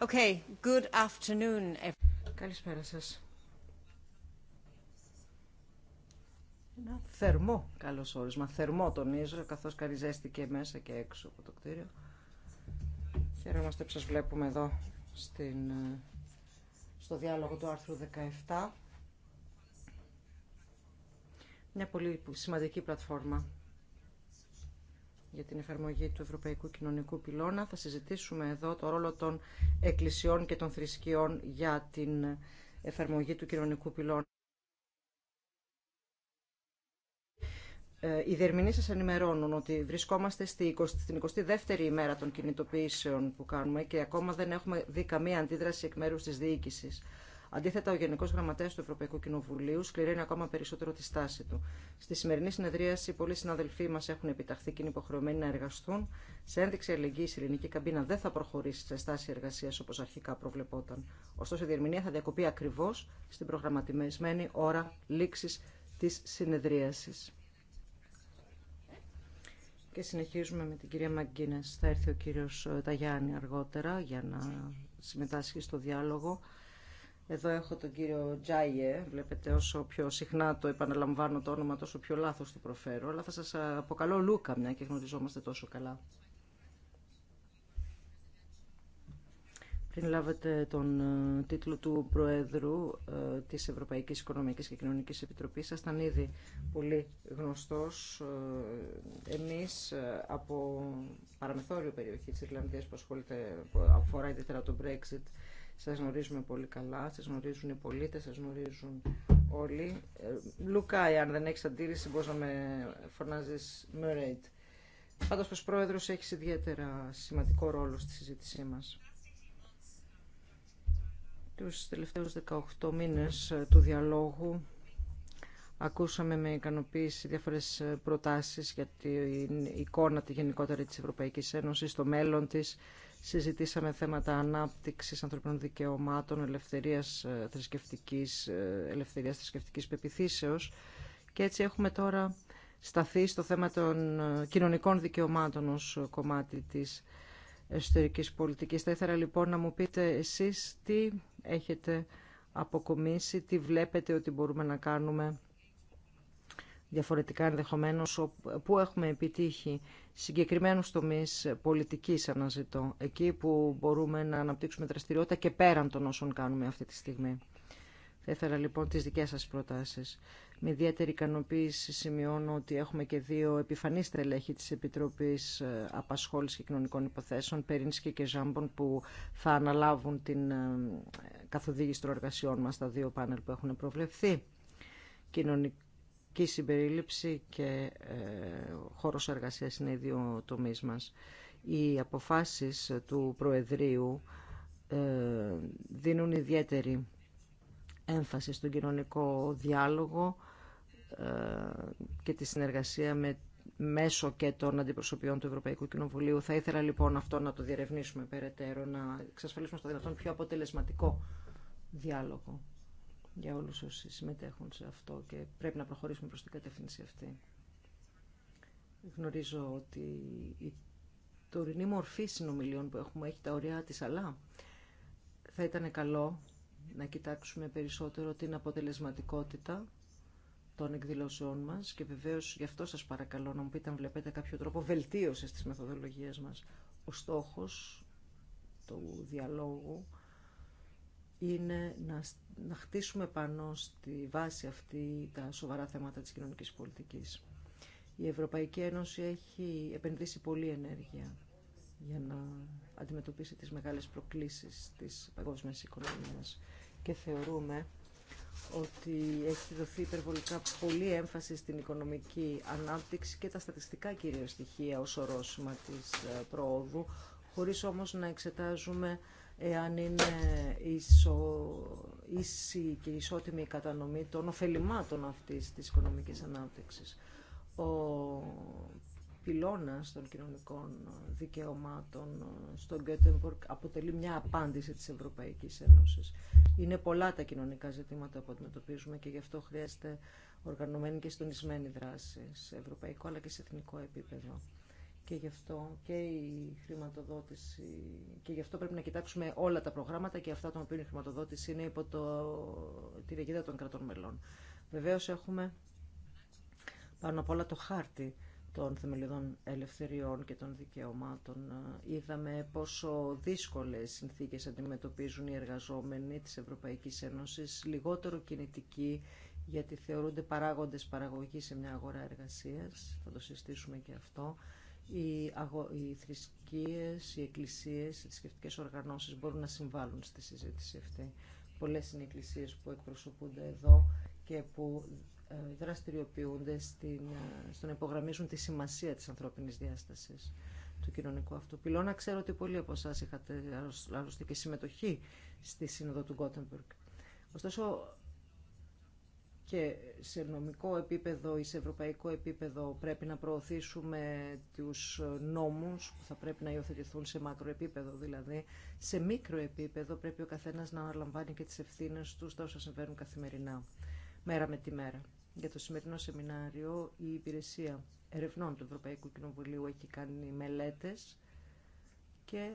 Okay, good afternoon. Καλησπέρα σας. Ένα θερμό καλώς όρισμα. Θερμό τονίζω, καθώς καριζέστηκε μέσα και έξω από το κτίριο. Χαίρομαστε που σας βλέπουμε εδώ στην, ε, στο διάλογο του άρθρου 17. Μια πολύ σημαντική πλατφόρμα για την εφαρμογή του Ευρωπαϊκού Κοινωνικού Πυλώνα. Θα συζητήσουμε εδώ το ρόλο των εκκλησιών και των θρησκειών για την εφαρμογή του κοινωνικού πυλώνα. Ε, οι δερμηνείς σας ενημερώνουν ότι βρισκόμαστε στην 22η ημέρα των κινητοποιήσεων που κάνουμε και ακόμα δεν έχουμε δει καμία αντίδραση εκ μέρους της διοίκησης. Αντίθετα, ο Γενικό Γραμματέα του Ευρωπαϊκού Κοινοβουλίου σκληραίνει ακόμα περισσότερο τη στάση του. Στη σημερινή συνεδρίαση, πολλοί συναδελφοί μα έχουν επιταχθεί και είναι υποχρεωμένοι να εργαστούν. Σε ένδειξη αλληλεγγύη, η ελληνική καμπίνα δεν θα προχωρήσει σε στάση εργασία όπω αρχικά προβλεπόταν. Ωστόσο, η διερμηνία θα διακοπεί ακριβώ στην προγραμματισμένη ώρα λήξη τη συνεδρίαση. Και συνεχίζουμε με την κυρία Μαγκίνες. Θα έρθει ο κύριος ε, Ταγιάννη αργότερα για να συμμετάσχει στο διάλογο. Εδώ έχω τον κύριο Τζάιε, βλέπετε όσο πιο συχνά το επαναλαμβάνω το όνομα τόσο πιο λάθος το προφέρω, αλλά θα σας αποκαλώ Λούκα μια και γνωριζόμαστε τόσο καλά. Πριν λάβετε τον ε, τίτλο του Προέδρου ε, της Ευρωπαϊκής Οικονομικής και Κοινωνικής Επιτροπής, ήταν ήδη πολύ γνωστός. Ε, εμείς από παραμεθόριο περιοχή της Ιρλανδίας που, αφορά ιδιαίτερα το Brexit, σας γνωρίζουμε πολύ καλά, σας γνωρίζουν οι πολίτες, σας γνωρίζουν όλοι. Ε, Λουκάι, αν δεν έχεις αντίρρηση, μπορείς να με φωνάζεις Μουρέιτ. Πάντως, ως πρόεδρος έχει ιδιαίτερα σημαντικό ρόλο στη συζήτησή μας. Τους τελευταίους 18 μήνες ε, του διαλόγου ακούσαμε με ικανοποίηση διάφορες ε, προτάσεις για την εικόνα τη γενικότερη της Ευρωπαϊκής Ένωσης, το μέλλον της, συζητήσαμε θέματα ανάπτυξης ανθρωπίνων δικαιωμάτων, ελευθερίας ε, θρησκευτική, ε, ελευθερίας θρησκευτικής πεπιθήσεως και έτσι έχουμε τώρα σταθεί στο θέμα των ε, κοινωνικών δικαιωμάτων ως κομμάτι της εσωτερικής πολιτικής. Θα ήθελα λοιπόν να μου πείτε εσείς τι έχετε αποκομίσει, τι βλέπετε ότι μπορούμε να κάνουμε διαφορετικά ενδεχομένω που έχουμε επιτύχει συγκεκριμένους τομείς πολιτικής αναζητώ, εκεί που μπορούμε να αναπτύξουμε δραστηριότητα και πέραν των όσων κάνουμε αυτή τη στιγμή. Θα ήθελα λοιπόν τις δικές σας προτάσεις. Με ιδιαίτερη ικανοποίηση σημειώνω ότι έχουμε και δύο επιφανείς τρελέχοι της Επιτροπής ε, Απασχόλησης και Κοινωνικών Υποθέσεων, Περίνσκη και Ζάμπον, που θα αναλάβουν την ε, καθοδήγηση των εργασιών μας, τα δύο πάνελ που έχουν προβλεφθεί και η συμπερίληψη και ε, χώρος εργασίας είναι οι δύο τομείς μας. Οι αποφάσεις του Προεδρείου ε, δίνουν ιδιαίτερη έμφαση στον κοινωνικό διάλογο ε, και τη συνεργασία με μέσω και των αντιπροσωπιών του Ευρωπαϊκού Κοινοβουλίου. Θα ήθελα λοιπόν αυτό να το διερευνήσουμε περαιτέρω, να εξασφαλίσουμε στο δυνατόν πιο αποτελεσματικό διάλογο για όλους όσοι συμμετέχουν σε αυτό και πρέπει να προχωρήσουμε προς την κατεύθυνση αυτή. Γνωρίζω ότι η τωρινή μορφή συνομιλιών που έχουμε έχει τα ωριά της, αλλά θα ήταν καλό να κοιτάξουμε περισσότερο την αποτελεσματικότητα των εκδηλώσεών μας και βεβαίως γι' αυτό σας παρακαλώ να μου πείτε αν βλέπετε κάποιο τρόπο βελτίωσης της μεθοδολογίας μας. Ο στόχος του διαλόγου είναι να, να χτίσουμε πάνω στη βάση αυτή τα σοβαρά θέματα της κοινωνικής πολιτικής. Η Ευρωπαϊκή Ένωση έχει επενδύσει πολύ ενέργεια για να αντιμετωπίσει τις μεγάλες προκλήσεις της παγκόσμιας οικονομίας και θεωρούμε ότι έχει δοθεί υπερβολικά πολύ έμφαση στην οικονομική ανάπτυξη και τα στατιστικά κυρίως στοιχεία ως ορόσημα της ε, προόδου, χωρίς όμως να εξετάζουμε εάν είναι ισο, ίση και ισότιμη η κατανομή των ωφελημάτων αυτής της οικονομικής ανάπτυξης. Ο πυλώνας των κοινωνικών δικαιωμάτων στον Γκέτεμπορκ αποτελεί μια απάντηση της Ευρωπαϊκής Ένωσης. Είναι πολλά τα κοινωνικά ζητήματα που αντιμετωπίζουμε και γι' αυτό χρειάζεται οργανωμένη και συντονισμένη δράση σε ευρωπαϊκό αλλά και σε εθνικό επίπεδο και γι' αυτό και η χρηματοδότηση και γι' αυτό πρέπει να κοιτάξουμε όλα τα προγράμματα και αυτά των οποίων η χρηματοδότηση είναι υπό το, την αιγύδα των κρατών μελών. Βεβαίως έχουμε πάνω απ' όλα το χάρτη των θεμελιωδών ελευθεριών και των δικαιωμάτων. Είδαμε πόσο δύσκολες συνθήκες αντιμετωπίζουν οι εργαζόμενοι της Ευρωπαϊκής Ένωσης, λιγότερο κινητικοί, γιατί θεωρούνται παράγοντες παραγωγής σε μια αγορά εργασίας. Θα το συστήσουμε και αυτό οι, αγο... οι θρησκείες, οι εκκλησίες, οι θρησκευτικέ οργανώσεις μπορούν να συμβάλλουν στη συζήτηση αυτή. Πολλές είναι οι εκκλησίες που εκπροσωπούνται εδώ και που ε, δραστηριοποιούνται στην, ε, στο να υπογραμμίζουν τη σημασία της ανθρώπινης διάστασης του κοινωνικού αυτού πυλώνα. Ξέρω ότι πολλοί από εσά είχατε άλλωστε και συμμετοχή στη Σύνοδο του Γκότεμπουργκ. Ωστόσο, και σε νομικό επίπεδο ή σε ευρωπαϊκό επίπεδο πρέπει να προωθήσουμε τους νόμους που θα πρέπει να υιοθετηθούν σε μακροεπίπεδο δηλαδή. Σε μικροεπίπεδο πρέπει ο καθένας να αναλαμβάνει και τις ευθύνες του στα όσα συμβαίνουν καθημερινά, μέρα με τη μέρα. Για το σημερινό σεμινάριο η Υπηρεσία Ερευνών του Ευρωπαϊκού Κοινοβουλίου έχει κάνει μελέτες και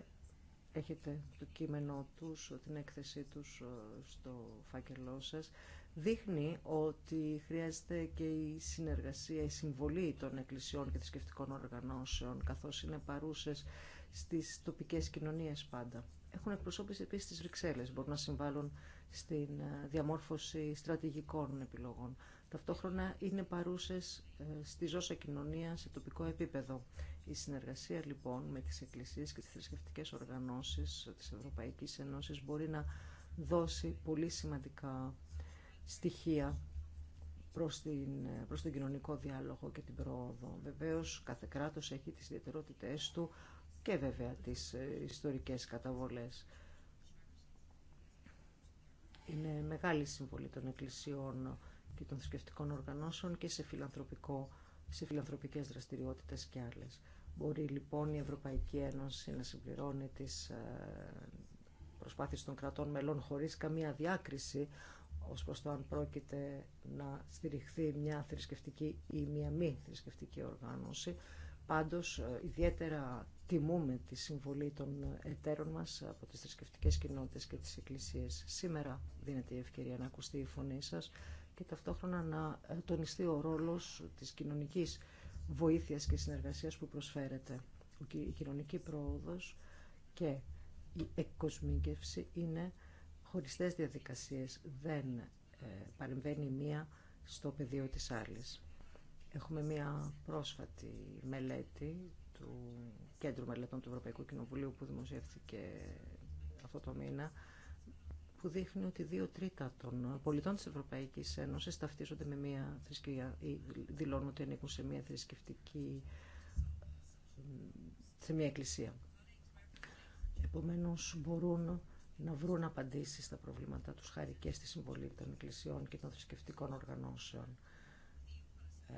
έχετε το κείμενό τους, την έκθεσή τους ε, στο φάκελό σας δείχνει ότι χρειάζεται και η συνεργασία, η συμβολή των εκκλησιών και θρησκευτικών οργανώσεων, καθώς είναι παρούσες στις τοπικές κοινωνίες πάντα. Έχουν εκπροσώπηση επίσης στις Βρυξέλλες, μπορούν να συμβάλλουν στην ε, διαμόρφωση στρατηγικών επιλογών. Ταυτόχρονα είναι παρούσες ε, στη ζώσα κοινωνία σε τοπικό επίπεδο. Η συνεργασία λοιπόν με τις εκκλησίες και τις θρησκευτικές οργανώσεις της Ευρωπαϊκής Ένωσης μπορεί να δώσει πολύ σημαντικά στοιχεία προς, την, προς τον κοινωνικό διάλογο και την πρόοδο. Βεβαίως κάθε κράτος έχει τις ιδιαιτερότητές του και βέβαια τις ε, ιστορικές καταβολές. Είναι μεγάλη συμβολή των εκκλησιών και των θρησκευτικών οργανώσεων και σε, φιλανθρωπικό, σε φιλανθρωπικές δραστηριότητες και άλλες. Μπορεί λοιπόν η Ευρωπαϊκή Ένωση να συμπληρώνει τις ε, προσπάθειες των κρατών μελών χωρίς καμία διάκριση ως προς το αν πρόκειται να στηριχθεί μια θρησκευτική ή μια μη θρησκευτική οργάνωση. Πάντως, ε, ιδιαίτερα τιμούμε τη συμβολή των εταίρων μας από τις θρησκευτικέ κοινότητες και τις εκκλησίες. Σήμερα δίνεται η ευκαιρία να ακουστεί η φωνή σας και ταυτόχρονα να ε, τονιστεί ο ρόλος της κοινωνικής βοήθειας και συνεργασίας που προσφέρεται. Η κοινωνική πρόοδος και η εκκοσμίκευση είναι χωριστές διαδικασίες. Δεν ε, παρεμβαίνει μία στο πεδίο της άλλης. Έχουμε μία πρόσφατη μελέτη του Κέντρου Μελετών του Ευρωπαϊκού Κοινοβουλίου που δημοσιεύθηκε αυτό το μήνα που δείχνει ότι δύο τρίτα των πολιτών της Ευρωπαϊκής Ένωσης ταυτίζονται με μία θρησκεία ή δηλώνουν ότι ανήκουν σε μία θρησκευτική σε μία εκκλησία. Επομένως μπορούν να βρουν απαντήσεις στα προβλήματά τους χάρη και στη συμβολή των εκκλησιών και των θρησκευτικών οργανώσεων. Ε,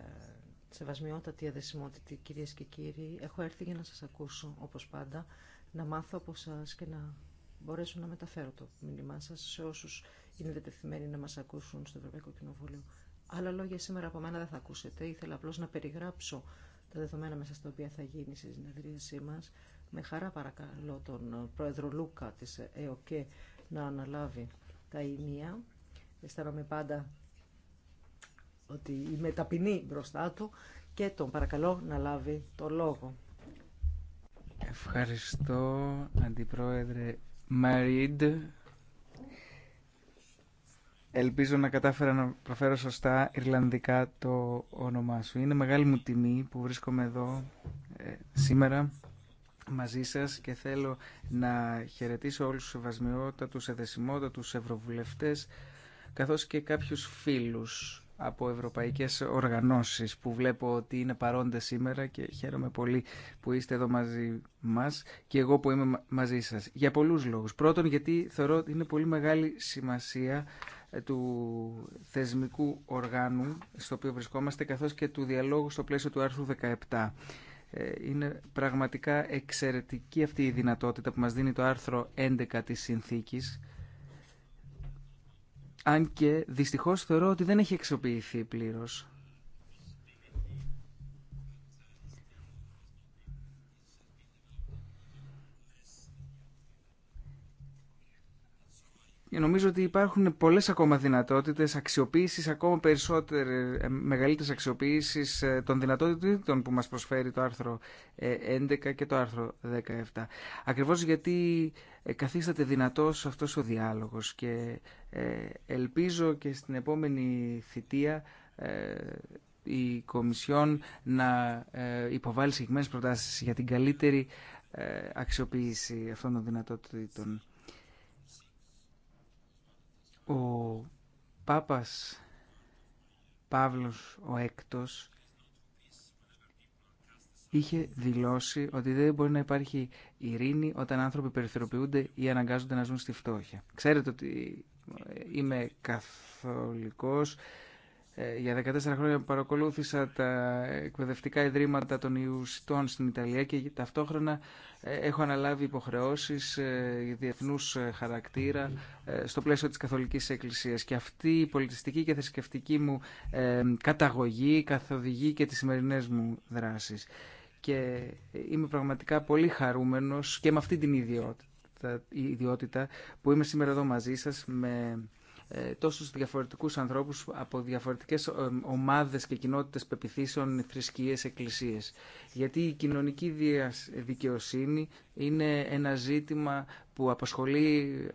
σεβασμιότατη αδεσιμότητα, κυρίες και κύριοι, έχω έρθει για να σας ακούσω, όπως πάντα, να μάθω από σας και να μπορέσω να μεταφέρω το μήνυμά σας σε όσους είναι δετεθειμένοι να μας ακούσουν στο Ευρωπαϊκό Κοινοβούλιο. Άλλα λόγια σήμερα από μένα δεν θα ακούσετε. Ήθελα απλώς να περιγράψω τα δεδομένα μέσα στα οποία θα γίνει η συνεδρίασή μας με χαρά παρακαλώ τον πρόεδρο Λούκα της ΕΟΚΕ να αναλάβει τα ενία. Αισθάνομαι πάντα ότι είμαι ταπεινή μπροστά του και τον παρακαλώ να λάβει το λόγο. Ευχαριστώ, Αντιπρόεδρε Μαρίντ. Ελπίζω να κατάφερα να προφέρω σωστά Ιρλανδικά το όνομά σου. Είναι μεγάλη μου τιμή που βρίσκομαι εδώ ε, σήμερα μαζί σας και θέλω να χαιρετήσω όλους τους σεβασμιότατους, εδεσιμότατους ευρωβουλευτές καθώς και κάποιους φίλους από ευρωπαϊκές οργανώσεις που βλέπω ότι είναι παρόντες σήμερα και χαίρομαι πολύ που είστε εδώ μαζί μας και εγώ που είμαι μαζί σας. Για πολλούς λόγους. Πρώτον γιατί θεωρώ ότι είναι πολύ μεγάλη σημασία ε, του θεσμικού οργάνου στο οποίο βρισκόμαστε καθώς και του διαλόγου στο πλαίσιο του άρθρου 17. Ε, είναι πραγματικά εξαιρετική αυτή η δυνατότητα που μας δίνει το άρθρο 11 της συνθήκης αν και δυστυχώς θεωρώ ότι δεν έχει εξοποιηθεί πλήρως. νομίζω ότι υπάρχουν πολλές ακόμα δυνατότητες αξιοποίησης, ακόμα περισσότερες, ε, μεγαλύτερες αξιοποίησης ε, των δυνατότητων που μας προσφέρει το άρθρο 11 ε, και το άρθρο 17. Ακριβώς γιατί καθίσταται δυνατός αυτός ο διάλογος και ελπίζω και στην επόμενη θητεία η Κομισιόν να υποβάλει συγκεκριμένες προτάσεις για την καλύτερη αξιοποίηση αυτών των δυνατότητων. Ο Πάπας Παύλος ο Έκτος είχε δηλώσει ότι δεν μπορεί να υπάρχει ειρήνη όταν άνθρωποι περιθωριοποιούνται ή αναγκάζονται να ζουν στη φτώχεια. Ξέρετε ότι είμαι καθολικός, ε, για 14 χρόνια παρακολούθησα τα εκπαιδευτικά ιδρύματα των Ιουσιτών στην Ιταλία και ταυτόχρονα ε, έχω αναλάβει υποχρεώσεις ε, διεθνούς χαρακτήρα στο πλαίσιο της Καθολικής Εκκλησίας. Και αυτή η πολιτιστική και θρησκευτική μου καταγωγή καθοδηγεί και τις σημερινές μου δράσεις. Και είμαι πραγματικά πολύ χαρούμενος και με αυτή την ιδιότητα, που είμαι σήμερα εδώ μαζί σας ε, τόσους διαφορετικούς ανθρώπους από διαφορετικές ε, ομάδες και κοινότητες πεπιθήσεων, θρησκείες, εκκλησίες. Γιατί η κοινωνική ε, δικαιοσύνη είναι ένα ζήτημα που απασχολεί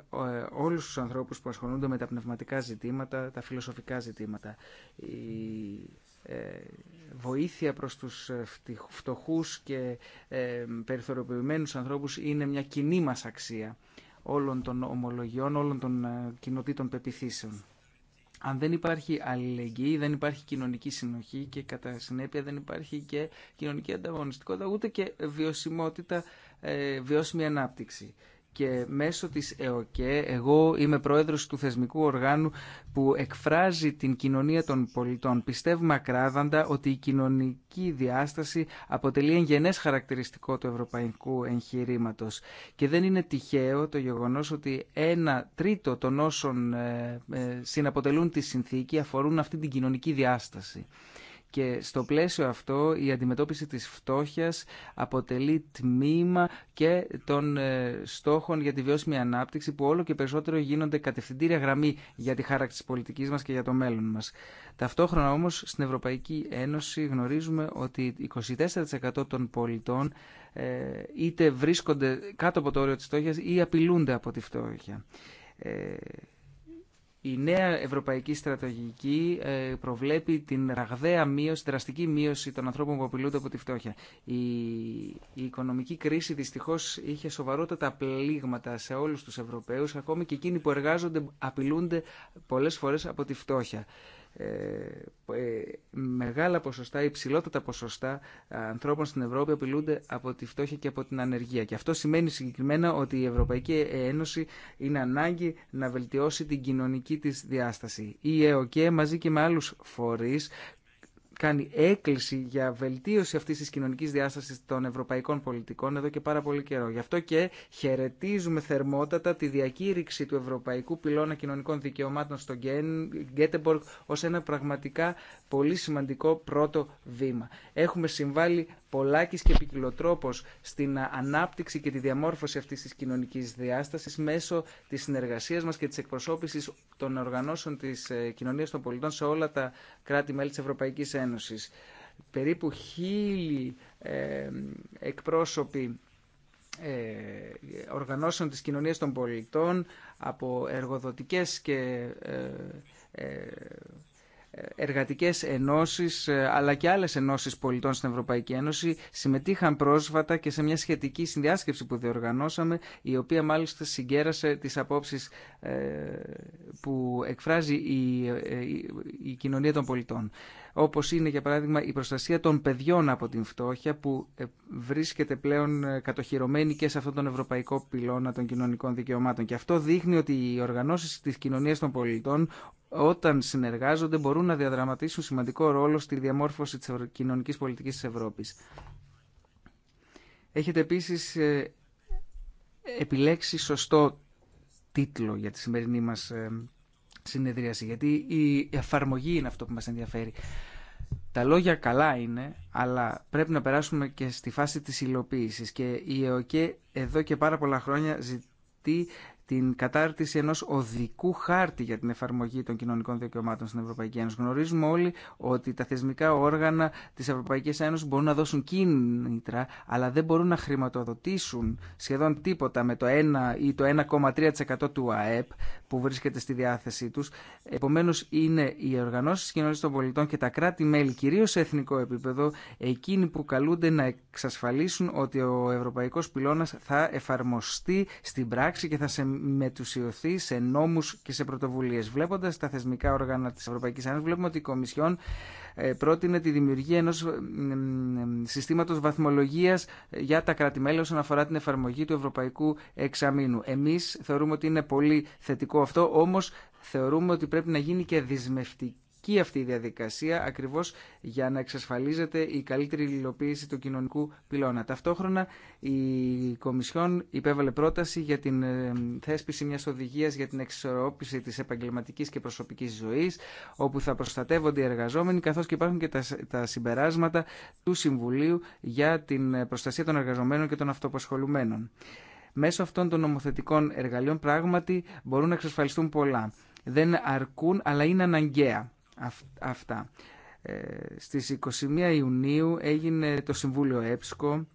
όλους τους ανθρώπους που ασχολούνται με τα πνευματικά ζητήματα, τα φιλοσοφικά ζητήματα. Η βοήθεια προς τους φτωχούς και περιθωριοποιημένους ανθρώπους είναι μια κοινή μας αξία όλων των ομολογιών, όλων των ε, κοινοτήτων πεπιθήσεων. Αν δεν υπάρχει αλληλεγγύη, δεν υπάρχει κοινωνική συνοχή και κατά συνέπεια δεν υπάρχει και κοινωνική ανταγωνιστικότητα, ούτε και βιωσιμότητα, ε, βιώσιμη ανάπτυξη και μέσω της ΕΟΚΕ εγώ είμαι πρόεδρος του θεσμικού οργάνου που εκφράζει την κοινωνία των πολιτών. Πιστεύουμε ακράδαντα ότι η κοινωνική διάσταση αποτελεί εγγενές χαρακτηριστικό του ευρωπαϊκού εγχειρήματος και δεν είναι τυχαίο το γεγονός ότι ένα τρίτο των όσων ε, ε, συναποτελούν τη συνθήκη αφορούν αυτή την κοινωνική διάσταση. Και στο πλαίσιο αυτό η αντιμετώπιση της φτώχειας αποτελεί τμήμα και των ε, στόχων για τη βιώσιμη ανάπτυξη που όλο και περισσότερο γίνονται κατευθυντήρια γραμμή για τη χάραξη της πολιτικής μας και για το μέλλον μας. Ταυτόχρονα όμως στην Ευρωπαϊκή Ένωση γνωρίζουμε ότι 24% των πολιτών ε, είτε βρίσκονται κάτω από το όριο της φτώχειας ή απειλούνται από τη φτώχεια. Ε, η νέα ευρωπαϊκή στρατηγική ε, προβλέπει την ραγδαία μείωση, δραστική μείωση των ανθρώπων που απειλούνται από τη φτώχεια. Η, η οικονομική κρίση δυστυχώ είχε σοβαρότατα πλήγματα σε όλου του Ευρωπαίου, ακόμη και εκείνοι που εργάζονται απειλούνται πολλέ φορέ από τη φτώχεια. Ε, ε, μεγάλα ποσοστά, υψηλότατα ποσοστά ε, ανθρώπων στην Ευρώπη απειλούνται από τη φτώχεια και από την ανεργία. Και αυτό σημαίνει συγκεκριμένα ότι η Ευρωπαϊκή Ένωση είναι ανάγκη να βελτιώσει την κοινωνική της διάσταση. Η ΕΟΚΕ μαζί και με άλλους φορείς κάνει έκκληση για βελτίωση αυτή τη κοινωνική διάσταση των ευρωπαϊκών πολιτικών εδώ και πάρα πολύ καιρό. Γι' αυτό και χαιρετίζουμε θερμότατα τη διακήρυξη του Ευρωπαϊκού Πυλώνα Κοινωνικών Δικαιωμάτων στο Γκέτεμπορκ ω ένα πραγματικά πολύ σημαντικό πρώτο βήμα. Έχουμε συμβάλει πολλάκις και ποικιλοτρόπως στην ανάπτυξη και τη διαμόρφωση αυτής της κοινωνικής διάστασης μέσω της συνεργασίας μας και της εκπροσώπησης των οργανώσεων της ε, κοινωνίας των πολιτών σε όλα τα κράτη-μέλη της Ευρωπαϊκής Ένωσης. Περίπου χίλιοι ε, εκπρόσωποι ε, οργανώσεων της κοινωνίας των πολιτών από εργοδοτικές και ε, εργατικές ενώσεις ε, αλλά και άλλες ενώσεις πολιτών στην Ευρωπαϊκή Ένωση συμμετείχαν πρόσφατα και σε μια σχετική συνδιάσκεψη που διοργανώσαμε η οποία μάλιστα συγκέρασε τις απόψεις ε, που εκφράζει η, ε, η, η κοινωνία των πολιτών όπως είναι για παράδειγμα η προστασία των παιδιών από την φτώχεια που ε, βρίσκεται πλέον ε, κατοχυρωμένη και σε αυτόν τον ευρωπαϊκό πυλώνα των κοινωνικών δικαιωμάτων. Και αυτό δείχνει ότι οι οργανώσεις της κοινωνίας των πολιτών όταν συνεργάζονται μπορούν να διαδραματίσουν σημαντικό ρόλο στη διαμόρφωση της κοινωνικής πολιτικής της Ευρώπης. Έχετε επίσης ε, επιλέξει σωστό τίτλο για τη σημερινή μας συνεδρίαση, γιατί η εφαρμογή είναι αυτό που μας ενδιαφέρει. Τα λόγια καλά είναι, αλλά πρέπει να περάσουμε και στη φάση της υλοποίησης και η ΕΟΚΕ εδώ και πάρα πολλά χρόνια ζητεί την κατάρτιση ενό οδικού χάρτη για την εφαρμογή των κοινωνικών δικαιωμάτων στην Ευρωπαϊκή Ένωση. Γνωρίζουμε όλοι ότι τα θεσμικά όργανα τη Ευρωπαϊκή Ένωση μπορούν να δώσουν κίνητρα, αλλά δεν μπορούν να χρηματοδοτήσουν σχεδόν τίποτα με το 1 ή το 1,3% του ΑΕΠ που βρίσκεται στη διάθεσή του. Επομένω, είναι οι οργανώσει τη κοινωνία των πολιτών και τα κράτη-μέλη, κυρίω σε εθνικό επίπεδο, εκείνοι που καλούνται να εξασφαλίσουν ότι ο ευρωπαϊκό πυλώνα θα εφαρμοστεί στην πράξη και θα σε μετουσιωθεί σε νόμους και σε πρωτοβουλίε, βλέποντα τα θεσμικά όργανα τη Ευρωπαϊκή Ένωση, βλέπουμε ότι η Κομισιόν ε, πρότεινε τη δημιουργία ενό ε, συστήματο βαθμολογία ε, για τα κράτη-μέλη όσον αφορά την εφαρμογή του Ευρωπαϊκού Εξαμήνου. Εμεί θεωρούμε ότι είναι πολύ θετικό αυτό, όμω θεωρούμε ότι πρέπει να γίνει και δυσμευτική επαρκεί αυτή η διαδικασία ακριβώ για να εξασφαλίζεται η καλύτερη υλοποίηση του κοινωνικού πυλώνα. Ταυτόχρονα η Κομισιόν υπέβαλε πρόταση για την ε, θέσπιση μια οδηγία για την εξισορρόπηση τη επαγγελματική και προσωπική ζωή, όπου θα προστατεύονται οι εργαζόμενοι καθώ και υπάρχουν και τα συμπεράσματα του Συμβουλίου για την προστασία των εργαζομένων και των αυτοπασχολουμένων. Μέσω αυτών των νομοθετικών εργαλείων πράγματι μπορούν να εξασφαλιστούν πολλά. Δεν αρκούν αλλά είναι αναγκαία αυτά. Ε, στις 21 Ιουνίου έγινε το Συμβούλιο ΕΠΣΚΟ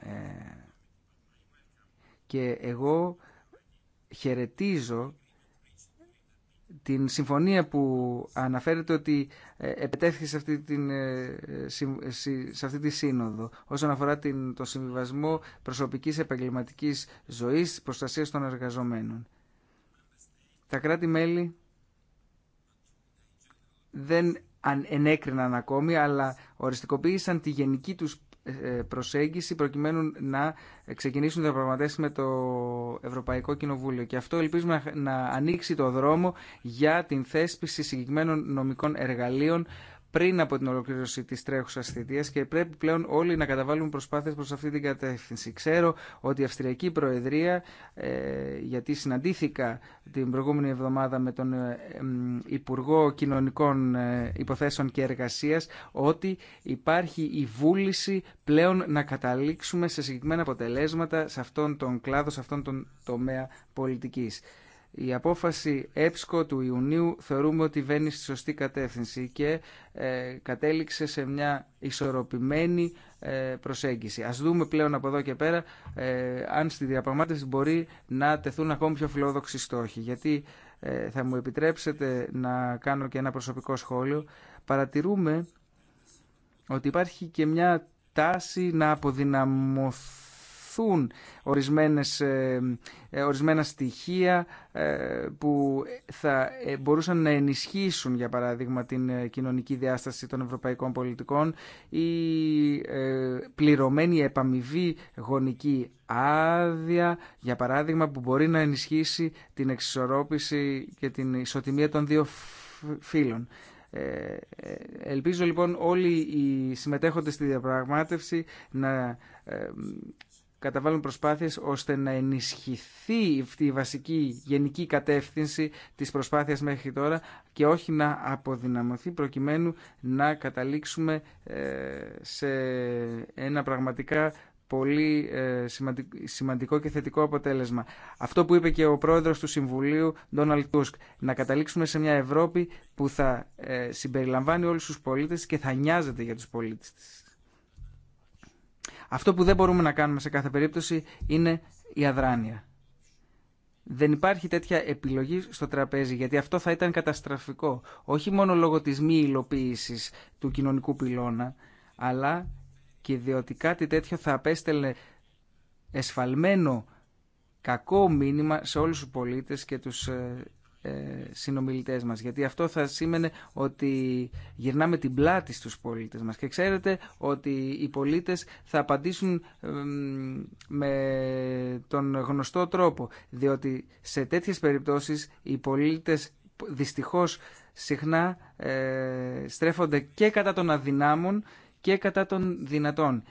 ε, και εγώ χαιρετίζω την συμφωνία που αναφέρεται ότι ε, επιτέθηκε σε αυτή, την, σε αυτή τη σύνοδο όσον αφορά την, το συμβιβασμό προσωπικής επαγγελματικής ζωής προστασίας των εργαζομένων. Τα κράτη-μέλη δεν ενέκριναν ακόμη, αλλά οριστικοποίησαν τη γενική τους ε, προσέγγιση προκειμένου να ξεκινήσουν διαπραγματεύσει με το Ευρωπαϊκό Κοινοβούλιο. Και αυτό ελπίζουμε να ανοίξει το δρόμο για την θέσπιση συγκεκριμένων νομικών εργαλείων πριν από την ολοκλήρωση τη τρέχουσας θητείας και πρέπει πλέον όλοι να καταβάλουν προσπάθειες προς αυτή την κατεύθυνση. Ξέρω ότι η Αυστριακή Προεδρία, ε, γιατί συναντήθηκα την προηγούμενη εβδομάδα με τον ε, Υπουργό Κοινωνικών ε, Υποθέσεων και εργασία ότι υπάρχει η βούληση πλέον να καταλήξουμε σε συγκεκριμένα αποτελέσματα σε αυτόν τον κλάδο, σε αυτόν τον τομέα πολιτική. Η απόφαση ΕΠΣΚΟ του Ιουνίου θεωρούμε ότι βαίνει στη σωστή κατεύθυνση και ε, κατέληξε σε μια ισορροπημένη ε, προσέγγιση. Ας δούμε πλέον από εδώ και πέρα ε, αν στη διαπραγμάτευση μπορεί να τεθούν ακόμη πιο φιλόδοξοι στόχοι. Γιατί θα μου επιτρέψετε να κάνω και ένα προσωπικό σχόλιο. Παρατηρούμε ότι υπάρχει και μια τάση να αποδυναμωθεί ορισμένες, ε, ε, ορισμένα στοιχεία ε, που θα μπορούσαν να ενισχύσουν, για παράδειγμα, την κοινωνική διάσταση των ευρωπαϊκών πολιτικών ή πληρωμένη επαμοιβή γονική άδεια, για παράδειγμα, που μπορεί να ενισχύσει την εξισορρόπηση και την ισοτιμία των δύο φύλων. Ελπίζω λοιπόν όλοι οι συμμετέχοντες στη διαπραγμάτευση να καταβάλουν προσπάθειες ώστε να ενισχυθεί αυτή η βασική γενική κατεύθυνση της προσπάθειας μέχρι τώρα και όχι να αποδυναμωθεί προκειμένου να καταλήξουμε ε, σε ένα πραγματικά πολύ ε, σημαντικό και θετικό αποτέλεσμα. Αυτό που είπε και ο πρόεδρος του Συμβουλίου, Ντόναλτ Τούσκ, να καταλήξουμε σε μια Ευρώπη που θα ε, συμπεριλαμβάνει όλους τους πολίτες και θα νοιάζεται για τους πολίτες της. Αυτό που δεν μπορούμε να κάνουμε σε κάθε περίπτωση είναι η αδράνεια. Δεν υπάρχει τέτοια επιλογή στο τραπέζι, γιατί αυτό θα ήταν καταστραφικό. Όχι μόνο λόγω της μη υλοποίηση του κοινωνικού πυλώνα, αλλά και διότι κάτι τέτοιο θα απέστελε εσφαλμένο κακό μήνυμα σε όλους τους πολίτες και τους ε, ε, συνομιλητές μας γιατί αυτό θα σήμαινε ότι γυρνάμε την πλάτη στους πολίτες μας και ξέρετε ότι οι πολίτες θα απαντήσουν με τον γνωστό τρόπο διότι σε τέτοιες περιπτώσεις οι πολίτες δυστυχώς συχνά ε, στρέφονται και κατά των αδυνάμων και κατά των δυνατών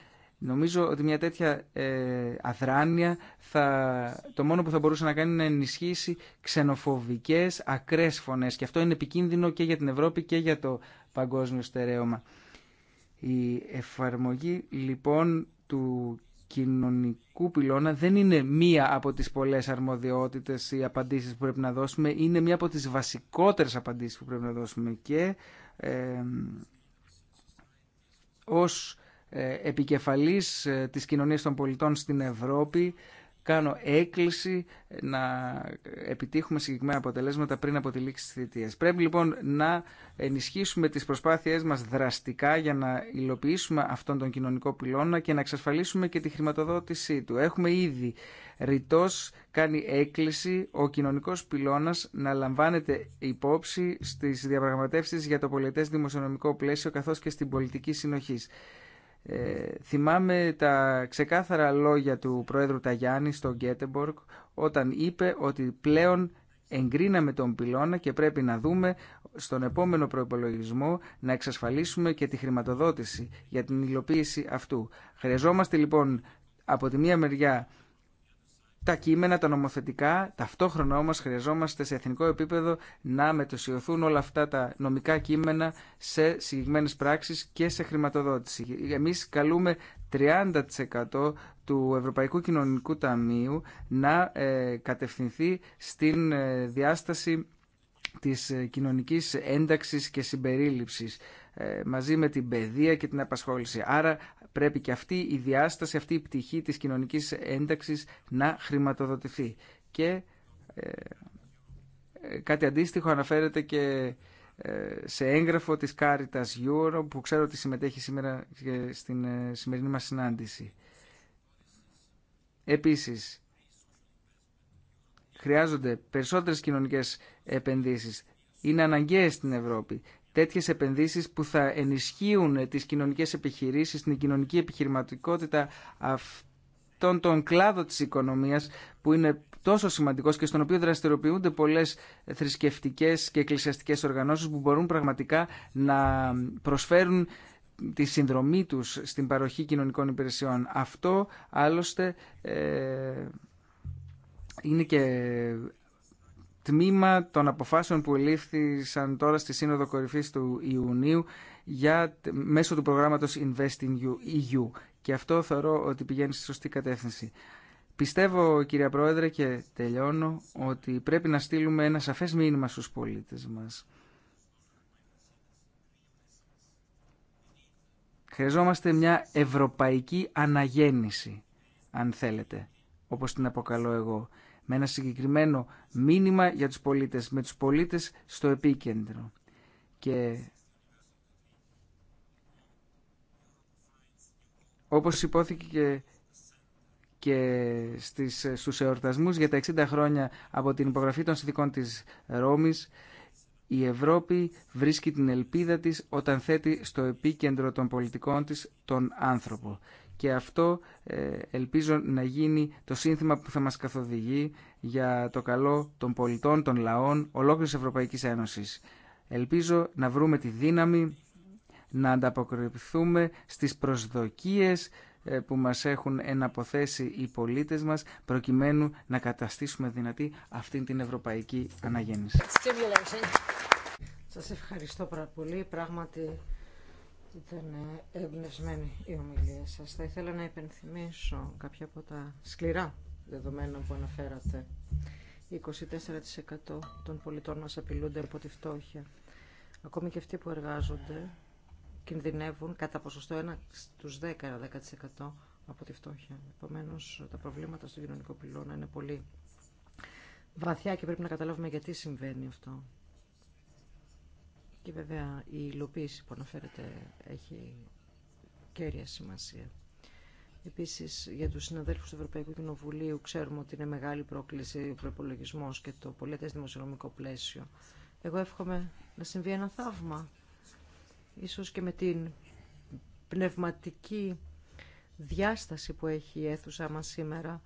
Νομίζω ότι μια τέτοια ε, αδράνεια θα, το μόνο που θα μπορούσε να κάνει είναι να ενισχύσει ξενοφοβικές ακρές φωνές και αυτό είναι επικίνδυνο και για την Ευρώπη και για το παγκόσμιο στερέωμα. Η εφαρμογή λοιπόν του κοινωνικού πυλώνα δεν είναι μία από τις πολλές αρμοδιότητες ή απαντήσεις που πρέπει να δώσουμε, είναι μία από τις βασικότερες απαντήσεις που πρέπει να δώσουμε και ε, ως ε, επικεφαλής ε, της κοινωνίας των πολιτών στην Ευρώπη κάνω έκκληση να επιτύχουμε συγκεκριμένα αποτελέσματα πριν από τη λήξη της θητείας. Πρέπει λοιπόν να ενισχύσουμε τις προσπάθειές μας δραστικά για να υλοποιήσουμε αυτόν τον κοινωνικό πυλώνα και να εξασφαλίσουμε και τη χρηματοδότησή του. Έχουμε ήδη ρητός κάνει έκκληση ο κοινωνικός πυλώνας να λαμβάνεται υπόψη στις διαπραγματεύσεις για το πολιτές δημοσιονομικό πλαίσιο καθώς και στην πολιτική συνοχή. Ε, θυμάμαι τα ξεκάθαρα λόγια του Πρόεδρου Ταγιάννη στο Γκέτεμπορκ όταν είπε ότι πλέον εγκρίναμε τον πυλώνα και πρέπει να δούμε στον επόμενο προπολογισμό να εξασφαλίσουμε και τη χρηματοδότηση για την υλοποίηση αυτού. Χρειαζόμαστε λοιπόν από τη μία μεριά τα κείμενα, τα νομοθετικά, ταυτόχρονα όμως χρειαζόμαστε σε εθνικό επίπεδο να μετοσιωθούν όλα αυτά τα νομικά κείμενα σε συγκεκριμένε πράξεις και σε χρηματοδότηση. Εμείς καλούμε 30% του Ευρωπαϊκού Κοινωνικού Ταμείου να ε, κατευθυνθεί στην ε, διάσταση της ε, κοινωνικής ένταξης και συμπερίληψης ε, μαζί με την παιδεία και την απασχόληση. Άρα πρέπει και αυτή η διάσταση, αυτή η πτυχή της κοινωνικής ένταξης να χρηματοδοτηθεί. Και ε, ε κάτι αντίστοιχο αναφέρεται και ε, σε έγγραφο της Κάριτας Euro που ξέρω ότι συμμετέχει σήμερα στην σημερινή μας συνάντηση. Επίσης, χρειάζονται περισσότερες κοινωνικές επενδύσεις. Είναι αναγκαίες στην Ευρώπη τέτοιες επενδύσεις που θα ενισχύουν τις κοινωνικές επιχειρήσεις, την κοινωνική επιχειρηματικότητα αυτών των κλάδο της οικονομίας που είναι τόσο σημαντικός και στον οποίο δραστηριοποιούνται πολλές θρησκευτικές και εκκλησιαστικές οργανώσεις που μπορούν πραγματικά να προσφέρουν τη συνδρομή τους στην παροχή κοινωνικών υπηρεσιών. Αυτό άλλωστε ε, είναι και τμήμα των αποφάσεων που ελήφθησαν τώρα στη Σύνοδο Κορυφής του Ιουνίου για, μέσω του προγράμματος Investing EU. Και αυτό θεωρώ ότι πηγαίνει στη σωστή κατεύθυνση. Πιστεύω, κυρία Πρόεδρε, και τελειώνω, ότι πρέπει να στείλουμε ένα σαφές μήνυμα στους πολίτες μας. Χρειαζόμαστε μια ευρωπαϊκή αναγέννηση, αν θέλετε, όπως την αποκαλώ εγώ με ένα συγκεκριμένο μήνυμα για τους πολίτες, με τους πολίτες στο επίκεντρο. Και όπως υπόθηκε και και στις, στους για τα 60 χρόνια από την υπογραφή των συνθήκων της Ρώμης η Ευρώπη βρίσκει την ελπίδα της όταν θέτει στο επίκεντρο των πολιτικών της τον άνθρωπο και αυτό ε, ελπίζω να γίνει το σύνθημα που θα μας καθοδηγεί για το καλό των πολιτών, των λαών, ολόκληρης Ευρωπαϊκής Ένωσης. Ελπίζω να βρούμε τη δύναμη να ανταποκριθούμε στις προσδοκίες ε, που μας έχουν εναποθέσει οι πολίτες μας προκειμένου να καταστήσουμε δυνατή αυτήν την ευρωπαϊκή αναγέννηση. Σας ευχαριστώ πάρα πολύ. Πράγματι ήταν εμπνευσμένη η ομιλία σας. Θα ήθελα να υπενθυμίσω κάποια από τα σκληρά δεδομένα που αναφέρατε. 24% των πολιτών μας απειλούνται από τη φτώχεια. Ακόμη και αυτοί που εργάζονται κινδυνεύουν κατά ποσοστό 1 στους 10-10% από τη φτώχεια. Επομένως τα προβλήματα στον κοινωνικό πυλώνα είναι πολύ βαθιά και πρέπει να καταλάβουμε γιατί συμβαίνει αυτό. Και βέβαια η υλοποίηση που αναφέρεται έχει κέρια σημασία. Επίσης για τους συναδέλφους του Ευρωπαϊκού Κοινοβουλίου ξέρουμε ότι είναι μεγάλη πρόκληση ο προπολογισμό και το πολιτές δημοσιονομικό πλαίσιο. Εγώ εύχομαι να συμβεί ένα θαύμα, ίσως και με την πνευματική διάσταση που έχει η αίθουσά μας σήμερα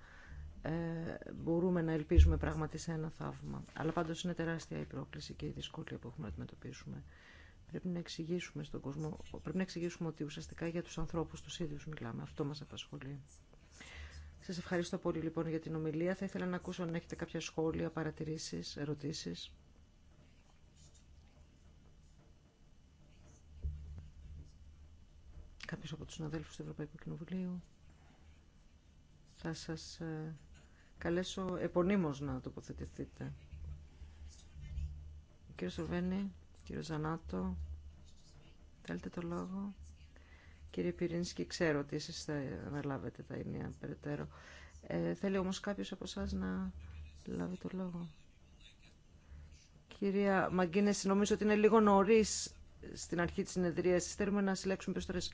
ε, μπορούμε να ελπίζουμε πράγματι σε ένα θαύμα. Αλλά πάντως είναι τεράστια η πρόκληση και η δυσκολία που έχουμε να αντιμετωπίσουμε. Πρέπει να εξηγήσουμε στον κόσμο, πρέπει να εξηγήσουμε ότι ουσιαστικά για του ανθρώπου του ίδιου μιλάμε. Αυτό μα απασχολεί. Σα ευχαριστώ πολύ λοιπόν για την ομιλία. Θα ήθελα να ακούσω αν έχετε κάποια σχόλια, παρατηρήσει, ερωτήσει. Κάποιος από τους συναδέλφους του Ευρωπαϊκού Κοινοβουλίου θα σας ε, καλέσω επωνύμως να τοποθετηθείτε. Κύριε Σορβένη, κύριο Ζανάτο, θέλετε το λόγο. Κύριε Πυρίνσκι, ξέρω ότι εσείς θα αναλάβετε τα ενία περαιτέρω. Ε, θέλει όμως κάποιος από εσά να λάβει το λόγο. Κυρία Μαγκίνεση, νομίζω ότι είναι λίγο νωρίς στην αρχή της συνεδρίας. Θέλουμε να συλλέξουμε περισσότερες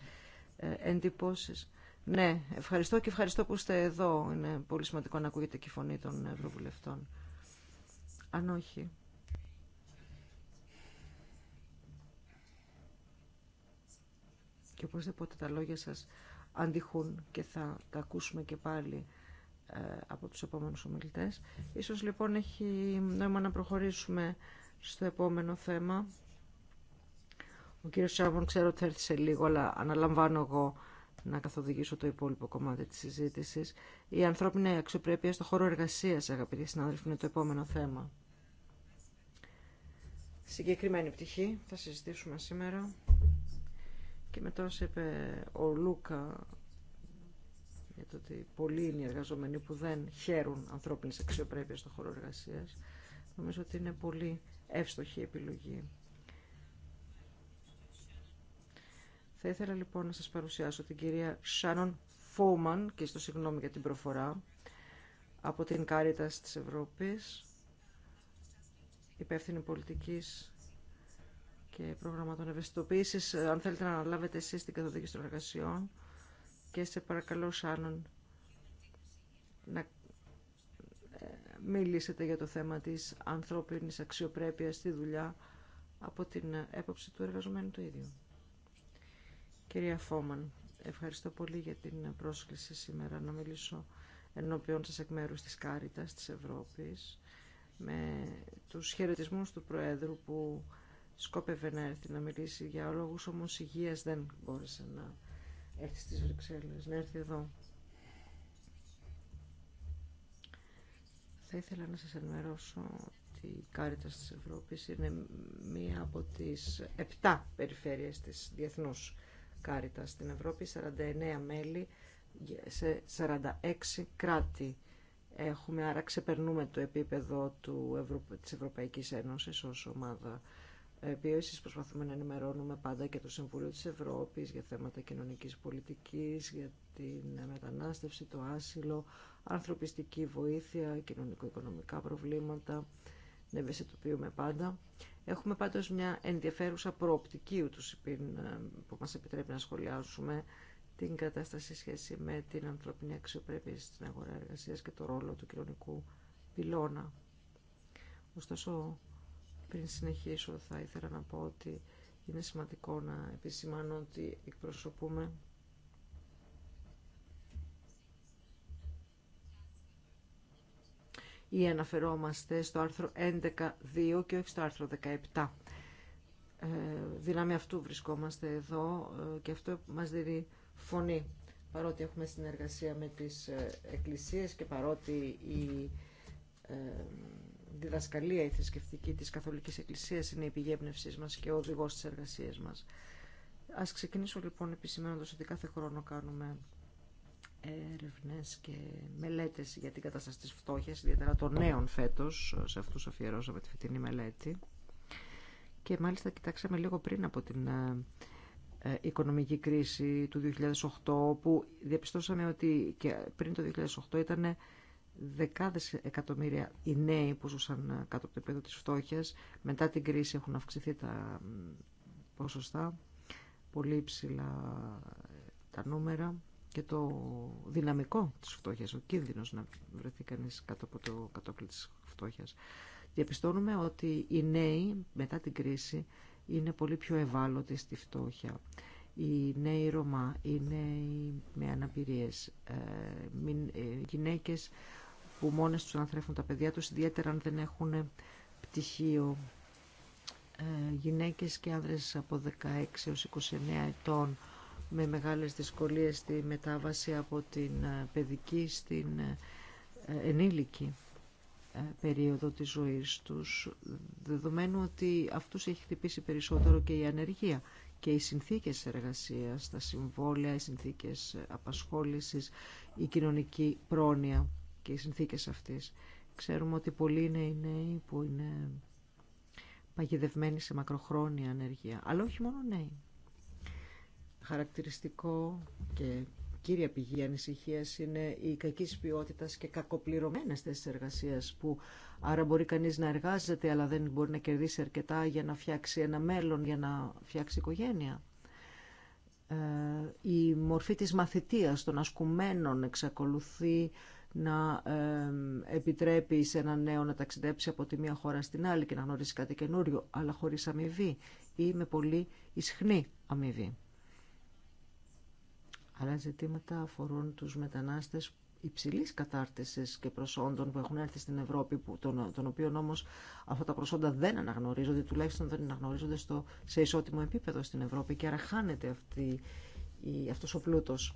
ε, εντυπώσεις. Ναι, ευχαριστώ και ευχαριστώ που είστε εδώ. Είναι πολύ σημαντικό να ακούγεται και η φωνή των Ευρωβουλευτών. Αν όχι. Και οπωσδήποτε τα λόγια σας αντιχούν και θα τα ακούσουμε και πάλι ε, από τους επόμενους ομιλητές. Ίσως λοιπόν έχει νόημα να προχωρήσουμε στο επόμενο θέμα. Ο κύριος Σάβων ξέρω ότι θα έρθει σε λίγο, αλλά αναλαμβάνω εγώ να καθοδηγήσω το υπόλοιπο κομμάτι της συζήτησης. Η ανθρώπινη αξιοπρέπεια στο χώρο εργασίας, αγαπητοί συνάδελφοι, είναι το επόμενο θέμα. Συγκεκριμένη πτυχή θα συζητήσουμε σήμερα. Και μετά όσο είπε ο Λούκα για το ότι πολλοί είναι οι εργαζομένοι που δεν χαίρουν ανθρώπινης αξιοπρέπεια στο χώρο εργασίας, νομίζω ότι είναι πολύ εύστοχη επιλογή. Θα ήθελα λοιπόν να σας παρουσιάσω την κυρία Σάνον Φόμαν και στο συγγνώμη για την προφορά από την Κάριτας της Ευρώπης υπεύθυνη πολιτικής και προγραμμάτων ευαισθητοποίησης ε, αν θέλετε να αναλάβετε εσείς την καθοδήγηση των εργασιών και σε παρακαλώ Σάνον να ε, μιλήσετε για το θέμα της ανθρώπινης αξιοπρέπειας στη δουλειά από την έποψη του εργαζομένου του ίδιου. Κυρία Φόμαν, ευχαριστώ πολύ για την πρόσκληση σήμερα να μιλήσω ενώπιον σας εκ μέρους της Κάριτας της Ευρώπης με τους χαιρετισμού του Προέδρου που σκόπευε να έρθει να μιλήσει για λόγους όμως υγείας δεν μπόρεσε να έρθει στις Βρυξέλλες, να έρθει εδώ. Θα ήθελα να σας ενημερώσω ότι η Κάριτας της Ευρώπης είναι μία από τις επτά περιφέρειες της διεθνούς Κάριτας. Στην Ευρώπη 49 μέλη σε 46 κράτη έχουμε, άρα ξεπερνούμε το επίπεδο του Ευρω... της Ευρωπαϊκής Ένωσης ως ομάδα Επίση, προσπαθούμε να ενημερώνουμε πάντα και το Συμβούλιο της Ευρώπης για θέματα κοινωνικής πολιτικής, για την μετανάστευση, το άσυλο, ανθρωπιστική βοήθεια, κοινωνικο-οικονομικά προβλήματα. Να ευαισθητοποιούμε πάντα. Έχουμε πάντως μια ενδιαφέρουσα προοπτική ούτως ε, που μας επιτρέπει να σχολιάσουμε την κατάσταση σχέση με την ανθρώπινη αξιοπρέπεια στην αγορά εργασίας και το ρόλο του κοινωνικού πυλώνα. Ωστόσο, πριν συνεχίσω θα ήθελα να πω ότι είναι σημαντικό να επισημάνω ότι εκπροσωπούμε ή αναφερόμαστε στο άρθρο 11.2 και όχι στο άρθρο 17. Ε, δυνάμει αυτού βρισκόμαστε εδώ ε, και αυτό μας δίνει φωνή παρότι έχουμε συνεργασία με τις ε, εκκλησίες και παρότι η ε, διδασκαλία η θρησκευτική της Καθολικής Εκκλησίας είναι η πηγή έμπνευσής μας και ο οδηγός της εργασίας μας. Ας ξεκινήσω λοιπόν επισημένοντας ότι κάθε χρόνο κάνουμε έρευνες και μελέτες για την κατάσταση της φτώχειας, ιδιαίτερα των νέων φέτος, σε αυτούς αφιερώσαμε τη φετινή μελέτη. Και μάλιστα κοιτάξαμε λίγο πριν από την ε, ε, οικονομική κρίση του 2008, που διαπιστώσαμε ότι και πριν το 2008 ήταν δεκάδες εκατομμύρια οι νέοι που ζούσαν ε, κάτω από το επίπεδο της φτώχειας. Μετά την κρίση έχουν αυξηθεί τα ποσοστά, πολύ ψηλά τα νούμερα και το δυναμικό της φτώχειας, ο κίνδυνος να βρεθεί κανείς κάτω από το κατόφλι της φτώχειας. Διαπιστώνουμε ότι οι νέοι μετά την κρίση είναι πολύ πιο ευάλωτοι στη φτώχεια. Οι νέοι Ρωμά, οι νέοι με αναπηρίες, ε, ε, γυναίκες που μόνες τους αναθρέφουν τα παιδιά τους, ιδιαίτερα αν δεν έχουν πτυχίο, ε, γυναίκες και άνδρες από 16 έως 29 ετών με μεγάλες δυσκολίες στη μετάβαση από την ε, παιδική στην ε, ενήλικη ε, περίοδο της ζωής τους, δεδομένου ότι αυτούς έχει χτυπήσει περισσότερο και η ανεργία και οι συνθήκες εργασίας, τα συμβόλαια, οι συνθήκες απασχόλησης, η κοινωνική πρόνοια και οι συνθήκες αυτές. Ξέρουμε ότι πολλοί είναι οι νέοι που είναι παγιδευμένοι σε μακροχρόνια ανεργία, αλλά όχι μόνο νέοι. Χαρακτηριστικό και κύρια πηγή ανησυχία είναι η κακή ποιότητα και κακοπληρωμένε θέσει εργασία που άρα μπορεί κανεί να εργάζεται αλλά δεν μπορεί να κερδίσει αρκετά για να φτιάξει ένα μέλλον, για να φτιάξει οικογένεια. Ε, η μορφή της μαθητείας των ασκουμένων εξακολουθεί να επιτρέπει σε ένα νέο να ταξιδέψει από τη μία χώρα στην άλλη και να γνωρίσει κάτι καινούριο, αλλά χωρίς αμοιβή ή με πολύ ισχνή αμοιβή. Άλλα ζητήματα αφορούν τους μετανάστες υψηλής κατάρτισης και προσόντων που έχουν έρθει στην Ευρώπη, που, των, οποίων όμως αυτά τα προσόντα δεν αναγνωρίζονται, τουλάχιστον δεν αναγνωρίζονται στο, σε ισότιμο επίπεδο στην Ευρώπη και άρα χάνεται αυτή, η, αυτός ο πλούτος.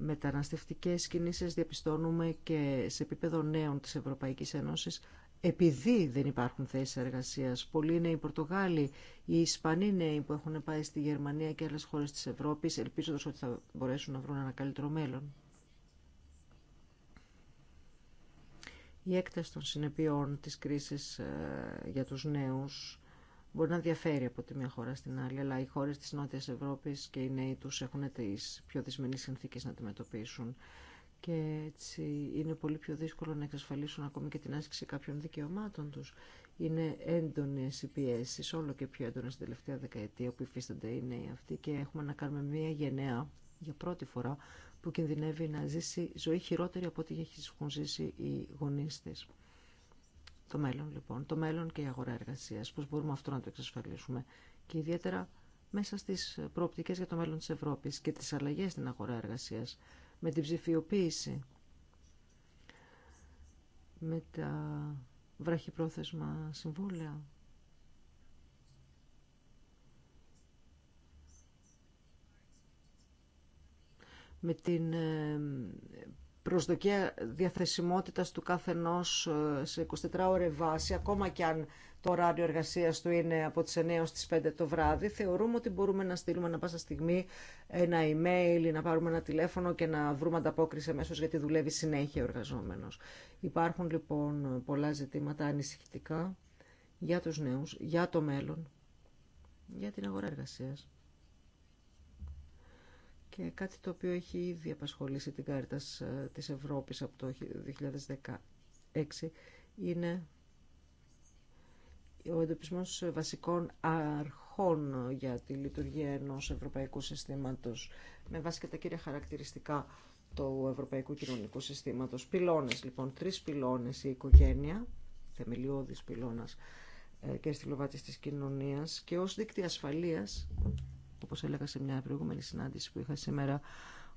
Μεταναστευτικές κινήσεις διαπιστώνουμε και σε επίπεδο νέων της Ευρωπαϊκής Ένωσης επειδή δεν υπάρχουν θέσει εργασία, Πολλοί είναι οι Πορτογάλοι, οι Ισπανοί νέοι που έχουν πάει στη Γερμανία και άλλες χώρες της Ευρώπης, Ελπίζοντα ότι θα μπορέσουν να βρουν ένα καλύτερο μέλλον. Η έκταση των συνεπειών της κρίσης ε, για τους νέους μπορεί να διαφέρει από τη μια χώρα στην άλλη, αλλά οι χώρες της Νότιας Ευρώπης και οι νέοι τους έχουν τις πιο δυσμενείς συνθήκες να αντιμετωπίσουν και έτσι είναι πολύ πιο δύσκολο να εξασφαλίσουν ακόμη και την άσκηση κάποιων δικαιωμάτων τους. Είναι έντονες οι πιέσει, όλο και πιο έντονες την τελευταία δεκαετία που υφίστανται οι νέοι αυτοί και έχουμε να κάνουμε μια γενναία για πρώτη φορά που κινδυνεύει να ζήσει ζωή χειρότερη από ό,τι έχουν ζήσει οι γονείς της. Το μέλλον λοιπόν, το μέλλον και η αγορά εργασία, πώς μπορούμε αυτό να το εξασφαλίσουμε και ιδιαίτερα μέσα στι προοπτικές για το μέλλον της Ευρώπης και τις αλλαγές στην αγορά εργασία με την ψηφιοποίηση, με τα βραχυπρόθεσμα συμβόλαια. με την ε, προσδοκία διαθεσιμότητας του καθενός ε, σε 24 ώρες βάση, ακόμα και αν το ωράριο εργασία του είναι από τι 9 τι 5 το βράδυ, θεωρούμε ότι μπορούμε να στείλουμε ανα πάσα στιγμή ένα email ή να πάρουμε ένα τηλέφωνο και να βρούμε ανταπόκριση αμέσω γιατί δουλεύει συνέχεια ο εργαζόμενο. Υπάρχουν λοιπόν πολλά ζητήματα ανησυχητικά για του νέου, για το μέλλον, για την αγορά εργασία. Και κάτι το οποίο έχει ήδη απασχολήσει την κάρτα ε, της Ευρώπης από το 2016 είναι ο εντοπισμός βασικών αρχών για τη λειτουργία ενός ευρωπαϊκού συστήματος με βάση και τα κύρια χαρακτηριστικά του ευρωπαϊκού κοινωνικού συστήματος. Πυλώνες λοιπόν, τρεις πυλώνες η οικογένεια, θεμελιώδης πυλώνας ε, και στυλοβάτης της κοινωνίας και ως δίκτυα ασφαλείας, όπως έλεγα σε μια προηγούμενη συνάντηση που είχα σήμερα,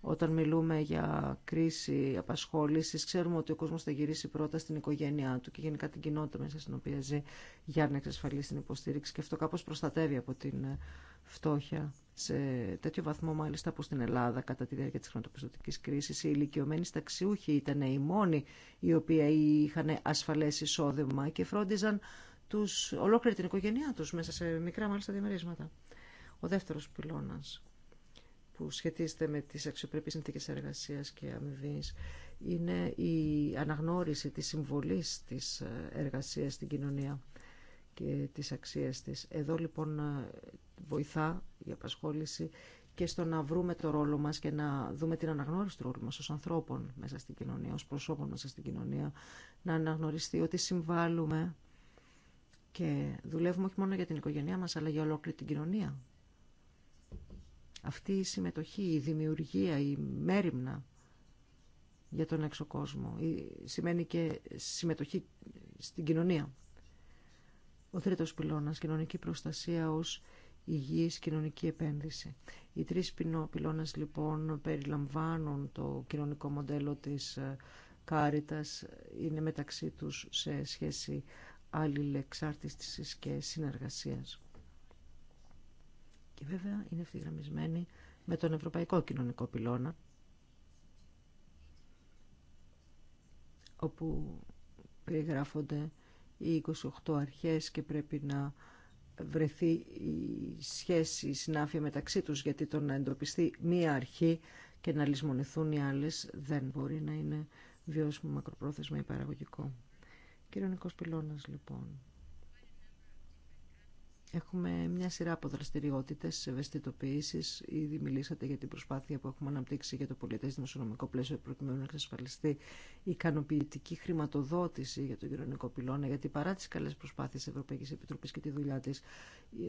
όταν μιλούμε για κρίση απασχόληση, ξέρουμε ότι ο κόσμο θα γυρίσει πρώτα στην οικογένειά του και γενικά την κοινότητα μέσα στην οποία ζει για να εξασφαλίσει την υποστήριξη και αυτό κάπω προστατεύει από την ε, φτώχεια σε τέτοιο βαθμό μάλιστα που στην Ελλάδα κατά τη διάρκεια τη χρηματοπιστωτική κρίση. οι ηλικιωμένοι σταξιούχοι ήταν οι μόνοι οι οποίοι είχαν ασφαλές εισόδημα και φρόντιζαν τους, ολόκληρη την οικογένειά του μέσα σε μικρά μάλιστα διαμερίσματα. Ο δεύτερο πυλώνα που σχετίζεται με τις αξιοπρεπείς συνθήκες εργασίας και αμοιβή είναι η αναγνώριση της συμβολής της ε, εργασίας στην κοινωνία και τις αξίες της. Εδώ λοιπόν ε, βοηθά η απασχόληση και στο να βρούμε το ρόλο μας και να δούμε την αναγνώριση του ρόλου μας ως ανθρώπων μέσα στην κοινωνία, ως προσώπων μέσα στην κοινωνία, να αναγνωριστεί ότι συμβάλλουμε και δουλεύουμε όχι μόνο για την οικογένειά μας αλλά για ολόκληρη την κοινωνία αυτή η συμμετοχή, η δημιουργία, η μέρημνα για τον εξωκόσμο κόσμο. Σημαίνει και συμμετοχή στην κοινωνία. Ο τρίτος πυλώνας, κοινωνική προστασία ως υγιής κοινωνική επένδυση. Οι τρεις πυλώνες λοιπόν περιλαμβάνουν το κοινωνικό μοντέλο της Κάριτας, ε, είναι μεταξύ τους σε σχέση αλληλεξάρτησης και συνεργασίας και βέβαια είναι ευθυγραμμισμένη με τον Ευρωπαϊκό Κοινωνικό Πυλώνα όπου περιγράφονται οι 28 αρχές και πρέπει να βρεθεί η σχέση, η συνάφεια μεταξύ τους γιατί το να εντοπιστεί μία αρχή και να λησμονηθούν οι άλλες δεν μπορεί να είναι βιώσιμο μακροπρόθεσμα ή παραγωγικό. Κοινωνικός πυλώνας λοιπόν Έχουμε μια σειρά από δραστηριότητε ευαισθητοποιήσει. Ήδη μιλήσατε για την προσπάθεια που έχουμε αναπτύξει για το πολιτέ δημοσιονομικό πλαίσιο, προκειμένου να εξασφαλιστεί η ικανοποιητική χρηματοδότηση για τον κοινωνικό πυλώνα. Γιατί παρά τι καλέ προσπάθειε τη Ευρωπαϊκή Επιτροπή και τη δουλειά τη,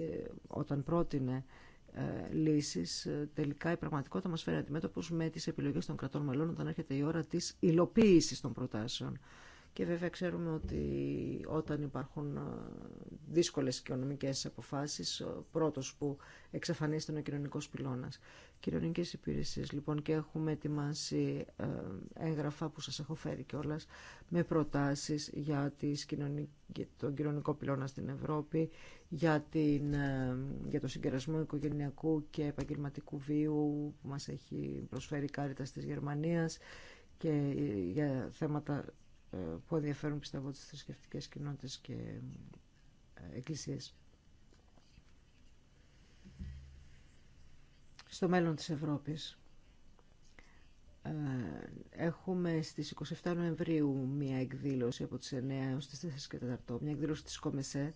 ε, όταν πρότεινε ε, λύσει, ε, τελικά η πραγματικότητα μα φέρει αντιμέτωπου με τι επιλογέ των κρατών μελών όταν έρχεται η ώρα τη υλοποίηση των προτάσεων. Και βέβαια ξέρουμε ότι όταν υπάρχουν ε, δύσκολες οικονομικές αποφάσεις, πρώτος που εξαφανίζεται είναι ο κοινωνικός πυλώνας. Κοινωνικές υπηρεσίες λοιπόν και έχουμε ετοιμάσει ε, έγγραφα που σας έχω φέρει κιόλα με προτάσεις για, τις τον κοινωνικό πυλώνα στην Ευρώπη, για, την, ε, για το συγκερασμό οικογενειακού και επαγγελματικού βίου που μας έχει προσφέρει η Κάριτα της Γερμανίας και για θέματα ε, που ενδιαφέρουν πιστεύω τις θρησκευτικέ κοινότητες και ε, εκκλησίες. Στο μέλλον της Ευρώπης ε, έχουμε στις 27 Νοεμβρίου μία εκδήλωση από τις 9 έως τις 4 και 4, μία εκδήλωση της ΚΟΜΕΣΕ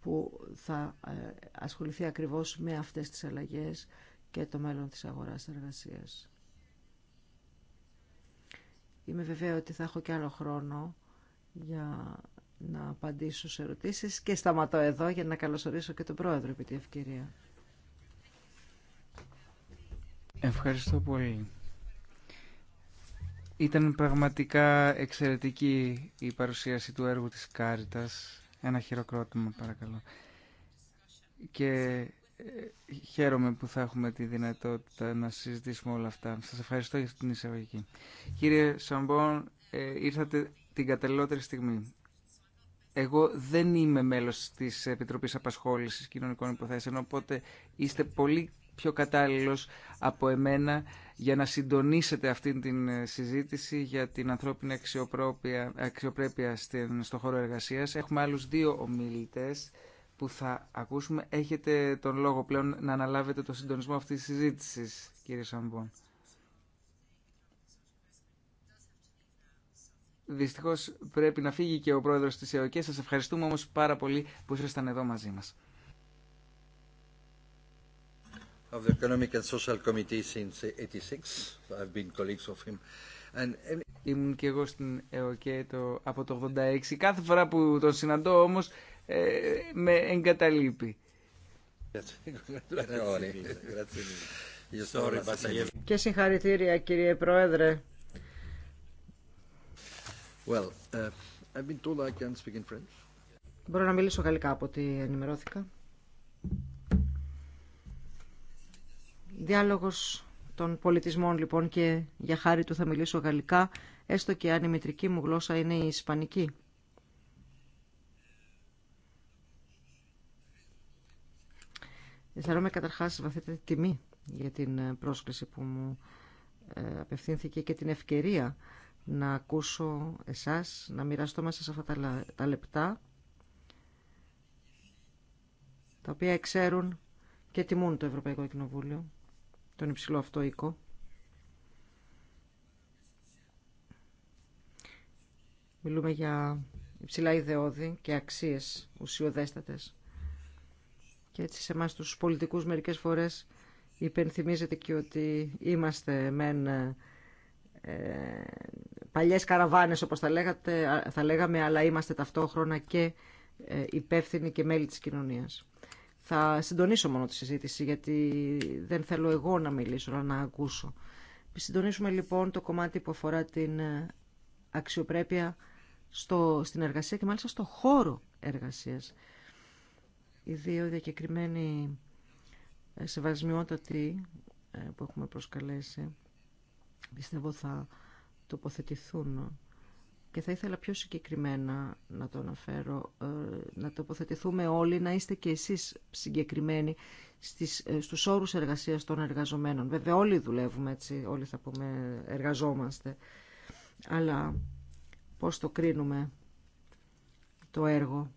που θα ασχοληθεί ακριβώς με αυτές τις αλλαγές και το μέλλον της αγοράς εργασίας. Είμαι βέβαια ότι θα έχω και άλλο χρόνο για να απαντήσω σε ερωτήσεις και σταματώ εδώ για να καλωσορίσω και τον πρόεδρο επί τη ευκαιρία. Ευχαριστώ πολύ. Ήταν πραγματικά εξαιρετική η παρουσίαση του έργου της Κάριτας. Ένα χειροκρότημα παρακαλώ. Και χαίρομαι που θα έχουμε τη δυνατότητα να συζητήσουμε όλα αυτά. Σας ευχαριστώ για την εισαγωγική. Κύριε Σαμπόν, ε, ήρθατε την κατελότερη στιγμή. Εγώ δεν είμαι μέλος της Επιτροπής Απασχόλησης Κοινωνικών Υποθέσεων, οπότε είστε πολύ πιο κατάλληλος από εμένα για να συντονίσετε αυτή την ε, συζήτηση για την ανθρώπινη αξιοπρέπεια στον χώρο εργασίας. Έχουμε άλλους δύο ομιλητές που θα ακούσουμε. Έχετε τον λόγο πλέον να αναλάβετε το συντονισμό αυτής της συζήτησης, κύριε Σαμπον. Δυστυχώς πρέπει να φύγει και ο πρόεδρος της ΕΟΚΕ. Σας ευχαριστούμε όμως πάρα πολύ που ήσασταν εδώ μαζί μας. Of Ήμουν και εγώ στην ΕΟΚΕ το, από το 1986. Κάθε φορά που τον συναντώ όμως ε, με εγκαταλείπει. Και συγχαρητήρια κύριε Πρόεδρε. Well, uh, I've been told I can speak in French. Μπορώ να μιλήσω γαλλικά από ό,τι ενημερώθηκα. Διάλογος των πολιτισμών λοιπόν και για χάρη του θα μιλήσω γαλλικά, έστω και αν η μητρική μου γλώσσα είναι η ισπανική. Αισθανόμαι καταρχάς βαθύτερη τιμή για την ε, πρόσκληση που μου ε, απευθύνθηκε και την ευκαιρία να ακούσω εσάς, να μοιραστώ μέσα σε αυτά τα λεπτά τα οποία εξέρουν και τιμούν το Ευρωπαϊκό Κοινοβούλιο, τον υψηλό αυτό οίκο. Μιλούμε για υψηλά ιδεώδη και αξίες ουσιοδέστατες. Και έτσι σε εμά τους πολιτικούς μερικές φορές υπενθυμίζεται και ότι είμαστε μεν παλιέ ε, παλιές καραβάνες όπως θα, λέγατε, θα λέγαμε, αλλά είμαστε ταυτόχρονα και ε, υπεύθυνοι και μέλη της κοινωνίας. Θα συντονίσω μόνο τη συζήτηση γιατί δεν θέλω εγώ να μιλήσω, αλλά να ακούσω. Συντονίσουμε λοιπόν το κομμάτι που αφορά την ε, αξιοπρέπεια στο, στην εργασία και μάλιστα στο χώρο εργασίας οι δύο διακεκριμένοι ε, σεβασμιότατοι ε, που έχουμε προσκαλέσει πιστεύω θα τοποθετηθούν και θα ήθελα πιο συγκεκριμένα να το αναφέρω, ε, να τοποθετηθούμε όλοι, να είστε και εσείς συγκεκριμένοι στις, στους όρους εργασίας των εργαζομένων. Βέβαια όλοι δουλεύουμε έτσι, όλοι θα πούμε εργαζόμαστε, αλλά πώς το κρίνουμε το έργο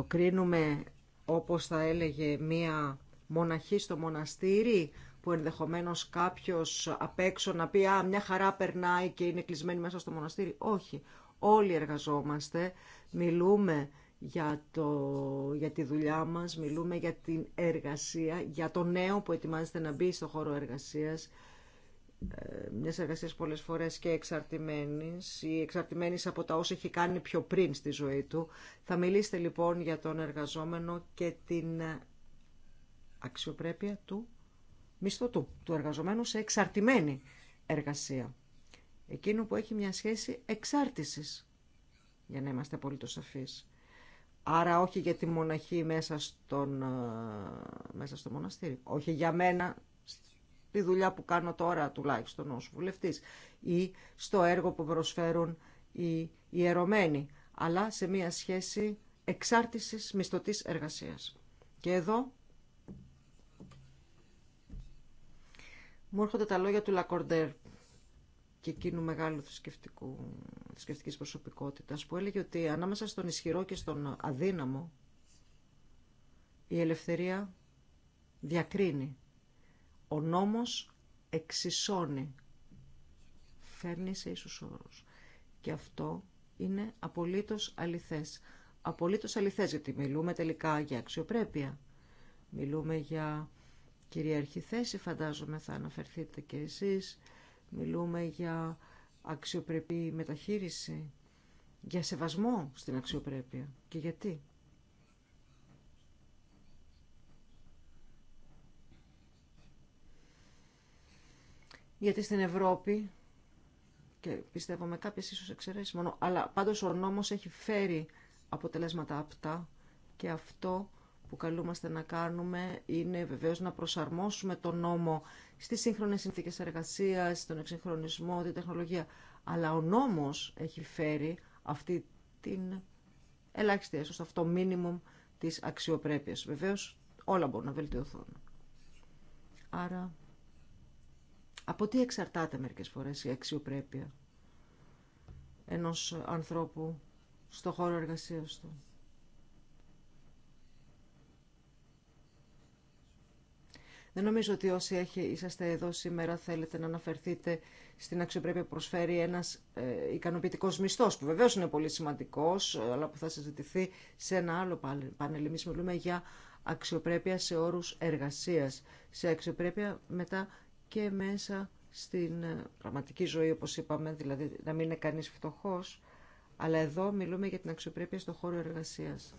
το κρίνουμε όπως θα έλεγε μία μοναχή στο μοναστήρι που ενδεχομένως κάποιος απ' έξω να πει «Α, μια χαρά περνάει και είναι κλεισμένη μέσα στο μοναστήρι». Όχι, όλοι εργαζόμαστε, μιλούμε για, το, για τη δουλειά μας, μιλούμε για την εργασία, για το νέο που ετοιμάζεται να μπει στο χώρο εργασίας ε, μιας εργασίας πολλές φορές και εξαρτημένης ή εξαρτημένης από τα όσα έχει κάνει πιο πριν στη ζωή του. Θα μιλήσετε λοιπόν για τον εργαζόμενο και την αξιοπρέπεια του μισθωτού, του εργαζομένου σε εξαρτημένη εργασία. Εκείνο που έχει μια σχέση εξάρτησης, για να είμαστε απολύτω σαφείς. Άρα όχι για τη μοναχή μέσα, στον, ε, μέσα στο μοναστήρι. Όχι για μένα τη δουλειά που κάνω τώρα τουλάχιστον ως βουλευτής ή στο έργο που προσφέρουν οι ιερωμένοι, αλλά σε μια σχέση εξάρτησης μισθωτής εργασίας. Και εδώ μου έρχονται τα λόγια του Λακορντέρ και εκείνου μεγάλου θρησκευτικού, θρησκευτικής προσωπικότητας που έλεγε ότι ανάμεσα στον ισχυρό και στον αδύναμο η ελευθερία διακρίνει ο νόμος εξισώνει, φέρνει σε ίσους όρους. Και αυτό είναι απολύτως αληθές. Απολύτως αληθές γιατί μιλούμε τελικά για αξιοπρέπεια. Μιλούμε για κυριαρχή θέση, φαντάζομαι θα αναφερθείτε και εσείς. Μιλούμε για αξιοπρεπή μεταχείριση, για σεβασμό στην αξιοπρέπεια. Και γιατί. γιατί στην Ευρώπη, και πιστεύω με κάποιες ίσως εξαιρέσεις μόνο, αλλά πάντως ο νόμος έχει φέρει αποτελέσματα απτά και αυτό που καλούμαστε να κάνουμε είναι βεβαίως να προσαρμόσουμε τον νόμο στις σύγχρονες συνθήκες εργασίας, στον εξυγχρονισμό, την τεχνολογία. Αλλά ο νόμος έχει φέρει αυτή την ελάχιστη έσως, αυτό μίνιμουμ της αξιοπρέπειας. Βεβαίως όλα μπορούν να βελτιωθούν. Άρα από τι εξαρτάται μερικές φορές η αξιοπρέπεια ενός ανθρώπου στο χώρο εργασίας του. Δεν νομίζω ότι όσοι έχει, είσαστε εδώ σήμερα θέλετε να αναφερθείτε στην αξιοπρέπεια που προσφέρει ένας ε, ικανοποιητικός μισθός, που βεβαίως είναι πολύ σημαντικός, αλλά που θα συζητηθεί σε ένα άλλο πάνελ. Εμείς μιλούμε για αξιοπρέπεια σε όρους εργασίας, σε αξιοπρέπεια μετά και μέσα στην ε, πραγματική ζωή, όπως είπαμε, δηλαδή να μην είναι κανείς φτωχός, αλλά εδώ μιλούμε για την αξιοπρέπεια στον χώρο εργασίας.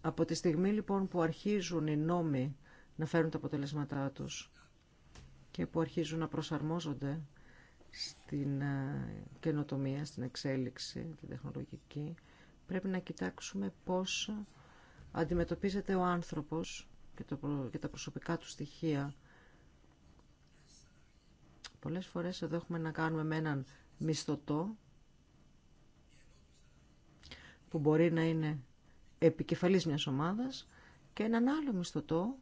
Από τη στιγμή λοιπόν που αρχίζουν οι νόμοι να φέρουν τα αποτελέσματά τους και που αρχίζουν να προσαρμόζονται στην ε, καινοτομία, στην εξέλιξη, την τεχνολογική, πρέπει να κοιτάξουμε πώς αντιμετωπίζεται ο άνθρωπος και, και τα προσωπικά του στοιχεία Πολλές φορές εδώ έχουμε να κάνουμε με έναν μισθωτό που μπορεί να είναι επικεφαλής μιας ομάδας και έναν άλλο μισθωτό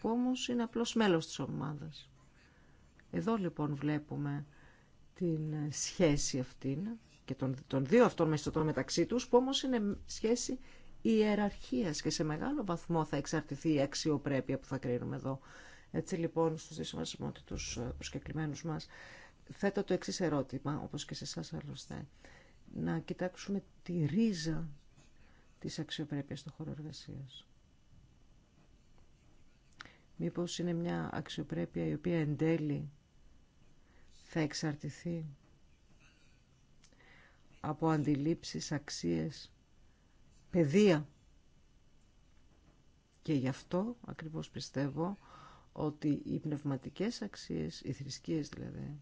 που όμως είναι απλώς μέλος της ομάδας. Εδώ λοιπόν βλέπουμε την σχέση αυτήν και των, των δύο αυτών μισθωτών μεταξύ τους που όμως είναι σχέση ιεραρχίας και σε μεγάλο βαθμό θα εξαρτηθεί η αξιοπρέπεια που θα κρίνουμε εδώ έτσι λοιπόν στους τους ε, προσκεκλημένους μας θέτω το εξής ερώτημα, όπως και σε εσά άλλωστε, να κοιτάξουμε τη ρίζα της αξιοπρέπειας του χώρο εργασίας. Μήπως είναι μια αξιοπρέπεια η οποία εν τέλει θα εξαρτηθεί από αντιλήψεις, αξίες, παιδεία. Και γι' αυτό ακριβώς πιστεύω ότι οι πνευματικές αξίες, οι θρησκείες δηλαδή,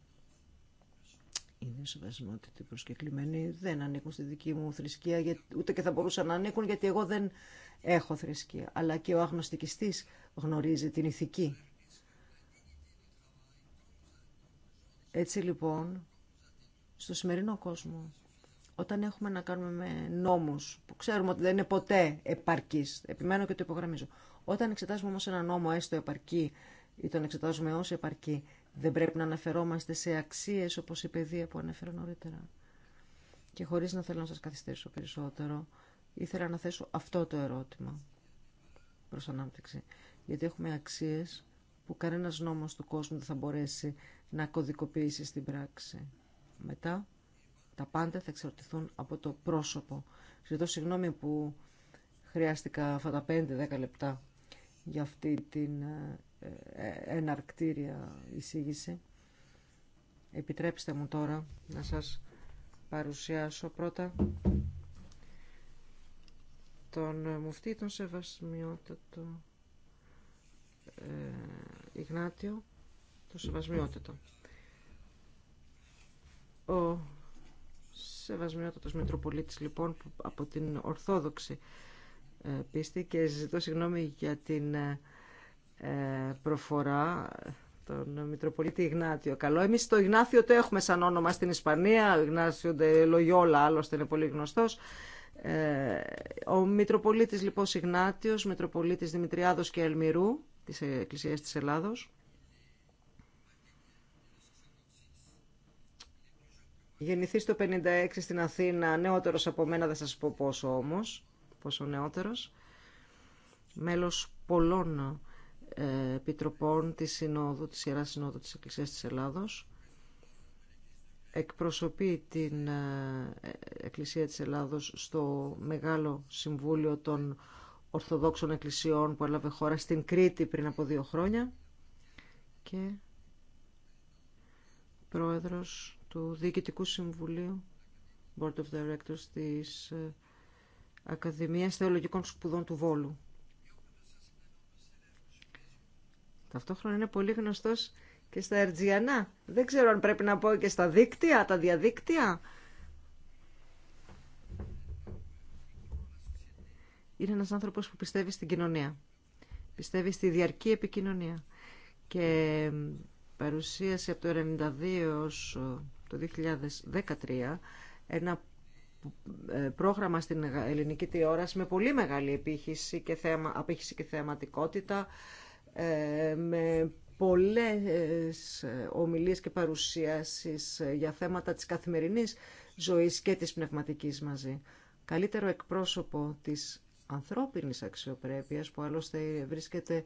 είναι σεβασμό ότι οι προσκεκλημένοι δεν ανήκουν στη δική μου θρησκεία, ούτε και θα μπορούσαν να ανήκουν γιατί εγώ δεν έχω θρησκεία. Αλλά και ο αγνωστικιστής γνωρίζει την ηθική. Έτσι λοιπόν, στο σημερινό κόσμο, όταν έχουμε να κάνουμε με νόμους που ξέρουμε ότι δεν είναι ποτέ επαρκείς, επιμένω και το υπογραμμίζω, όταν εξετάζουμε όμως ένα νόμο έστω επαρκή ή τον εξετάζουμε ως επαρκή, δεν πρέπει να αναφερόμαστε σε αξίες όπως η παιδεία που ανέφερα νωρίτερα. Και χωρίς να θέλω να σας καθυστερήσω περισσότερο, ήθελα να θέσω αυτό το ερώτημα προς ανάπτυξη. Γιατί έχουμε αξίες που κανένας νόμος του κόσμου δεν θα μπορέσει να κωδικοποιήσει στην πράξη. Μετά, τα πάντα θα εξαρτηθούν από το πρόσωπο. Ζητώ συγγνώμη που χρειάστηκα αυτά τα 5-10 λεπτά για αυτή την ε, ε, εναρκτήρια εισήγηση. Επιτρέψτε μου τώρα να σας παρουσιάσω πρώτα τον μουφτή, τον σεβασμιότατο ε, Ιγνάτιο, τον σεβασμιότατο. Ο σεβασμιότατος Μητροπολίτης λοιπόν από την Ορθόδοξη πίστη και ζητώ συγγνώμη για την ε, ε, προφορά τον Μητροπολίτη Ιγνάτιο. Καλό, εμείς το Ιγνάτιο, το έχουμε σαν όνομα στην Ισπανία, ο Ιγνάτιο Λογιόλα άλλωστε είναι πολύ γνωστός. Ε, ο Μητροπολίτης λοιπόν Ιγνάτιος, Μητροπολίτης Δημητριάδος και Ελμυρού της Εκκλησίας της Ελλάδος. Γεννηθεί το 56 στην Αθήνα, νεότερος από μένα, δεν σας πω πόσο όμως ο νεότερος, μέλος πολλών ε, επιτροπών της Συνόδου, της Ιεράς Συνόδου της Εκκλησίας της Ελλάδος, εκπροσωπεί την ε, ε, Εκκλησία της Ελλάδος στο Μεγάλο Συμβούλιο των Ορθοδόξων Εκκλησιών που έλαβε χώρα στην Κρήτη πριν από δύο χρόνια και πρόεδρος του Διοικητικού Συμβουλίου Board of Directors της Ακαδημίας Θεολογικών Σπουδών του Βόλου. Ταυτόχρονα είναι πολύ γνωστός και στα Ερτζιανά. Δεν ξέρω αν πρέπει να πω και στα δίκτυα, τα διαδίκτυα. Είναι ένας άνθρωπος που πιστεύει στην κοινωνία. Πιστεύει στη διαρκή επικοινωνία. Και παρουσίασε από το 1992 το 2013 ένα ε, πρόγραμμα στην ελληνική τηλεόραση με πολύ μεγάλη επίχυση και, θέμα, απήχηση και θεαματικότητα, ε, με πολλές ε, ομιλίες και παρουσίασεις για θέματα της καθημερινής ζωής και της πνευματικής μαζί. Καλύτερο εκπρόσωπο της ανθρώπινης αξιοπρέπειας που άλλωστε βρίσκεται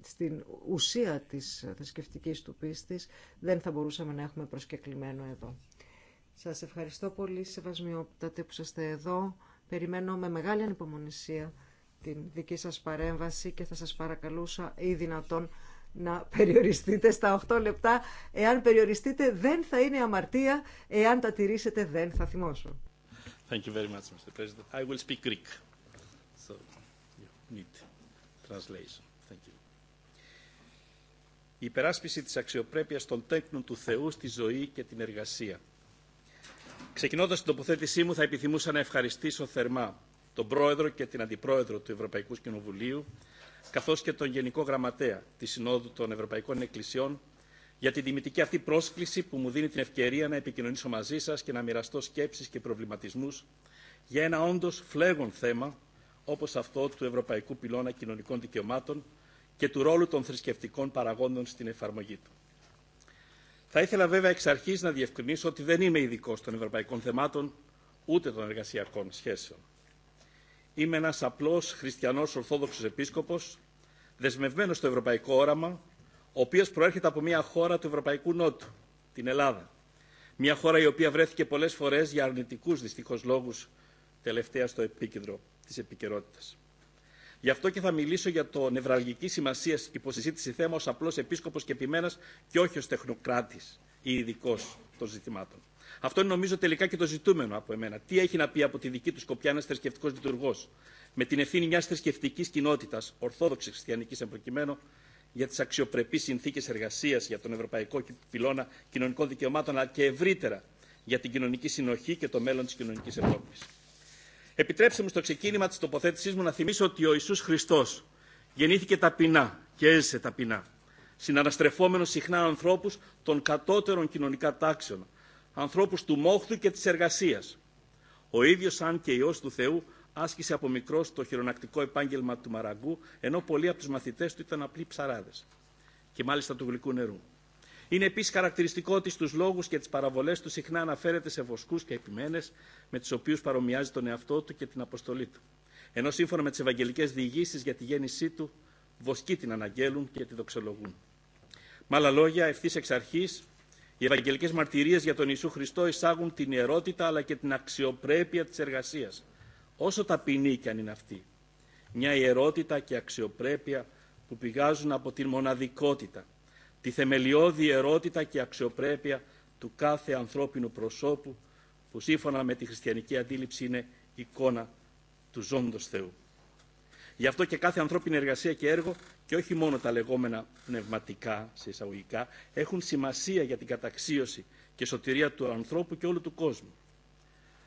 στην ουσία της θρησκευτική του πίστης δεν θα μπορούσαμε να έχουμε προσκεκλημένο εδώ. Σας ευχαριστώ πολύ, σεβασμιότατε που είστε εδώ. Περιμένω με μεγάλη ανυπομονησία την δική σας παρέμβαση και θα σας παρακαλούσα ή δυνατόν να περιοριστείτε στα 8 λεπτά. Εάν περιοριστείτε δεν θα είναι αμαρτία, εάν τα τηρήσετε δεν θα θυμώσω. Thank you very much, Mr. President. I will speak Greek, so you need translation. Thank you. Η περάσπιση της αξιοπρέπειας των τέκνων του Θεού στη ζωή και την εργασία – Ξεκινώντα την τοποθέτησή μου, θα επιθυμούσα να ευχαριστήσω θερμά τον Πρόεδρο και την Αντιπρόεδρο του Ευρωπαϊκού Κοινοβουλίου, καθώ και τον Γενικό Γραμματέα τη Συνόδου των Ευρωπαϊκών Εκκλησιών, για την τιμητική αυτή πρόσκληση που μου δίνει την ευκαιρία να επικοινωνήσω μαζί σα και να μοιραστώ σκέψει και προβληματισμού για ένα όντω φλέγον θέμα, όπω αυτό του Ευρωπαϊκού Πυλώνα Κοινωνικών Δικαιωμάτων και του ρόλου των θρησκευτικών παραγόντων στην εφαρμογή του. Θα ήθελα βέβαια εξ αρχή να διευκρινίσω ότι δεν είμαι ειδικό των ευρωπαϊκών θεμάτων ούτε των εργασιακών σχέσεων. Είμαι ένα απλό χριστιανό Ορθόδοξο Επίσκοπο, δεσμευμένο στο ευρωπαϊκό όραμα, ο οποίο προέρχεται από μια χώρα του Ευρωπαϊκού Νότου, την Ελλάδα. Μια χώρα η οποία βρέθηκε πολλέ φορέ για αρνητικού δυστυχώ λόγου τελευταία στο επίκεντρο τη επικαιρότητα. Γι' αυτό και θα μιλήσω για το νευραλγική σημασία υποσυζήτηση θέμα ω απλό επίσκοπο και επιμένα και όχι ω τεχνοκράτη ή ειδικό των ζητημάτων. Αυτό είναι νομίζω τελικά και το ζητούμενο από εμένα. Τι έχει να πει από τη δική του σκοπιά ένα θρησκευτικό λειτουργό, με την ευθύνη μια θρησκευτική κοινότητα, ορθόδοξη χριστιανική εμπροκειμένου, για τι αξιοπρεπεί συνθήκε εργασία για τον Ευρωπαϊκό Πυλώνα Κοινωνικών Δικαιωμάτων, αλλά και ευρύτερα για την κοινωνική συνοχή και το μέλλον τη κοινωνική Ευρώπη. Επιτρέψτε μου στο ξεκίνημα τη τοποθέτησή μου να θυμίσω ότι ο Ιησούς Χριστός γεννήθηκε ταπεινά και έζησε ταπεινά, Συναναστρεφόμενο συχνά ανθρώπου των κατώτερων κοινωνικά τάξεων, ανθρώπους του μόχθου και της εργασίας. Ο ίδιος, αν και ιό του Θεού, άσκησε από μικρό το χειρονακτικό επάγγελμα του μαραγκού, ενώ πολλοί από του μαθητέ του ήταν απλοί ψαράδε και μάλιστα του γλυκού νερού. Είναι επίση χαρακτηριστικό ότι στου λόγου και τι παραβολέ του συχνά αναφέρεται σε βοσκού και επιμένε με του οποίου παρομοιάζει τον εαυτό του και την αποστολή του. Ενώ σύμφωνα με τι ευαγγελικέ διηγήσει για τη γέννησή του, βοσκοί την αναγγέλουν και τη δοξολογούν. Με άλλα λόγια, ευθύ εξ αρχή, οι ευαγγελικέ μαρτυρίε για τον Ιησού Χριστό εισάγουν την ιερότητα αλλά και την αξιοπρέπεια τη εργασία, όσο ταπεινή και αν είναι αυτή. Μια ιερότητα και αξιοπρέπεια που πηγάζουν από την μοναδικότητα τη θεμελιώδη ερώτητα και αξιοπρέπεια του κάθε ανθρώπινου προσώπου που σύμφωνα με τη χριστιανική αντίληψη είναι εικόνα του ζώντος Θεού. Γι' αυτό και κάθε ανθρώπινη εργασία και έργο και όχι μόνο τα λεγόμενα πνευματικά σε εισαγωγικά έχουν σημασία για την καταξίωση και σωτηρία του ανθρώπου και όλου του κόσμου.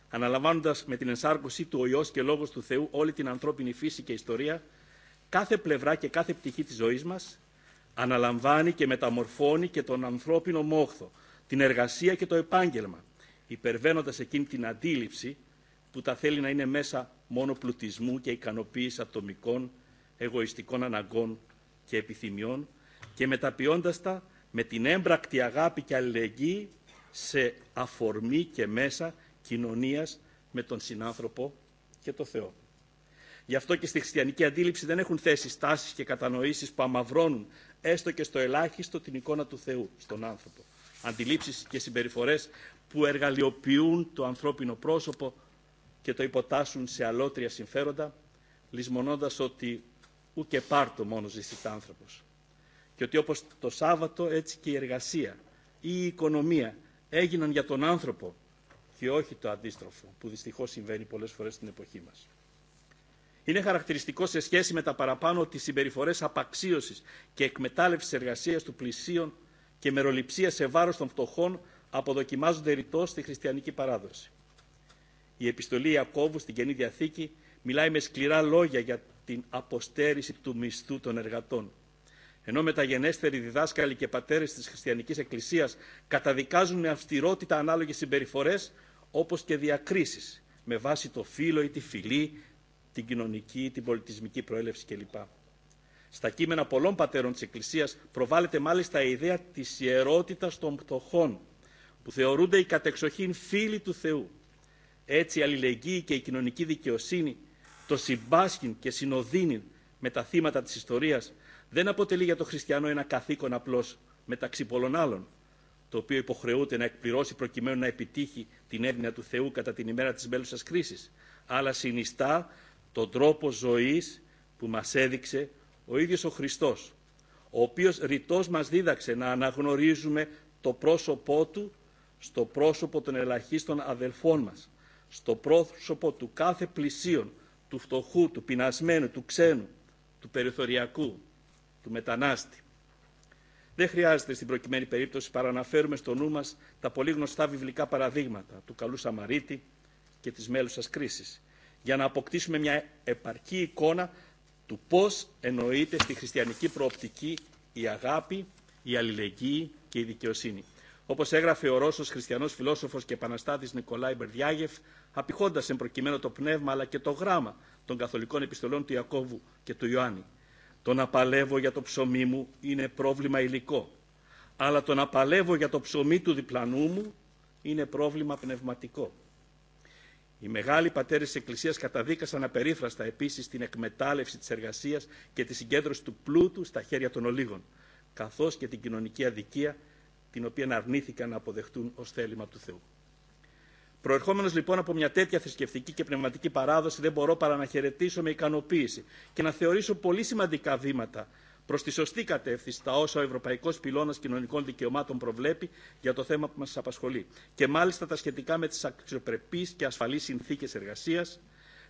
Αναλαμβάνοντας με την ενσάρκωση του ο Υιός και Λόγος του Θεού όλη την ανθρώπινη φύση και ιστορία, κάθε πλευρά και κάθε πτυχή της ζωής μας αναλαμβάνει και μεταμορφώνει και τον ανθρώπινο μόχθο, την εργασία και το επάγγελμα, υπερβαίνοντας εκείνη την αντίληψη που τα θέλει να είναι μέσα μόνο πλουτισμού και ικανοποίηση ατομικών, εγωιστικών αναγκών και επιθυμιών και μεταποιώντας τα με την έμπρακτη αγάπη και αλληλεγγύη σε αφορμή και μέσα κοινωνίας με τον συνάνθρωπο και το Θεό. Γι' αυτό και στη χριστιανική αντίληψη δεν έχουν θέσει στάσεις και κατανοήσεις που αμαυρώνουν έστω και στο ελάχιστο την εικόνα του Θεού στον άνθρωπο. Αντιλήψεις και συμπεριφορές που εργαλειοποιούν το ανθρώπινο πρόσωπο και το υποτάσσουν σε αλότρια συμφέροντα, λησμονώντα ότι ούτε πάρτο μόνο ζήσει άνθρωπος. Και ότι όπως το Σάββατο, έτσι και η εργασία ή η οικονομία έγιναν για τον άνθρωπο και όχι το αντίστροφο που δυστυχώς συμβαίνει πολλές φορές στην εποχή μας. Είναι χαρακτηριστικό σε σχέση με τα παραπάνω οι συμπεριφορέ απαξίωση και εκμετάλλευση εργασία του πλησίων και μεροληψία σε βάρο των φτωχών αποδοκιμάζονται ρητό στη χριστιανική παράδοση. Η επιστολή Ιακώβου στην Καινή Διαθήκη μιλάει με σκληρά λόγια για την αποστέρηση του μισθού των εργατών. Ενώ μεταγενέστεροι διδάσκαλοι και πατέρε τη Χριστιανική Εκκλησία καταδικάζουν με αυστηρότητα ανάλογε συμπεριφορέ όπω και διακρίσει με βάση το φύλλο ή τη φυλή την κοινωνική, την πολιτισμική προέλευση κλπ. Στα κείμενα πολλών πατέρων της Εκκλησίας προβάλλεται μάλιστα η ιδέα της ιερότητας των πτωχών, που θεωρούνται οι κατεξοχήν φίλοι του Θεού. Έτσι η αλληλεγγύη και η κοινωνική δικαιοσύνη το συμπάσχην και συνοδύνει με τα θύματα της ιστορίας δεν αποτελεί για το χριστιανό ένα καθήκον απλώς μεταξύ πολλών άλλων, το οποίο υποχρεούται να εκπληρώσει προκειμένου να επιτύχει την έννοια του Θεού κατά την ημέρα της μέλουσας κρίσης, αλλά συνιστά τον τρόπο ζωής που μας έδειξε ο ίδιος ο Χριστός, ο οποίος ρητός μας δίδαξε να αναγνωρίζουμε το πρόσωπό Του στο πρόσωπο των ελαχίστων αδελφών μας, στο πρόσωπο του κάθε πλησίον, του φτωχού, του πεινασμένου, του ξένου, του περιθωριακού, του μετανάστη. Δεν χρειάζεται στην προκειμένη περίπτωση παρά να φέρουμε στο νου μας τα πολύ γνωστά βιβλικά παραδείγματα του καλού Σαμαρίτη και της μέλουσας κρίσης για να αποκτήσουμε μια επαρκή εικόνα του πώς εννοείται στη χριστιανική προοπτική η αγάπη, η αλληλεγγύη και η δικαιοσύνη. Όπως έγραφε ο Ρώσος χριστιανός φιλόσοφος και επαναστάτης Νικολάη Μπερδιάγεφ, απηχώντας εν προκειμένου το πνεύμα αλλά και το γράμμα των καθολικών επιστολών του Ιακώβου και του Ιωάννη. Το να παλεύω για το ψωμί μου είναι πρόβλημα υλικό, αλλά το να παλεύω για το ψωμί του διπλανού μου είναι πρόβλημα πνευματικό. Οι μεγάλοι πατέρε τη Εκκλησία καταδίκασαν απερίφραστα επίση την εκμετάλλευση τη εργασία και τη συγκέντρωση του πλούτου στα χέρια των ολίγων, καθώ και την κοινωνική αδικία την οποία αρνήθηκαν να αποδεχτούν ω θέλημα του Θεού. Προερχόμενο λοιπόν από μια τέτοια θρησκευτική και πνευματική παράδοση, δεν μπορώ παρά να χαιρετήσω με ικανοποίηση και να θεωρήσω πολύ σημαντικά βήματα προ τη σωστή κατεύθυνση τα όσα ο Ευρωπαϊκό Πυλώνα Κοινωνικών Δικαιωμάτων προβλέπει για το θέμα που μα απασχολεί. Και μάλιστα τα σχετικά με τι αξιοπρεπεί και ασφαλεί συνθήκε εργασία,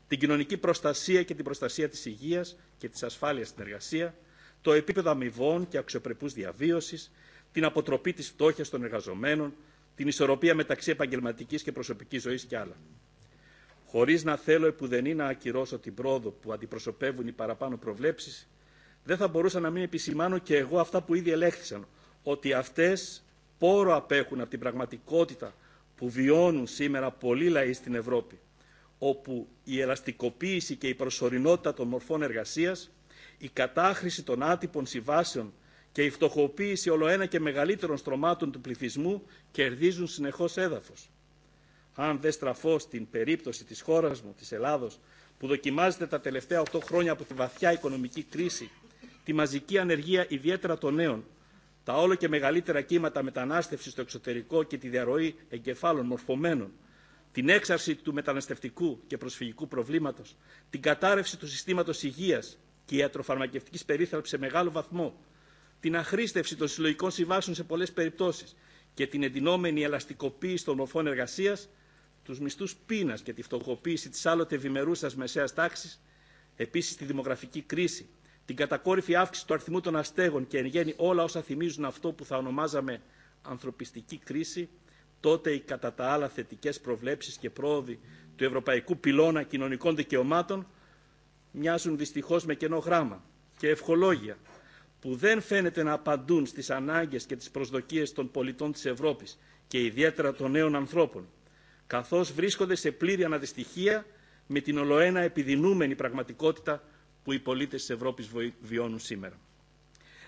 την κοινωνική προστασία και την προστασία τη υγεία και τη ασφάλεια στην εργασία, το επίπεδο αμοιβών και αξιοπρεπού διαβίωση, την αποτροπή τη φτώχεια των εργαζομένων, την ισορροπία μεταξύ επαγγελματική και προσωπική ζωή και άλλα. Χωρί να θέλω επουδενή να ακυρώσω την πρόοδο που αντιπροσωπεύουν οι παραπάνω προβλέψει, δεν θα μπορούσα να μην επισημάνω και εγώ αυτά που ήδη ελέγχθησαν, ότι αυτές πόρο απέχουν από την πραγματικότητα που βιώνουν σήμερα πολλοί λαοί στην Ευρώπη, όπου η ελαστικοποίηση και η προσωρινότητα των μορφών εργασίας, η κατάχρηση των άτυπων συμβάσεων και η φτωχοποίηση ολοένα και μεγαλύτερων στρωμάτων του πληθυσμού κερδίζουν συνεχώς έδαφος. Αν δεν στραφώ στην περίπτωση της χώρας μου, της Ελλάδος, που δοκιμάζεται τα τελευταία 8 χρόνια από τη βαθιά οικονομική κρίση τη μαζική ανεργία ιδιαίτερα των νέων, τα όλο και μεγαλύτερα κύματα μετανάστευση στο εξωτερικό και τη διαρροή εγκεφάλων μορφωμένων, την έξαρση του μεταναστευτικού και προσφυγικού προβλήματο, την κατάρρευση του συστήματο υγεία και ιατροφαρμακευτική περίθαλψη σε μεγάλο βαθμό, την αχρήστευση των συλλογικών συμβάσεων σε πολλέ περιπτώσει και την εντυνόμενη ελαστικοποίηση των μορφών εργασία, του μισθού πείνα και τη φτωχοποίηση τη άλλοτε ευημερούσα μεσαία τάξη, επίση τη δημογραφική κρίση, την κατακόρυφη αύξηση του αριθμού των αστέγων και εν γέννη όλα όσα θυμίζουν αυτό που θα ονομάζαμε ανθρωπιστική κρίση, τότε οι κατά τα άλλα θετικές προβλέψεις και πρόοδοι του Ευρωπαϊκού Πυλώνα Κοινωνικών Δικαιωμάτων μοιάζουν δυστυχώς με κενό γράμμα και ευχολόγια που δεν φαίνεται να απαντούν στις ανάγκες και τις προσδοκίες των πολιτών της Ευρώπης και ιδιαίτερα των νέων ανθρώπων, καθώς βρίσκονται σε πλήρη αναδυστυχία με την ολοένα επιδεινούμενη πραγματικότητα που οι πολίτε τη Ευρώπη βιώνουν σήμερα.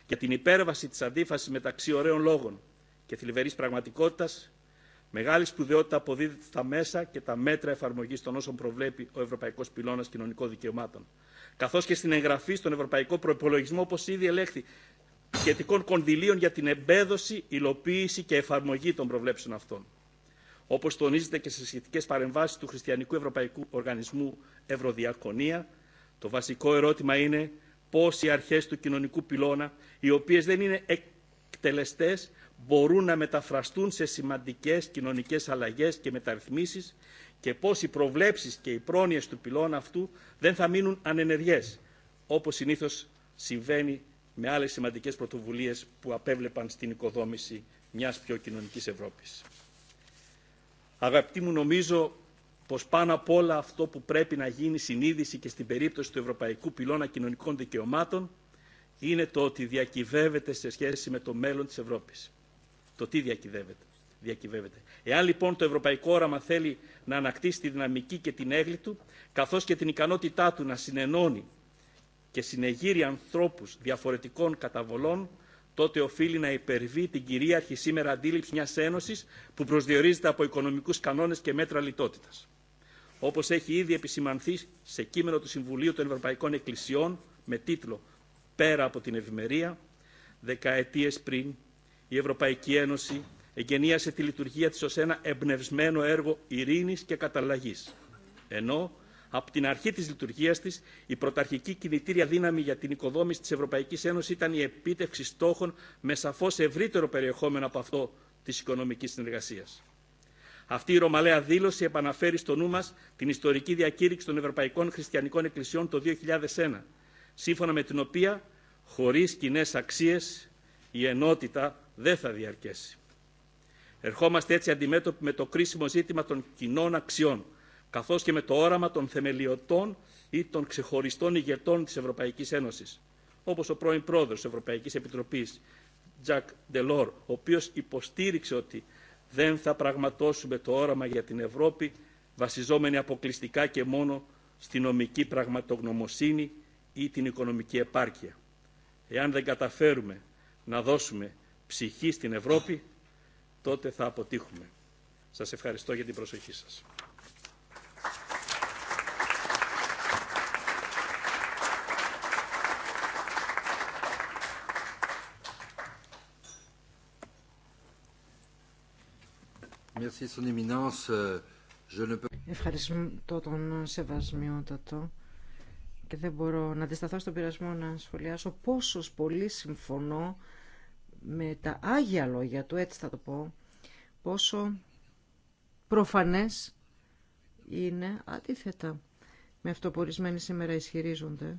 Για την υπέρβαση τη αντίφαση μεταξύ ωραίων λόγων και θλιβερή πραγματικότητα, μεγάλη σπουδαιότητα αποδίδεται στα μέσα και τα μέτρα εφαρμογή των όσων προβλέπει ο Ευρωπαϊκό Πυλώνας Κοινωνικών Δικαιωμάτων, καθώ και στην εγγραφή στον Ευρωπαϊκό Προπολογισμό, όπω ήδη ελέγχθη, σχετικών κονδυλίων για την εμπέδωση, υλοποίηση και εφαρμογή των προβλέψεων αυτών. Όπω τονίζεται και σε σχετικέ παρεμβάσει του Χριστιανικού Ευρωπαϊκού Οργανισμού Ευρωδιακονία, το βασικό ερώτημα είναι πώς οι αρχές του κοινωνικού πυλώνα, οι οποίες δεν είναι εκτελεστές, μπορούν να μεταφραστούν σε σημαντικές κοινωνικές αλλαγές και μεταρρυθμίσεις και πώς οι προβλέψεις και οι πρόνοιες του πυλώνα αυτού δεν θα μείνουν ανενεργές, όπως συνήθως συμβαίνει με άλλες σημαντικές πρωτοβουλίες που απέβλεπαν στην οικοδόμηση μιας πιο κοινωνικής Ευρώπης. Αγαπητοί μου, νομίζω πω πάνω απ' όλα αυτό που πρέπει να γίνει συνείδηση και στην περίπτωση του Ευρωπαϊκού Πυλώνα Κοινωνικών Δικαιωμάτων είναι το ότι διακυβεύεται σε σχέση με το μέλλον τη Ευρώπη. Το τι διακυβεύεται. διακυβεύεται. Εάν λοιπόν το ευρωπαϊκό όραμα θέλει να ανακτήσει τη δυναμική και την έγκλη του, καθώ και την ικανότητά του να συνενώνει και συνεγείρει ανθρώπου διαφορετικών καταβολών, τότε οφείλει να υπερβεί την κυρίαρχη σήμερα αντίληψη μια Ένωση που προσδιορίζεται από οικονομικού κανόνε και μέτρα λιτότητας. Όπω έχει ήδη επισημανθεί σε κείμενο του Συμβουλίου των Ευρωπαϊκών Εκκλησιών με τίτλο «Πέρα από την ευημερία», δεκαετίε πριν η Ευρωπαϊκή Ένωση εγγενίασε τη λειτουργία της ως ένα εμπνευσμένο έργο ειρήνης και καταλλαγής. Ενώ από την αρχή της λειτουργίας της η πρωταρχική κινητήρια δύναμη για την οικοδόμηση της Ευρωπαϊκής Ένωσης ήταν η επίτευξη στόχων με σαφώς ευρύτερο περιεχόμενο από αυτό της οικονομικής συνεργασίας. Αυτή η ρωμαλαία δήλωση επαναφέρει στο νου μα την ιστορική διακήρυξη των Ευρωπαϊκών Χριστιανικών Εκκλησιών το 2001, σύμφωνα με την οποία χωρί κοινέ αξίε η ενότητα δεν θα διαρκέσει. Ερχόμαστε έτσι αντιμέτωποι με το κρίσιμο ζήτημα των κοινών αξιών, καθώς και με το όραμα των θεμελιωτών ή των ξεχωριστών ηγετών της Ευρωπαϊκής Ένωσης όπως ο πρώην πρόεδρος της Ευρωπαϊκής Επιτροπής Jack Delors, ο οποίο υποστήριξε ότι δεν θα πραγματώσουμε το όραμα για την Ευρώπη βασιζόμενη αποκλειστικά και μόνο στη νομική πραγματογνωμοσύνη ή την οικονομική επάρκεια. Εάν δεν καταφέρουμε να δώσουμε ψυχή στην Ευρώπη, τότε θα αποτύχουμε. Σας ευχαριστώ για την προσοχή σας. Euh, Ευχαριστώ τον Σεβασμιότατο και δεν μπορώ να αντισταθώ στον πειρασμό να σχολιάσω πόσο πολύ συμφωνώ με τα άγια λόγια του, έτσι θα το πω, πόσο προφανές είναι αντίθετα με αυτό που ορισμένοι σήμερα ισχυρίζονται,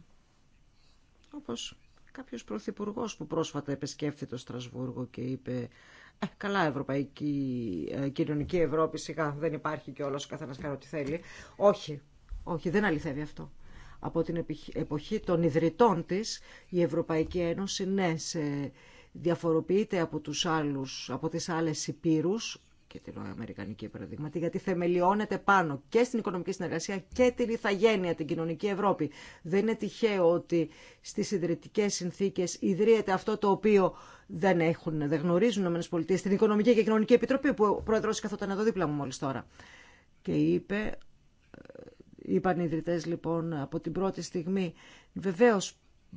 όπως κάποιος πρωθυπουργός που πρόσφατα επεσκέφθη το Στρασβούργο και είπε ε, καλά ευρωπαϊκή ε, κοινωνική Ευρώπη, σιγά δεν υπάρχει κιόλα ο καθένα κάνει ό,τι θέλει. Όχι, όχι, δεν αληθεύει αυτό. Από την εποχή των ιδρυτών της, η Ευρωπαϊκή Ένωση, ναι, διαφοροποιείται από, τους άλλους, από τις άλλες υπήρους και την Αμερικανική παραδείγματι, γιατί θεμελιώνεται πάνω και στην οικονομική συνεργασία και την ηθαγένεια, την κοινωνική Ευρώπη. Δεν είναι τυχαίο ότι στι ιδρυτικέ συνθήκε ιδρύεται αυτό το οποίο δεν, έχουν, δεν γνωρίζουν οι ΗΠΑ, στην Οικονομική και Κοινωνική Επιτροπή που ο πρόεδρος καθόταν εδώ δίπλα μου μόλι τώρα. Και είπε, ε, είπαν οι ιδρυτέ λοιπόν από την πρώτη στιγμή, βεβαίω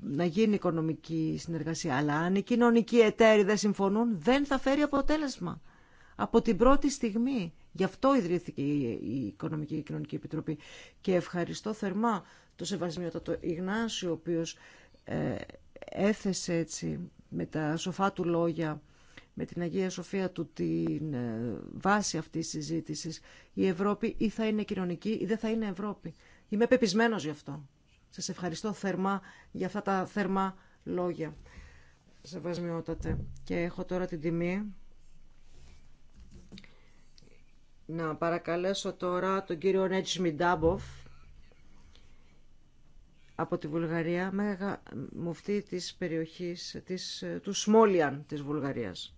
να γίνει οικονομική συνεργασία. Αλλά αν οι κοινωνικοί εταίροι δεν συμφωνούν, δεν θα φέρει αποτέλεσμα από την πρώτη στιγμή. Γι' αυτό ιδρύθηκε η Οικονομική και Κοινωνική Επιτροπή. Και ευχαριστώ θερμά το Σεβασμιότατο Ιγνάσιο, ο οποίος ε, έθεσε έτσι με τα σοφά του λόγια, με την Αγία Σοφία του την ε, βάση αυτής της συζήτησης. Η Ευρώπη ή θα είναι κοινωνική ή δεν θα είναι Ευρώπη. Είμαι πεπισμένο γι' αυτό. Σας ευχαριστώ θερμά για αυτά τα θερμά λόγια. Σεβασμιότατε. Και έχω τώρα την τιμή να παρακαλέσω τώρα τον κύριο Νέτζ Μιντάμποφ από τη Βουλγαρία, μέγα μουφτή της περιοχής της, του Σμόλιαν της Βουλγαρίας.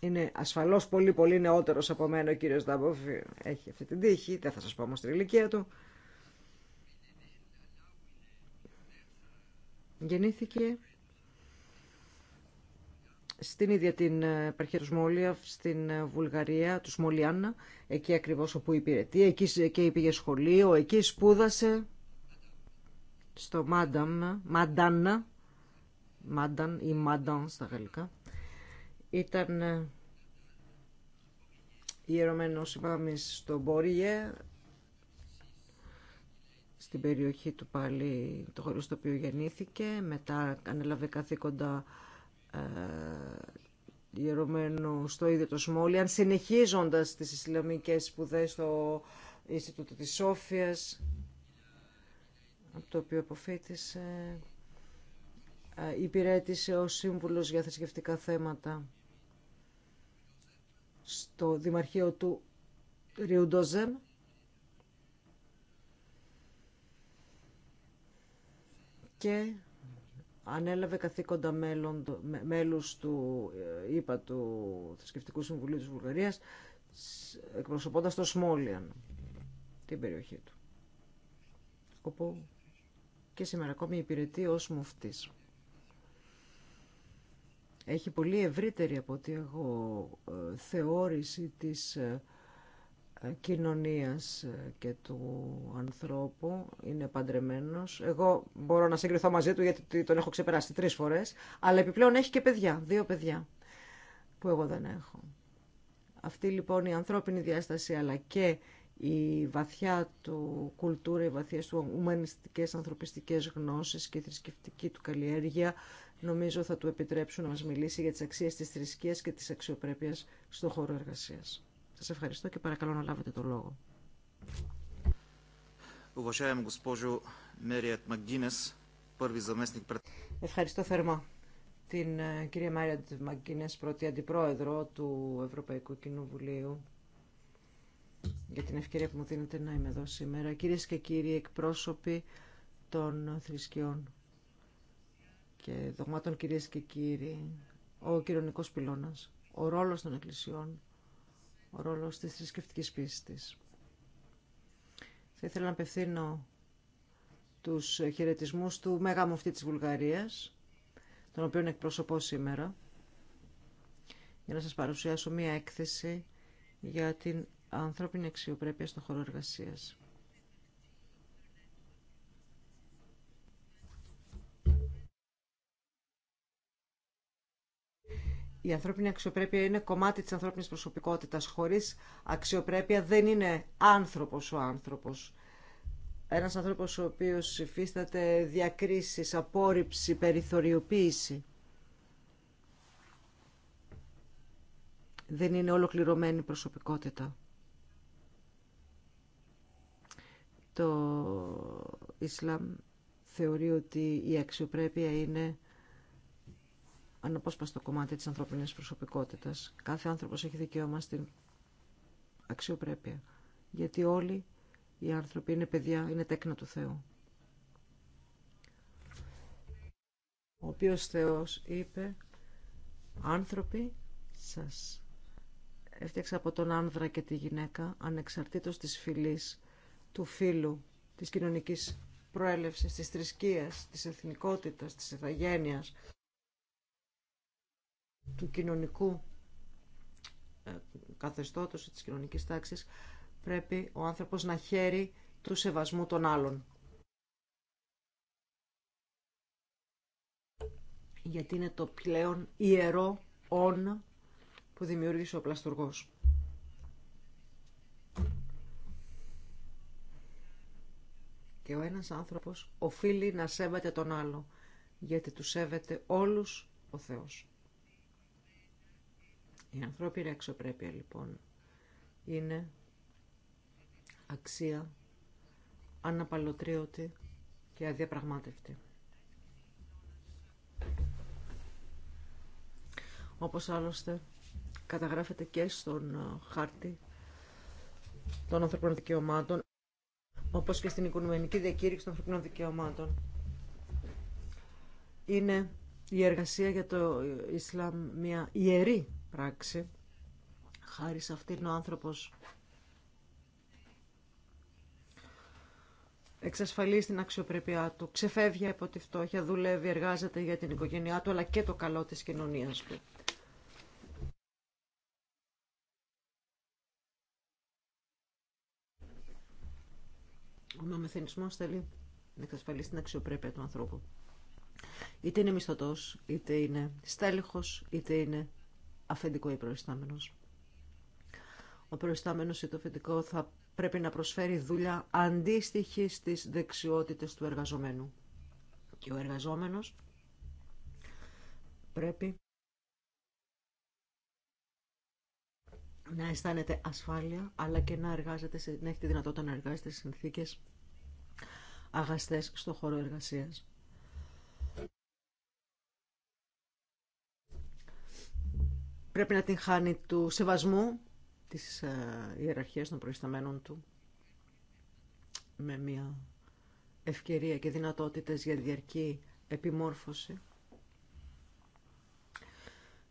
Είναι ασφαλώς πολύ πολύ νεότερος από μένα ο κύριος Ντάμποφ, έχει αυτή την τύχη, δεν θα σας πω όμως την ηλικία του. Γεννήθηκε στην ίδια την ε, επαρχία του Σμόλια, στην ε, Βουλγαρία, του Σμολιάννα, εκεί ακριβώς όπου υπηρετεί, εκεί και πήγε σχολείο, εκεί σπούδασε στο Μάνταμ, Μαντάνα, Μάνταν ή Μάνταν στα γαλλικά. Ήταν ε, ιερωμένο, είπαμε, στο Μπόριε, στην περιοχή του πάλι, το χωρίς το οποίο γεννήθηκε, μετά ανέλαβε καθήκοντα ε, γερωμένου στο ίδιο το Σμόλιαν, συνεχίζοντας τις Ισλαμικές σπουδέ στο Ινστιτούτο της Σόφιας, από το οποίο αποφύτησε, ε, υπηρέτησε ως σύμβουλος για θρησκευτικά θέματα στο Δημαρχείο του Ριουντοζέμ. Και ανέλαβε καθήκοντα μέλους του, ΥΠΑ, ε, του Θρησκευτικού Συμβουλίου της Βουλγαρίας, εκπροσωπώντας το Σμόλιαν, την περιοχή του, όπου και σήμερα ακόμη υπηρετεί ως μουφτής. Έχει πολύ ευρύτερη από ό,τι έχω ε, θεώρηση της ε, κοινωνίας ε, και του ανθρώπου είναι παντρεμένος. Εγώ μπορώ να συγκριθώ μαζί του γιατί τον έχω ξεπεράσει τρεις φορές, αλλά επιπλέον έχει και παιδιά, δύο παιδιά που εγώ δεν έχω. Αυτή λοιπόν η ανθρώπινη διάσταση αλλά και η βαθιά του κουλτούρα, οι βαθιές του ουμανιστικές ανθρωπιστικές γνώσεις και η θρησκευτική του καλλιέργεια νομίζω θα του επιτρέψουν να μας μιλήσει για τις αξίες της θρησκείας και της αξιοπρέπειας στον χώρο εργασίας. Σας ευχαριστώ και παρακαλώ να λάβετε το λόγο. Ευχαριστώ θερμά την ε, κυρία Μάρια Μαγκίνες, πρώτη αντιπρόεδρο του Ευρωπαϊκού Κοινοβουλίου, για την ευκαιρία που μου δίνετε να είμαι εδώ σήμερα. Κυρίες και κύριοι εκπρόσωποι των θρησκειών και δογμάτων, κυρίες και κύριοι, ο κοινωνικός πυλώνας, ο ρόλος των εκκλησιών ο ρόλος της θρησκευτική πίστης. Θα ήθελα να απευθύνω τους χαιρετισμού του Μέγα Μουφτή της Βουλγαρίας, τον οποίο εκπροσωπώ σήμερα, για να σας παρουσιάσω μία έκθεση για την ανθρώπινη αξιοπρέπεια στον χώρο εργασίας. Η ανθρώπινη αξιοπρέπεια είναι κομμάτι της ανθρώπινης προσωπικότητας. Χωρίς αξιοπρέπεια δεν είναι άνθρωπος ο άνθρωπος. Ένας άνθρωπος ο οποίος υφίσταται διακρίσεις, απόρριψη, περιθωριοποίηση. Δεν είναι ολοκληρωμένη προσωπικότητα. Το Ισλάμ θεωρεί ότι η αξιοπρέπεια είναι αναπόσπαστο κομμάτι της ανθρωπινής προσωπικότητας. Κάθε άνθρωπος έχει δικαίωμα στην αξιοπρέπεια. Γιατί όλοι οι άνθρωποι είναι παιδιά, είναι τέκνα του Θεού. Ο οποίος Θεός είπε «Άνθρωποι σας έφτιαξα από τον άνδρα και τη γυναίκα ανεξαρτήτως της φυλής, του φίλου, της κοινωνικής προέλευσης, της θρησκείας, της εθνικότητας, της ευαγένειας του κοινωνικού ε, καθεστώτος, της κοινωνικής τάξης, πρέπει ο άνθρωπος να χαίρει του σεβασμού των άλλων. Γιατί είναι το πλέον ιερό «ον» που δημιούργησε ο πλαστουργός. Και ο ένας άνθρωπος οφείλει να σέβεται τον άλλο, γιατί του σέβεται όλους ο Θεός. Η ανθρώπινη αξιοπρέπεια λοιπόν είναι αξία αναπαλωτρίωτη και αδιαπραγμάτευτη. Όπως άλλωστε καταγράφεται και στον ε, χάρτη των ανθρωπίνων δικαιωμάτων, όπως και στην Οικονομική Διακήρυξη των Ανθρωπίνων Δικαιωμάτων. Είναι η εργασία για το Ισλάμ μια ιερή πράξη. Χάρη σε αυτήν ο άνθρωπος εξασφαλίζει την αξιοπρέπειά του, ξεφεύγει από τη φτώχεια, δουλεύει, εργάζεται για την οικογένειά του, αλλά και το καλό της κοινωνίας του. Ο νομεθενισμός θέλει να εξασφαλίσει την αξιοπρέπεια του ανθρώπου. Είτε είναι μισθωτός, είτε είναι στέλεχος, είτε είναι αφεντικό ή προϊστάμενος. Ο προϊστάμενος ή το αφεντικό θα πρέπει να προσφέρει δουλειά αντίστοιχη στι δεξιότητες του εργαζομένου. Και ο εργαζόμενος πρέπει να αισθάνεται ασφάλεια, αλλά και να, εργάζεται, να έχει τη δυνατότητα να εργάζεται σε συνθήκες αγαστές στο χώρο εργασίας. πρέπει να την χάνει του σεβασμού της ε, ιεραρχίας των προϊσταμένων του με μια ευκαιρία και δυνατότητες για διαρκή επιμόρφωση.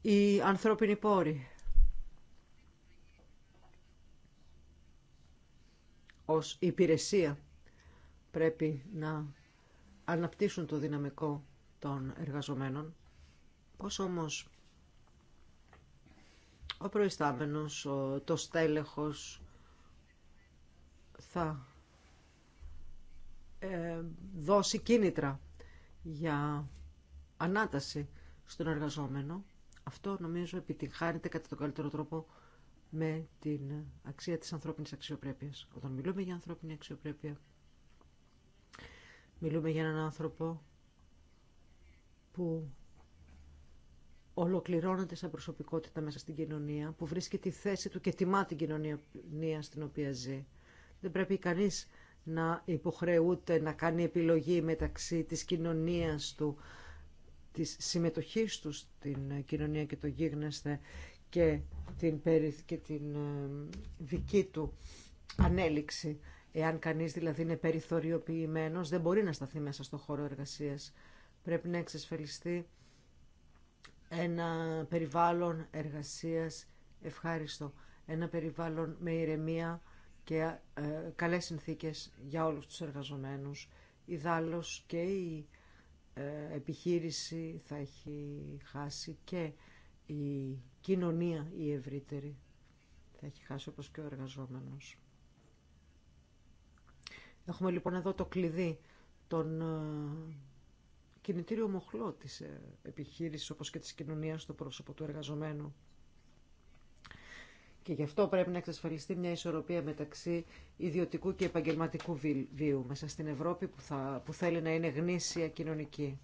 η ανθρώπινη πόρη. ως υπηρεσία πρέπει να αναπτύσσουν το δυναμικό των εργαζομένων. Πώς όμως ο προϊστάμενος, το στέλεχος θα ε, δώσει κίνητρα για ανάταση στον εργαζόμενο. Αυτό νομίζω επιτυγχάνεται κατά τον καλύτερο τρόπο με την αξία της ανθρώπινης αξιοπρέπειας. Όταν μιλούμε για ανθρώπινη αξιοπρέπεια, μιλούμε για έναν άνθρωπο που ολοκληρώνεται σαν προσωπικότητα μέσα στην κοινωνία, που βρίσκει τη θέση του και τιμά την κοινωνία στην οποία ζει. Δεν πρέπει κανείς να υποχρεούται να κάνει επιλογή μεταξύ της κοινωνίας του, της συμμετοχής του στην κοινωνία και το γίγνεσθε και την, και την ε, δική του ανέλυξη. Εάν κανείς δηλαδή είναι περιθωριοποιημένος, δεν μπορεί να σταθεί μέσα στο χώρο εργασίας. Πρέπει να εξασφαλιστεί ένα περιβάλλον εργασίας ευχάριστο, ένα περιβάλλον με ηρεμία και ε, καλές συνθήκες για όλους τους εργαζομένους. Η δάλος και η ε, επιχείρηση θα έχει χάσει και η κοινωνία η ευρύτερη θα έχει χάσει όπως και ο εργαζόμενος. Έχουμε λοιπόν εδώ το κλειδί των ε, κινητήριο μοχλό της ε, επιχείρησης όπως και της κοινωνίας στο πρόσωπο του εργαζομένου. Και γι' αυτό πρέπει να εξασφαλιστεί μια ισορροπία μεταξύ ιδιωτικού και επαγγελματικού βίου μέσα στην Ευρώπη που, θα, που θέλει να είναι γνήσια κοινωνική.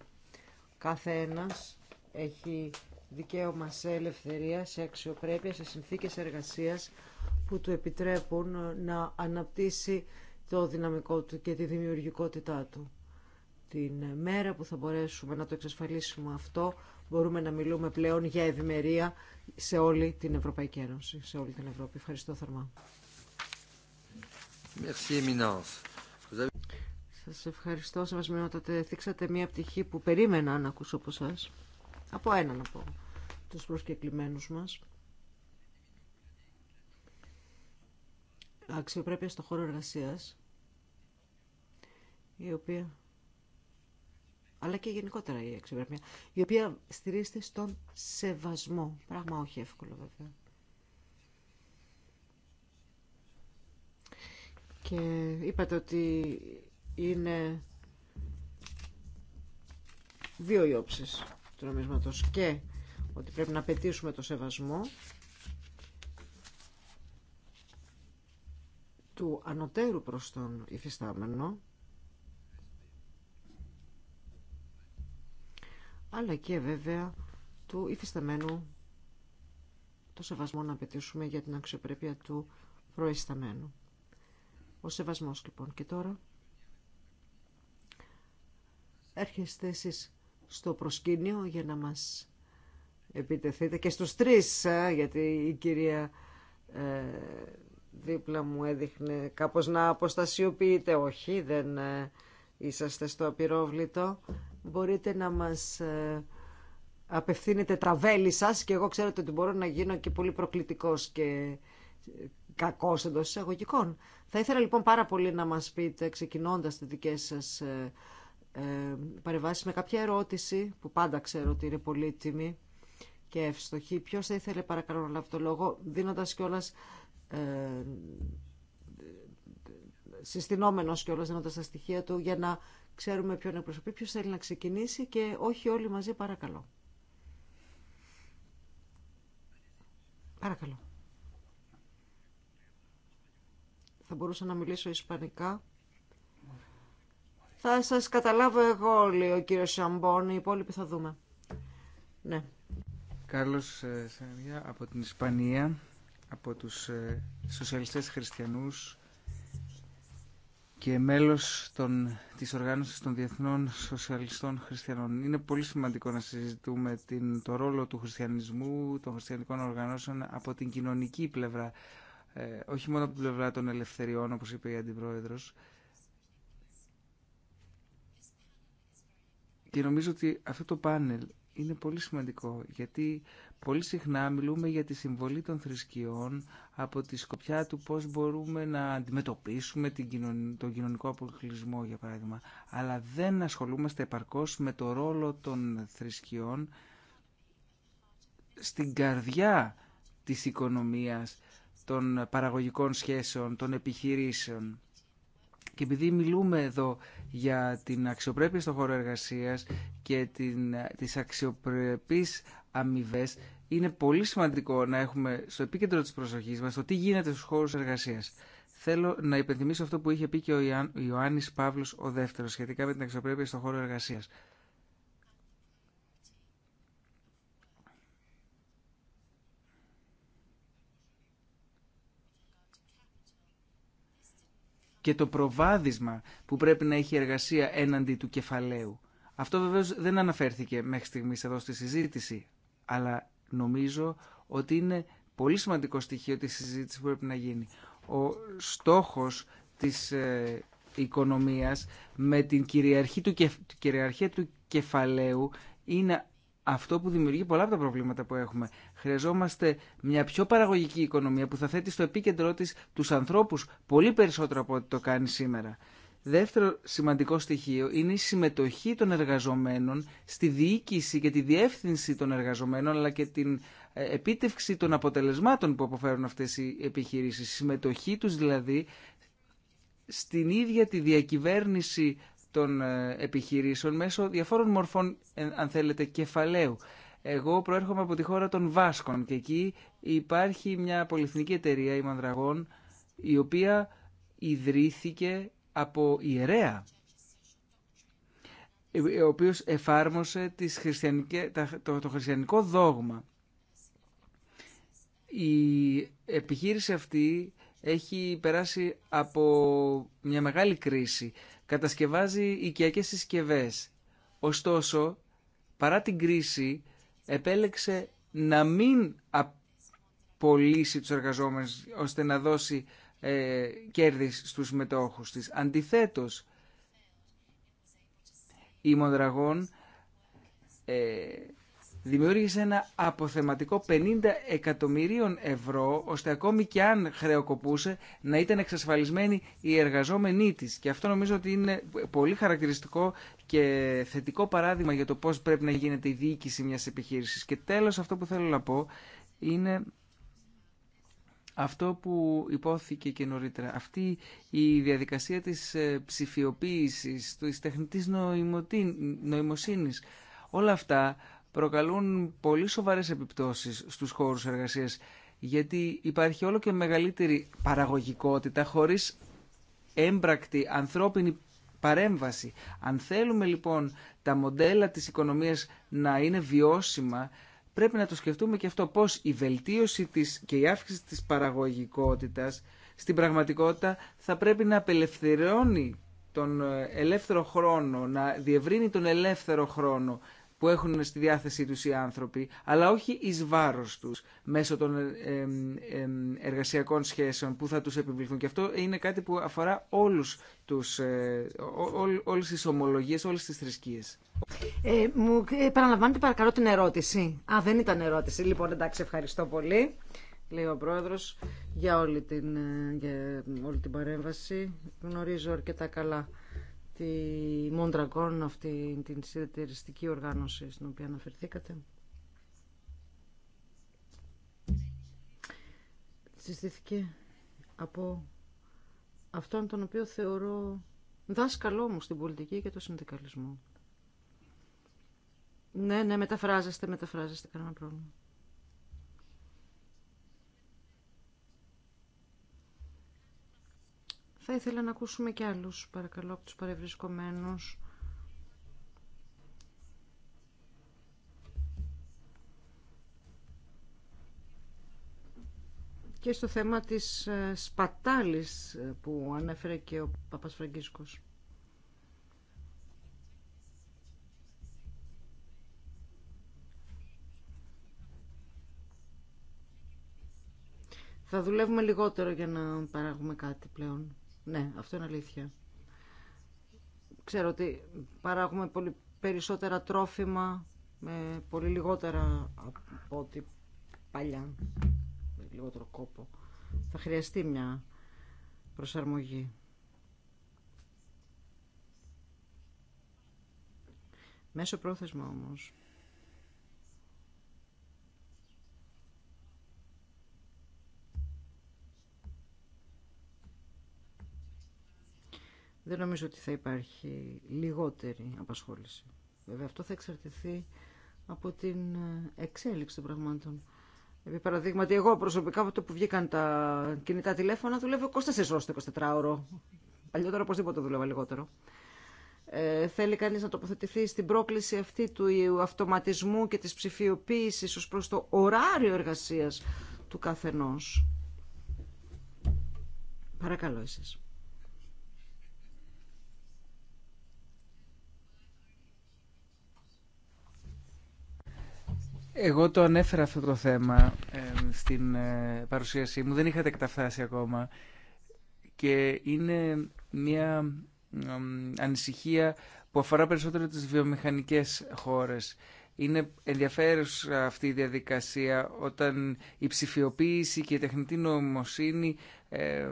Κάθε ένας έχει δικαίωμα σε ελευθερία, σε αξιοπρέπεια, σε συνθήκες εργασίας που του επιτρέπουν να αναπτύσσει το δυναμικό του και τη δημιουργικότητά του την μέρα που θα μπορέσουμε να το εξασφαλίσουμε αυτό, μπορούμε να μιλούμε πλέον για ευημερία σε όλη την Ευρωπαϊκή Ένωση, σε όλη την Ευρώπη. Ευχαριστώ θερμά. Σα ευχαριστώ. Σε μας θίξατε μια πτυχή που περίμενα να ακούσω από εσά Από έναν από τους προσκεκλημένου μας. Αξιοπρέπεια στο χώρο εργασία, η οποία αλλά και γενικότερα η αξιοπρέπεια, η οποία στηρίζεται στον σεβασμό. Πράγμα όχι εύκολο βέβαια. Και είπατε ότι είναι δύο οι όψεις του νομίσματος και ότι πρέπει να πετύσουμε το σεβασμό του ανωτέρου προς τον υφιστάμενο αλλά και βέβαια του υφισταμένου το σεβασμό να απαιτήσουμε για την αξιοπρέπεια του προϊσταμένου. Ο σεβασμός λοιπόν και τώρα έρχεστε εσείς στο προσκήνιο για να μας επιτεθείτε και στους τρεις γιατί η κυρία ε, δίπλα μου έδειχνε κάπως να αποστασιοποιείτε όχι δεν ε, είσαστε στο απειρόβλητο μπορείτε να μας ε, απευθύνετε τραβέλη σας και εγώ ξέρετε ότι μπορώ να γίνω και πολύ προκλητικός και ε, κακός εντό εισαγωγικών. Θα ήθελα λοιπόν πάρα πολύ να μας πείτε, ξεκινώντας τις δικές σας ε, ε παρεμβάσεις, με κάποια ερώτηση που πάντα ξέρω ότι είναι πολύτιμη και εύστοχη. ποιο. θα ήθελε παρακαλώ να λάβει το λόγο, δίνοντας κιόλας... Ε, συστηνόμενος κιόλας δίνοντας τα στοιχεία του για να ξέρουμε ποιον εκπροσωπεί, ποιος θέλει να ξεκινήσει και όχι όλοι μαζί παρακαλώ. Παρακαλώ. Θα μπορούσα να μιλήσω ισπανικά. Θα σας καταλάβω εγώ, λέει ο κύριος Σαμπόν. οι υπόλοιποι θα δούμε. Ναι. Κάρλος ε, Σαρία από την Ισπανία, από τους ε, σοσιαλιστές χριστιανούς και μέλος των, της οργάνωσης των Διεθνών Σοσιαλιστών Χριστιανών. Είναι πολύ σημαντικό να συζητούμε την, το ρόλο του χριστιανισμού, των χριστιανικών οργανώσεων από την κοινωνική πλευρά, ε, όχι μόνο από την πλευρά των ελευθεριών, όπως είπε η Αντιπρόεδρος. Και νομίζω ότι αυτό το πάνελ είναι πολύ σημαντικό, γιατί Πολύ συχνά μιλούμε για τη συμβολή των θρησκειών από τη σκοπιά του πώς μπορούμε να αντιμετωπίσουμε τον κοινωνικό αποκλεισμό, για παράδειγμα. Αλλά δεν ασχολούμαστε επαρκώς με το ρόλο των θρησκειών στην καρδιά της οικονομίας, των παραγωγικών σχέσεων, των επιχειρήσεων. Και επειδή μιλούμε εδώ για την αξιοπρέπεια στον χώρο εργασίας και την, τις αξιοπρεπείς αμοιβέ, είναι πολύ σημαντικό να έχουμε στο επίκεντρο της προσοχής μας το τι γίνεται στους χώρους εργασίας. Θέλω να υπενθυμίσω αυτό που είχε πει και ο Ιωάννης Παύλος ο δεύτερος σχετικά με την αξιοπρέπεια στον χώρο εργασίας. και το προβάδισμα που πρέπει να έχει εργασία έναντι του κεφαλαίου. Αυτό βεβαίως δεν αναφέρθηκε μέχρι στιγμής εδώ στη συζήτηση, αλλά νομίζω ότι είναι πολύ σημαντικό στοιχείο της συζήτηση που πρέπει να γίνει. Ο στόχος της ε, οικονομίας με την κυριαρχία του, του κεφαλαίου είναι αυτό που δημιουργεί πολλά από τα προβλήματα που έχουμε. Χρειαζόμαστε μια πιο παραγωγική οικονομία που θα θέτει στο επίκεντρό της τους ανθρώπους πολύ περισσότερο από ό,τι το κάνει σήμερα. Δεύτερο σημαντικό στοιχείο είναι η συμμετοχή των εργαζομένων στη διοίκηση και τη διεύθυνση των εργαζομένων αλλά και την ε, επίτευξη των αποτελεσμάτων που αποφέρουν αυτές οι επιχειρήσεις. Συμμετοχή τους δηλαδή στην ίδια τη διακυβέρνηση των ε, επιχειρήσεων μέσω διαφόρων μορφών, ε, αν θέλετε, κεφαλαίου. Εγώ προέρχομαι από τη χώρα των Βάσκων και εκεί υπάρχει μια πολυεθνική εταιρεία, η Μανδραγών, η οποία ιδρύθηκε από ιερέα ο οποίος εφάρμοσε τις το, το χριστιανικό δόγμα. Η επιχείρηση αυτή έχει περάσει από μια μεγάλη κρίση. Κατασκευάζει οικιακές συσκευές. Ωστόσο, παρά την κρίση, επέλεξε να μην απολύσει τους εργαζόμενους, ώστε να δώσει ε, κέρδη στους μετόχους της. Αντιθέτως, η Μοντραγόν ε, δημιούργησε ένα αποθεματικό 50 εκατομμυρίων ευρώ, ώστε ακόμη και αν χρεοκοπούσε να ήταν εξασφαλισμένη η εργαζόμενή της. Και αυτό νομίζω ότι είναι πολύ χαρακτηριστικό και θετικό παράδειγμα για το πώς πρέπει να γίνεται η διοίκηση μιας επιχείρησης. Και τέλος αυτό που θέλω να πω είναι αυτό που υπόθηκε και νωρίτερα, αυτή η διαδικασία της ε, ψηφιοποίησης, της τεχνητής νοημοσύνης, όλα αυτά προκαλούν πολύ σοβαρές επιπτώσεις στους χώρους εργασίας, γιατί υπάρχει όλο και μεγαλύτερη παραγωγικότητα χωρίς έμπρακτη ανθρώπινη παρέμβαση. Αν θέλουμε λοιπόν τα μοντέλα της οικονομίας να είναι βιώσιμα, πρέπει να το σκεφτούμε και αυτό πώς η βελτίωση της και η αύξηση της παραγωγικότητας στην πραγματικότητα θα πρέπει να απελευθερώνει τον ε, ελεύθερο χρόνο, να διευρύνει τον ελεύθερο χρόνο που έχουν στη διάθεσή τους οι άνθρωποι, αλλά όχι εις βάρος τους μέσω των εργασιακών σχέσεων που θα τους επιβληθούν. Και αυτό είναι κάτι που αφορά όλους τους, ε, ό, όλες τις ομολογίες, όλες τις θρησκείες. Ε, μου ε, επαναλαμβάνετε παρακαλώ την ερώτηση. Α, δεν ήταν ερώτηση. Λοιπόν, εντάξει, ευχαριστώ πολύ. Λέει ο πρόεδρος για ε, για όλη την παρέμβαση. Γνωρίζω αρκετά καλά τη Μοντραγκόν, αυτή την συνεταιριστική οργάνωση στην οποία αναφερθήκατε. Συστήθηκε από αυτόν τον οποίο θεωρώ δάσκαλό μου στην πολιτική και το συνδικαλισμό. Ναι, ναι, μεταφράζεστε, μεταφράζεστε, κανένα πρόβλημα. Θα ήθελα να ακούσουμε και άλλους, παρακαλώ, από τους παρευρισκομένους. Και στο θέμα της ε, σπατάλης ε, που ανέφερε και ο Παπας Φραγκίσκος. Θα δουλεύουμε λιγότερο για να παράγουμε κάτι πλέον. Ναι, αυτό είναι αλήθεια. Ξέρω ότι παράγουμε πολύ περισσότερα τρόφιμα με πολύ λιγότερα από ό,τι παλιά, με λιγότερο κόπο. Θα χρειαστεί μια προσαρμογή. Μέσο πρόθεσμα όμως. δεν νομίζω ότι θα υπάρχει λιγότερη απασχόληση. Βέβαια αυτό θα εξαρτηθεί από την ε, εξέλιξη των πραγμάτων. Επί παραδείγματι, εγώ προσωπικά από το που βγήκαν τα κινητά τηλέφωνα δουλεύω 24 ώρες το 24 ώρο. Παλιότερα οπωσδήποτε δουλεύα λιγότερο. Ε, θέλει κανείς να τοποθετηθεί στην πρόκληση αυτή του αυτοματισμού και της ψηφιοποίησης ως προς το ωράριο εργασίας του καθενός. Παρακαλώ εσείς. Εγώ το ανέφερα αυτό το θέμα ε, στην ε, παρουσίασή μου. Δεν είχατε καταφτάσει ακόμα. Και είναι μια ανησυχία που αφορά περισσότερο τις βιομηχανικές χώρες. Είναι ενδιαφέρουσα αυτή η διαδικασία όταν η ψηφιοποίηση και η τεχνητή νοημοσύνη ε,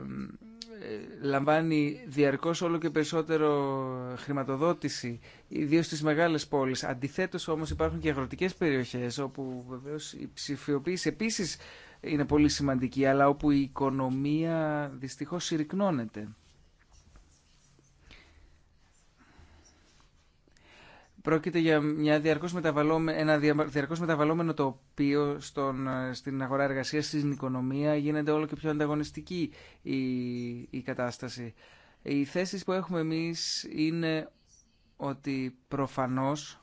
λαμβάνει διαρκώς όλο και περισσότερο χρηματοδότηση, ιδίως στις μεγάλες πόλεις. Αντιθέτως όμως υπάρχουν και αγροτικές περιοχές όπου βεβαίως η ψηφιοποίηση επίσης είναι πολύ σημαντική, αλλά όπου η οικονομία δυστυχώς συρρυκνώνεται. Πρόκειται για μια διαρκώς ένα διαρκώς μεταβαλλόμενο τοπίο στον, ε, στην αγορά εργασίας, στην οικονομία. Γίνεται όλο και πιο ανταγωνιστική η, η κατάσταση. Οι θέσεις που έχουμε εμείς είναι ότι προφανώς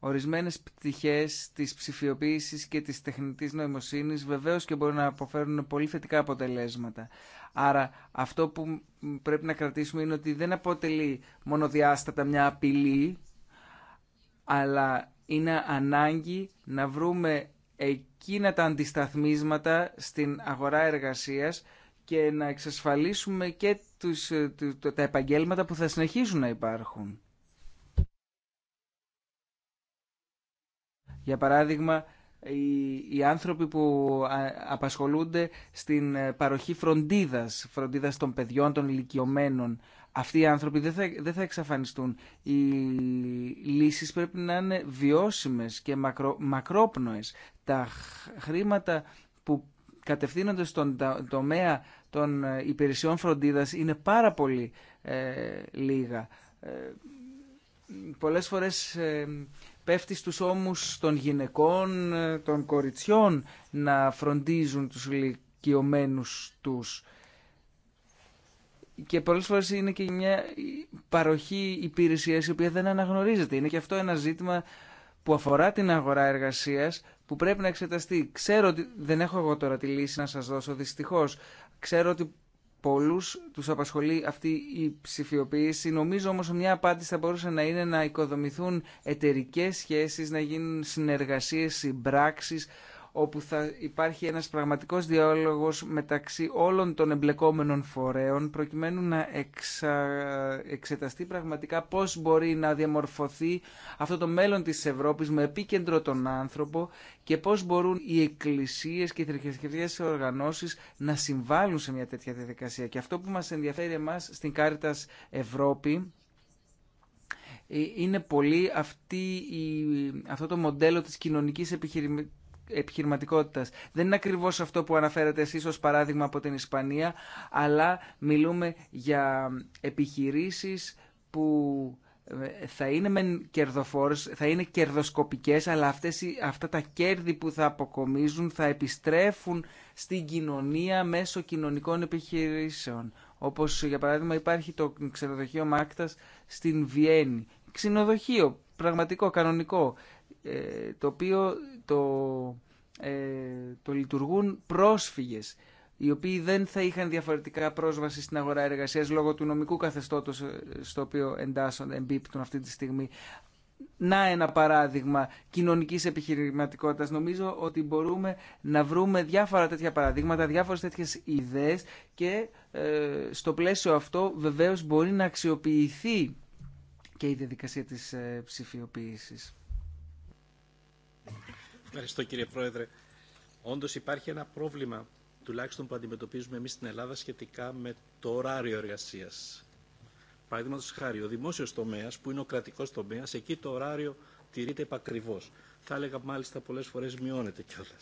ορισμένες πτυχές της ψηφιοποίησης και της τεχνητής νοημοσύνης βεβαίως και μπορούν να αποφέρουν πολύ θετικά αποτελέσματα. Άρα αυτό που πρέπει να κρατήσουμε είναι ότι δεν αποτελεί μονοδιάστατα μια απειλή, αλλά είναι ανάγκη να βρούμε εκείνα τα αντισταθμίσματα στην αγορά εργασίας και να εξασφαλίσουμε και τους, τα επαγγέλματα που θα συνεχίσουν να υπάρχουν. Για παράδειγμα, οι άνθρωποι που απασχολούνται στην ε, παροχή φροντίδας, φροντίδας των παιδιών, των ηλικιωμένων. Αυτοί οι άνθρωποι δεν θα, δεν εξαφανιστούν. Οι λύσεις πρέπει να είναι βιώσιμες και μακρόπνοες. Τα χρήματα που κατευθύνονται στον τομέα των ε, υπηρεσιών φροντίδας είναι πάρα πολύ ε, λίγα. πολλές φορές πέφτει στους ώμους των γυναικών, ε, των κοριτσιών να φροντίζουν τους ηλικιωμένους τους. Και πολλέ φορέ είναι και μια παροχή υπηρεσία η οποία δεν αναγνωρίζεται. Είναι και αυτό ένα ζήτημα που αφορά την αγορά εργασία που πρέπει να εξεταστεί. Ξέρω ότι δεν έχω εγώ τώρα τη λύση να σας δώσω δυστυχώ. Ξέρω ότι πολλού του απασχολεί αυτή η ψηφιοποίηση. Νομίζω όμως μια απάντηση θα μπορούσε να είναι να οικοδομηθούν εταιρικέ σχέσεις, να γίνουν συνεργασίες, συμπράξεις, όπου θα υπάρχει ένας πραγματικός διάλογος μεταξύ όλων των εμπλεκόμενων φορέων προκειμένου να εξα... εξεταστεί πραγματικά πώς μπορεί να διαμορφωθεί αυτό το μέλλον της Ευρώπης με επίκεντρο τον άνθρωπο και πώς μπορούν οι εκκλησίες και οι θρησκευτικές οργανώσεις να συμβάλλουν σε μια τέτοια διαδικασία. Και αυτό που μας ενδιαφέρει εμάς στην κάρτας Ευρώπη ε, είναι πολύ αυτή η, αυτό το μοντέλο της κοινωνικής επιχειρηματικής επιχειρηματικότητας. Δεν είναι ακριβώς αυτό που αναφέρατε εσείς ως παράδειγμα από την Ισπανία, αλλά μιλούμε για επιχειρήσεις που ε, θα είναι μεν κερδοφόρες, θα είναι κερδοσκοπικές, αλλά αυτές, αυτά τα κέρδη που θα αποκομίζουν θα επιστρέφουν στην κοινωνία μέσω κοινωνικών επιχειρήσεων. Όπως για παράδειγμα υπάρχει το ξενοδοχείο Μάκτας στην Βιέννη. Ξενοδοχείο, πραγματικό, κανονικό, ε, το οποίο το, ε, το λειτουργούν πρόσφυγες οι οποίοι δεν θα είχαν διαφορετικά πρόσβαση στην αγορά εργασίας λόγω του νομικού καθεστώτος ε, στο οποίο εντάσσονται, εμπίπτουν αυτή τη στιγμή. Να ένα παράδειγμα κοινωνικής επιχειρηματικότητας. Νομίζω ότι μπορούμε να βρούμε διάφορα τέτοια παραδείγματα, διάφορες τέτοιες ιδέες και στο πλαίσιο αυτό βεβαίως μπορεί να αξιοποιηθεί και η διαδικασία της ψηφιοποίησης. Ευχαριστώ κύριε Πρόεδρε. Όντως υπάρχει ένα πρόβλημα, τουλάχιστον που αντιμετωπίζουμε εμείς στην Ελλάδα, σχετικά με το ωράριο εργασίας. Παραδείγματο χάρη, ο δημόσιο τομέα, που είναι ο κρατικό τομέα, εκεί το ωράριο τηρείται επακριβώ. Θα έλεγα μάλιστα πολλέ φορέ μειώνεται κιόλα.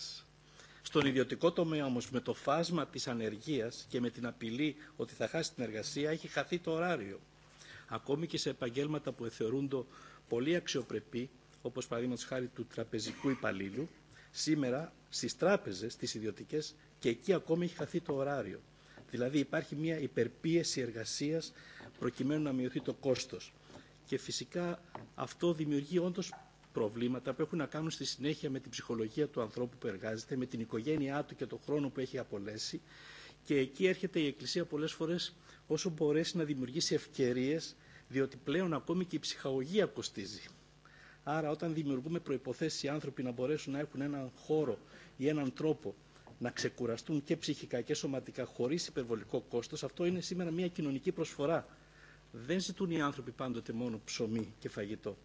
Στον ιδιωτικό τομέα όμω, με το φάσμα τη ανεργία και με την απειλή ότι θα χάσει την εργασία, έχει χαθεί το ωράριο. Ακόμη και σε επαγγέλματα που θεωρούνται πολύ αξιοπρεπή, όπως παραδείγματο χάρη του τραπεζικού υπαλλήλου, σήμερα στις τράπεζες, στις ιδιωτικές και εκεί ακόμη έχει χαθεί το ωράριο. Δηλαδή υπάρχει μια υπερπίεση εργασίας προκειμένου να μειωθεί το κόστος. Και φυσικά αυτό δημιουργεί όντω προβλήματα που έχουν να κάνουν στη συνέχεια με την ψυχολογία του ανθρώπου που εργάζεται, με την οικογένειά του και τον χρόνο που έχει απολέσει. Και εκεί έρχεται η Εκκλησία πολλές φορές όσο μπορέσει να δημιουργήσει ευκαιρίες, διότι πλέον ακόμη και η ψυχαγωγία κοστίζει. Άρα όταν δημιουργούμε προϋποθέσεις οι άνθρωποι να μπορέσουν να έχουν έναν χώρο ή έναν τρόπο να ξεκουραστούν και ψυχικά και σωματικά χωρίς υπερβολικό κόστος, αυτό είναι σήμερα μια κοινωνική προσφορά. Δεν ζητούν οι άνθρωποι πάντοτε μόνο ψωμί και φαγητό.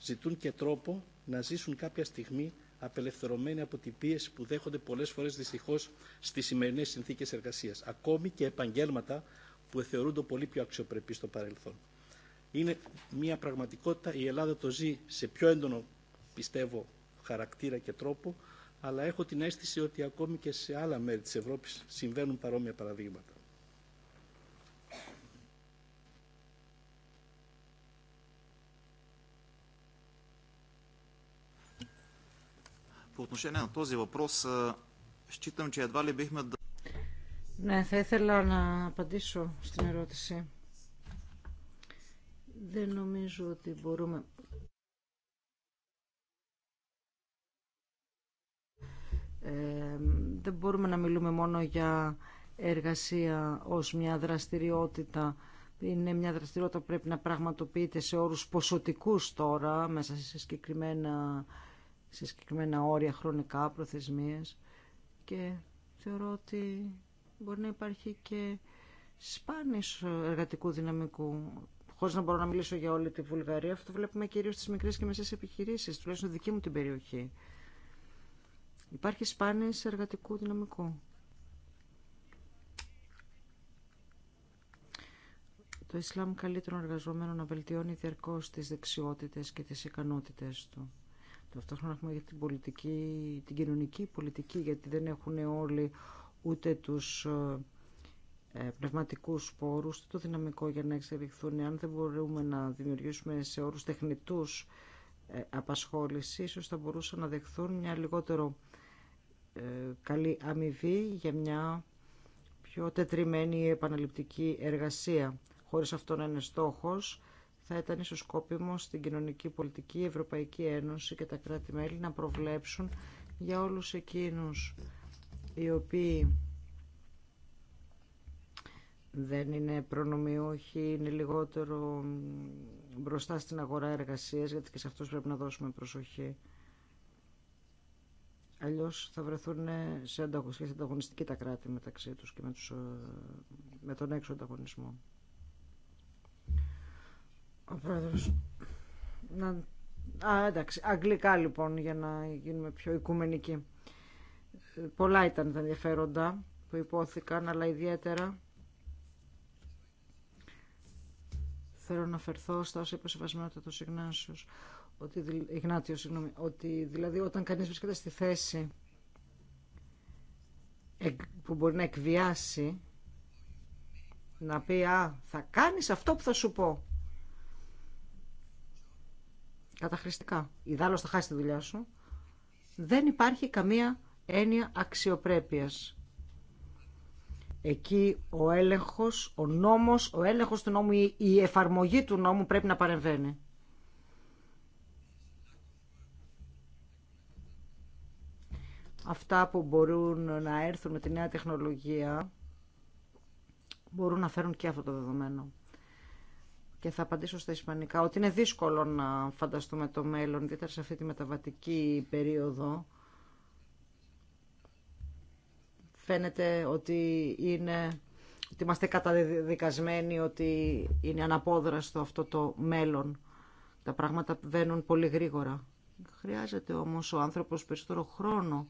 Ζητούν και τρόπο να ζήσουν κάποια στιγμή απελευθερωμένοι από την πίεση που δέχονται πολλές φορές δυστυχώς στις σημερινές συνθήκες εργασίας. Ακόμη και επαγγέλματα που θεωρούνται πολύ πιο αξιοπρεπή στο παρελθόν είναι μια πραγματικότητα. Η Ελλάδα το ζει σε πιο έντονο, πιστεύω, χαρακτήρα και τρόπο, αλλά έχω την αίσθηση ότι ακόμη και σε άλλα μέρη της Ευρώπης συμβαίνουν παρόμοια παραδείγματα. Ναι, θα ήθελα να απαντήσω στην ερώτηση. Δεν νομίζω ότι μπορούμε... Ε, δεν μπορούμε να μιλούμε μόνο για εργασία ως μια δραστηριότητα. Είναι μια δραστηριότητα που πρέπει να πραγματοποιείται σε όρους ποσοτικούς τώρα, μέσα σε συγκεκριμένα, σε συγκεκριμένα όρια χρονικά, προθεσμίες. Και θεωρώ ότι μπορεί να υπάρχει και σπάνιος εργατικού δυναμικού χωρίς να μπορώ να μιλήσω για όλη τη Βουλγαρία, αυτό το βλέπουμε κυρίως στις μικρές και μεσές επιχειρήσεις, τουλάχιστον δική μου την περιοχή. Υπάρχει σπάνιε εργατικού δυναμικού. Το Ισλάμ καλεί τον εργαζόμενο να βελτιώνει διαρκώ τι δεξιότητε και τι ικανότητε του. Ταυτόχρονα έχουμε για την, πολιτική, την κοινωνική πολιτική, γιατί δεν έχουν όλοι ούτε τους ε, ε, πνευματικούς σπόρους, το δυναμικό για να εξελιχθούν. Αν δεν μπορούμε να δημιουργήσουμε σε όρους τεχνητούς ε, απασχόληση, ίσως θα μπορούσαν να δεχθούν μια λιγότερο ε, καλή αμοιβή για μια πιο τετριμένη επαναληπτική εργασία. Χωρίς αυτό να είναι στόχος, θα ήταν ίσως σκόπιμο στην κοινωνική πολιτική, η Ευρωπαϊκή Ένωση και τα κράτη-μέλη να προβλέψουν για όλους εκείνους οι οποίοι δεν είναι προνομιούχοι, είναι λιγότερο μπροστά στην αγορά εργασίας, γιατί και σε αυτούς πρέπει να δώσουμε προσοχή. Αλλιώς θα βρεθούν σε ανταγωνιστική τα κράτη μεταξύ τους και με, τους, ε, με τον έξω ανταγωνισμό. Ο πρόεδρος... Να... αγγλικά λοιπόν για να γίνουμε πιο οικουμενικοί. Ε, πολλά ήταν τα ενδιαφέροντα που υπόθηκαν, αλλά ιδιαίτερα θέλω να φερθώ στα όσα είπε ο Σεβασμιότατο Ιγνάσιο. ότι, ότι δηλαδή όταν κανεί βρίσκεται στη θέση που μπορεί να εκβιάσει, να πει «Α, θα κάνεις αυτό που θα σου πω». Καταχρηστικά. Ιδάλλως θα χάσει τη δουλειά σου. Δεν υπάρχει καμία έννοια αξιοπρέπειας Εκεί ο έλεγχος, ο νόμος, ο έλεγχος του νόμου, η εφαρμογή του νόμου πρέπει να παρεμβαίνει. Αυτά που μπορούν να έρθουν με τη νέα τεχνολογία μπορούν να φέρουν και αυτό το δεδομένο. Και θα απαντήσω στα ισπανικά ότι είναι δύσκολο να φανταστούμε το μέλλον, ιδιαίτερα σε αυτή τη μεταβατική περίοδο φαίνεται ότι, είναι, ότι είμαστε καταδικασμένοι, ότι είναι αναπόδραστο αυτό το μέλλον. Τα πράγματα βαίνουν πολύ γρήγορα. Χρειάζεται όμως ο άνθρωπος περισσότερο χρόνο,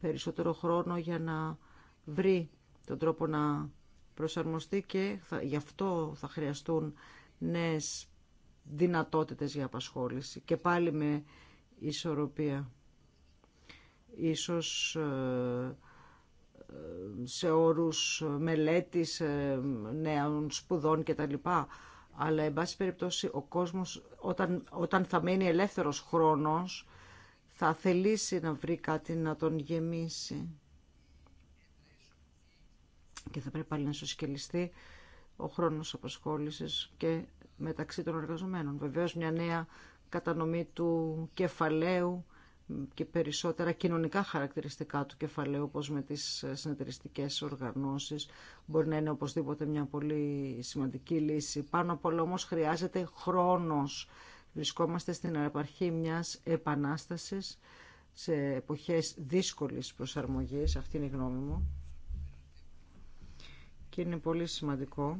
περισσότερο χρόνο για να βρει τον τρόπο να προσαρμοστεί και θα, γι' αυτό θα χρειαστούν νέες δυνατότητες για απασχόληση και πάλι με ισορροπία. Ίσως ε, σε όρους μελέτης ε, νέων σπουδών κτλ. Αλλά, εν πάση περιπτώσει, ο κόσμος όταν, όταν θα μείνει ελεύθερος χρόνος θα θελήσει να βρει κάτι να τον γεμίσει. Και θα πρέπει πάλι να σωσκελιστεί ο χρόνος απασχόλησης και μεταξύ των εργαζομένων. Βεβαίως μια νέα κατανομή του κεφαλαίου και περισσότερα κοινωνικά χαρακτηριστικά του κεφαλαίου, όπως με τις συνεταιριστικές οργανώσεις, μπορεί να είναι οπωσδήποτε μια πολύ σημαντική λύση. Πάνω απ' όλα όμως χρειάζεται χρόνος. Βρισκόμαστε στην επαρχή μιας επανάστασης σε εποχές δύσκολης προσαρμογής, αυτή είναι η γνώμη μου. Και είναι πολύ σημαντικό,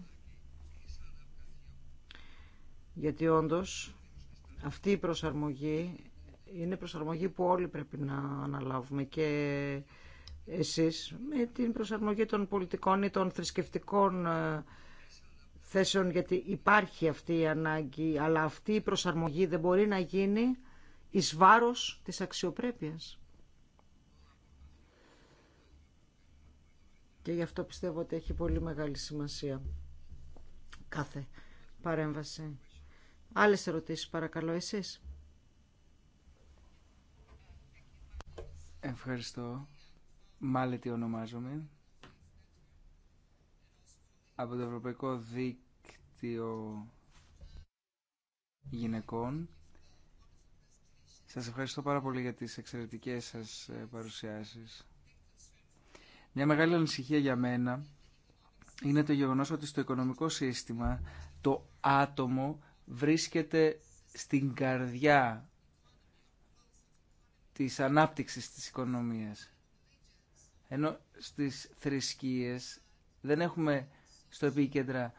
γιατί όντως αυτή η προσαρμογή είναι προσαρμογή που όλοι πρέπει να αναλάβουμε και εσείς με την προσαρμογή των πολιτικών ή των θρησκευτικών ε, θέσεων γιατί υπάρχει αυτή η ανάγκη αλλά αυτή η προσαρμογή δεν μπορεί να γίνει εις βάρος της αξιοπρέπειας. Και γι' αυτό πιστεύω ότι έχει πολύ μεγάλη σημασία κάθε παρέμβαση. Άλλες ερωτήσεις παρακαλώ εσείς. Ευχαριστώ. τι ονομάζομαι. Από το Ευρωπαϊκό Δίκτυο Γυναικών. Σας ευχαριστώ πάρα πολύ για τις εξαιρετικές σας ε, παρουσιάσεις. Μια μεγάλη ανησυχία για μένα είναι το γεγονός ότι στο οικονομικό σύστημα το άτομο βρίσκεται στην καρδιά της ανάπτυξης της οικονομίας. Ενώ στις θρησκείες δεν έχουμε στο επίκεντρο,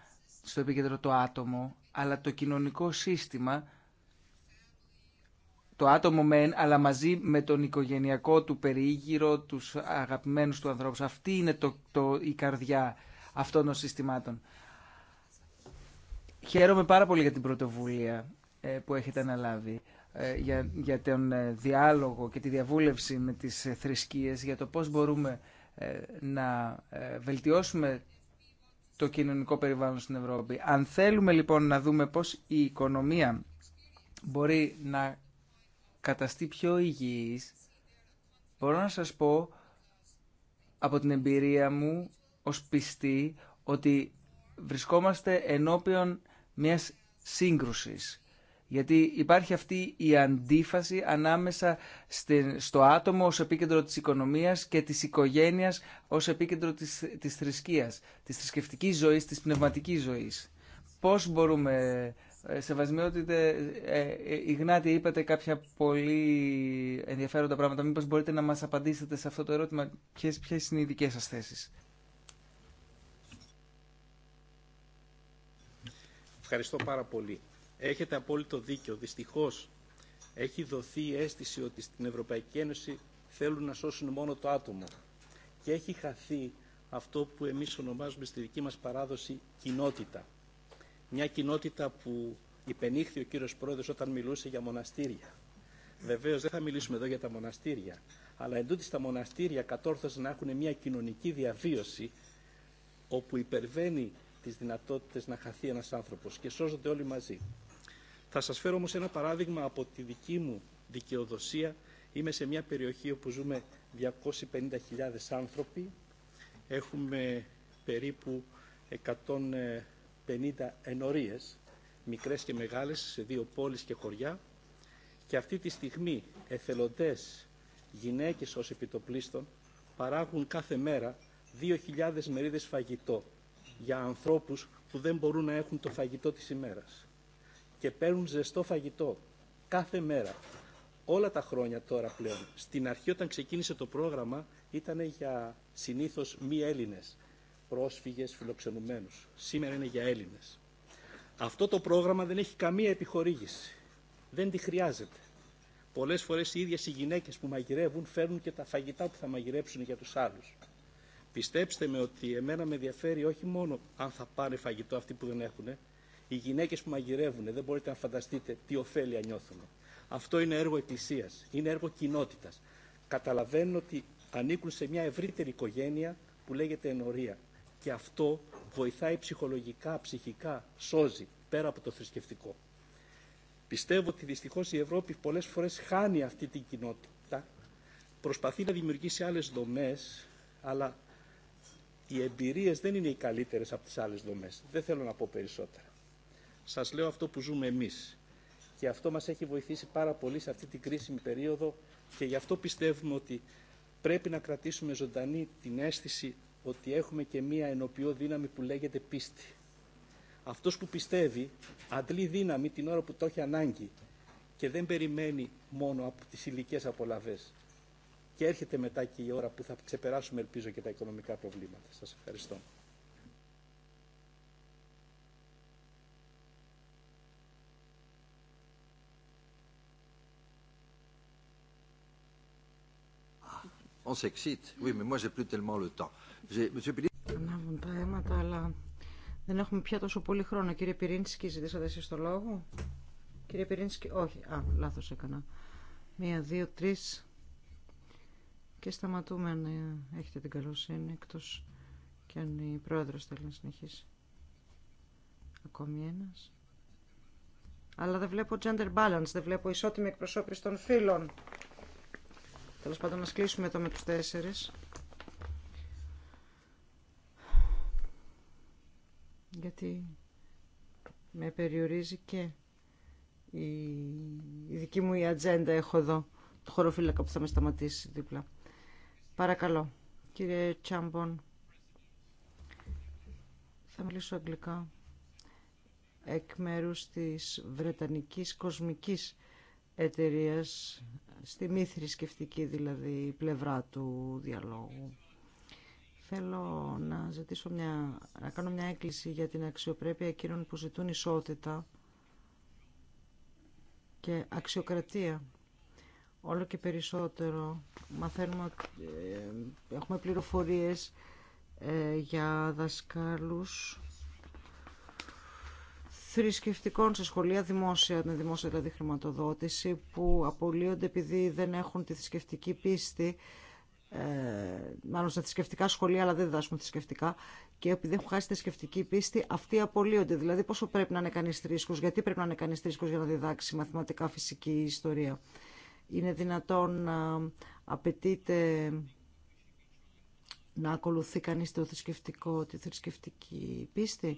στο επίκεντρο το άτομο, αλλά το κοινωνικό σύστημα, το άτομο μεν, αλλά μαζί με τον οικογενειακό του περίγυρο, τους αγαπημένους του ανθρώπους. Αυτή είναι το, το, η καρδιά αυτών των συστημάτων. Χαίρομαι πάρα πολύ για την πρωτοβουλία ε, που έχετε αναλάβει. Ε, για, για τον ε, διάλογο και τη διαβούλευση με τις ε, θρησκείες, για το πώς μπορούμε να βελτιώσουμε το κοινωνικό περιβάλλον στην Ευρώπη. Αν θέλουμε λοιπόν να δούμε πώς η οικονομία μπορεί να καταστεί πιο υγιής, μπορώ να σας πω από την εμπειρία μου ως πιστή ότι βρισκόμαστε ενώπιον μιας σύγκρουσης γιατί υπάρχει αυτή η αντίφαση ανάμεσα στο άτομο ως επίκεντρο της οικονομίας και της οικογένειας ως επίκεντρο της, της θρησκείας, της θρησκευτικής ζωής, της πνευματικής ζωής. Πώς μπορούμε, ε, σεβασμιότητε, ε, ε, γνάτη είπατε κάποια πολύ ενδιαφέροντα πράγματα, μήπως μπορείτε να μας απαντήσετε σε αυτό το ερώτημα, ποιες, είναι οι δικές σας θέσεις. Ευχαριστώ πάρα πολύ. Έχετε απόλυτο δίκιο. Δυστυχώ έχει δοθεί η αίσθηση ότι στην Ευρωπαϊκή Ένωση θέλουν να σώσουν μόνο το άτομο. Και έχει χαθεί αυτό που εμείς ονομάζουμε στη δική μας παράδοση κοινότητα. Μια κοινότητα που υπενήχθη ο κύριος Πρόεδρος όταν μιλούσε για μοναστήρια. Βεβαίως δεν θα μιλήσουμε εδώ για τα μοναστήρια, αλλά εντούτοις τα μοναστήρια κατόρθωσαν να έχουν μια κοινωνική διαβίωση όπου υπερβαίνει τις δυνατότητες να χαθεί ένας άνθρωπος και σώζονται όλοι μαζί. Θα σας φέρω όμως ένα παράδειγμα από τη δική μου δικαιοδοσία. Είμαι σε μια περιοχή όπου ζούμε 250.000 άνθρωποι. Έχουμε περίπου 150 ενορίες, μικρές και μεγάλες, σε δύο πόλεις και χωριά. Και αυτή τη στιγμή εθελοντές, γυναίκες ως επιτοπλίστων, παράγουν κάθε μέρα 2.000 μερίδες φαγητό για ανθρώπους που δεν μπορούν να έχουν το φαγητό της ημέρας και παίρνουν ζεστό φαγητό κάθε μέρα. Όλα τα χρόνια τώρα πλέον. Στην αρχή όταν ξεκίνησε το πρόγραμμα ήταν για συνήθως μη Έλληνες, πρόσφυγες, φιλοξενουμένους. Σήμερα είναι για Έλληνες. Αυτό το πρόγραμμα δεν έχει καμία επιχορήγηση. Δεν τη χρειάζεται. Πολλές φορές οι ίδιες οι γυναίκες που μαγειρεύουν φέρνουν και τα φαγητά που θα μαγειρέψουν για τους άλλους. Πιστέψτε με ότι εμένα με ενδιαφέρει όχι μόνο αν θα πάνε φαγητό αυτοί που δεν έχουν, οι γυναίκε που μαγειρεύουν, δεν μπορείτε να φανταστείτε τι ωφέλεια νιώθουν. Αυτό είναι έργο εκκλησίας, είναι έργο κοινότητα. Καταλαβαίνω ότι ανήκουν σε μια ευρύτερη οικογένεια που λέγεται ενορία. Και αυτό βοηθάει ψυχολογικά, ψυχικά, σώζει πέρα από το θρησκευτικό. Πιστεύω ότι δυστυχώ η Ευρώπη πολλέ φορέ χάνει αυτή την κοινότητα. Προσπαθεί να δημιουργήσει άλλε δομέ, αλλά οι εμπειρίε δεν είναι οι καλύτερε από τι άλλε δομέ. Δεν θέλω να πω περισσότερα. Σας λέω αυτό που ζούμε εμείς. Και αυτό μας έχει βοηθήσει πάρα πολύ σε αυτή την κρίσιμη περίοδο και γι' αυτό πιστεύουμε ότι πρέπει να κρατήσουμε ζωντανή την αίσθηση ότι έχουμε και μία ενοποιό δύναμη που λέγεται πίστη. Αυτός που πιστεύει αντλεί δύναμη την ώρα που το έχει ανάγκη και δεν περιμένει μόνο από τις υλικές απολαβές. Και έρχεται μετά και η ώρα που θα ξεπεράσουμε, ελπίζω, και τα οικονομικά προβλήματα. Σας ευχαριστώ. On s'excite. Ανάβουν τα αίματα, αλλά δεν έχουμε πια τόσο πολύ χρόνο. Κύριε Πυρίνσκι, ζητήσατε εσεί το λόγο. Κύριε Πυρίνσκι, όχι. Α, λάθο έκανα. Μία, δύο, τρει. Και σταματούμε αν έχετε την καλοσύνη, εκτό και αν η πρόεδρο θέλει να συνεχίσει. Ακόμη ένα. Αλλά δεν βλέπω gender balance, δεν βλέπω ισότιμη εκπροσώπηση των φίλων. Τέλο πάντων, να κλείσουμε το με του τέσσερι. Γιατί με περιορίζει και η, η δική μου η ατζέντα έχω εδώ, το χωροφύλακα που θα με σταματήσει δίπλα. Παρακαλώ, κύριε Τσάμπον. Θα μιλήσω αγγλικά εκ μέρους της Βρετανικής Κοσμικής εταιρεία στη μη θρησκευτική δηλαδή πλευρά του διαλόγου. Θέλω να, ζητήσω μια, να κάνω μια έκκληση για την αξιοπρέπεια εκείνων που ζητούν ισότητα και αξιοκρατία. Όλο και περισσότερο μαθαίνουμε, ε, έχουμε πληροφορίες ε, για δασκάλους θρησκευτικών σε σχολεία δημόσια, με δημόσια δηλαδή χρηματοδότηση, που απολύονται επειδή δεν έχουν τη θρησκευτική πίστη, ε, μάλλον στα θρησκευτικά σχολεία, αλλά δεν διδάσκουν θρησκευτικά, και επειδή έχουν χάσει τη θρησκευτική πίστη, αυτοί απολύονται. Δηλαδή, πόσο πρέπει να είναι κανεί θρήσκο, γιατί πρέπει να είναι κανεί θρήσκο για να διδάξει μαθηματικά, φυσική ιστορία. Είναι δυνατόν να απαιτείται να ακολουθεί κανείς το θρησκευτικό, τη θρησκευτική πίστη.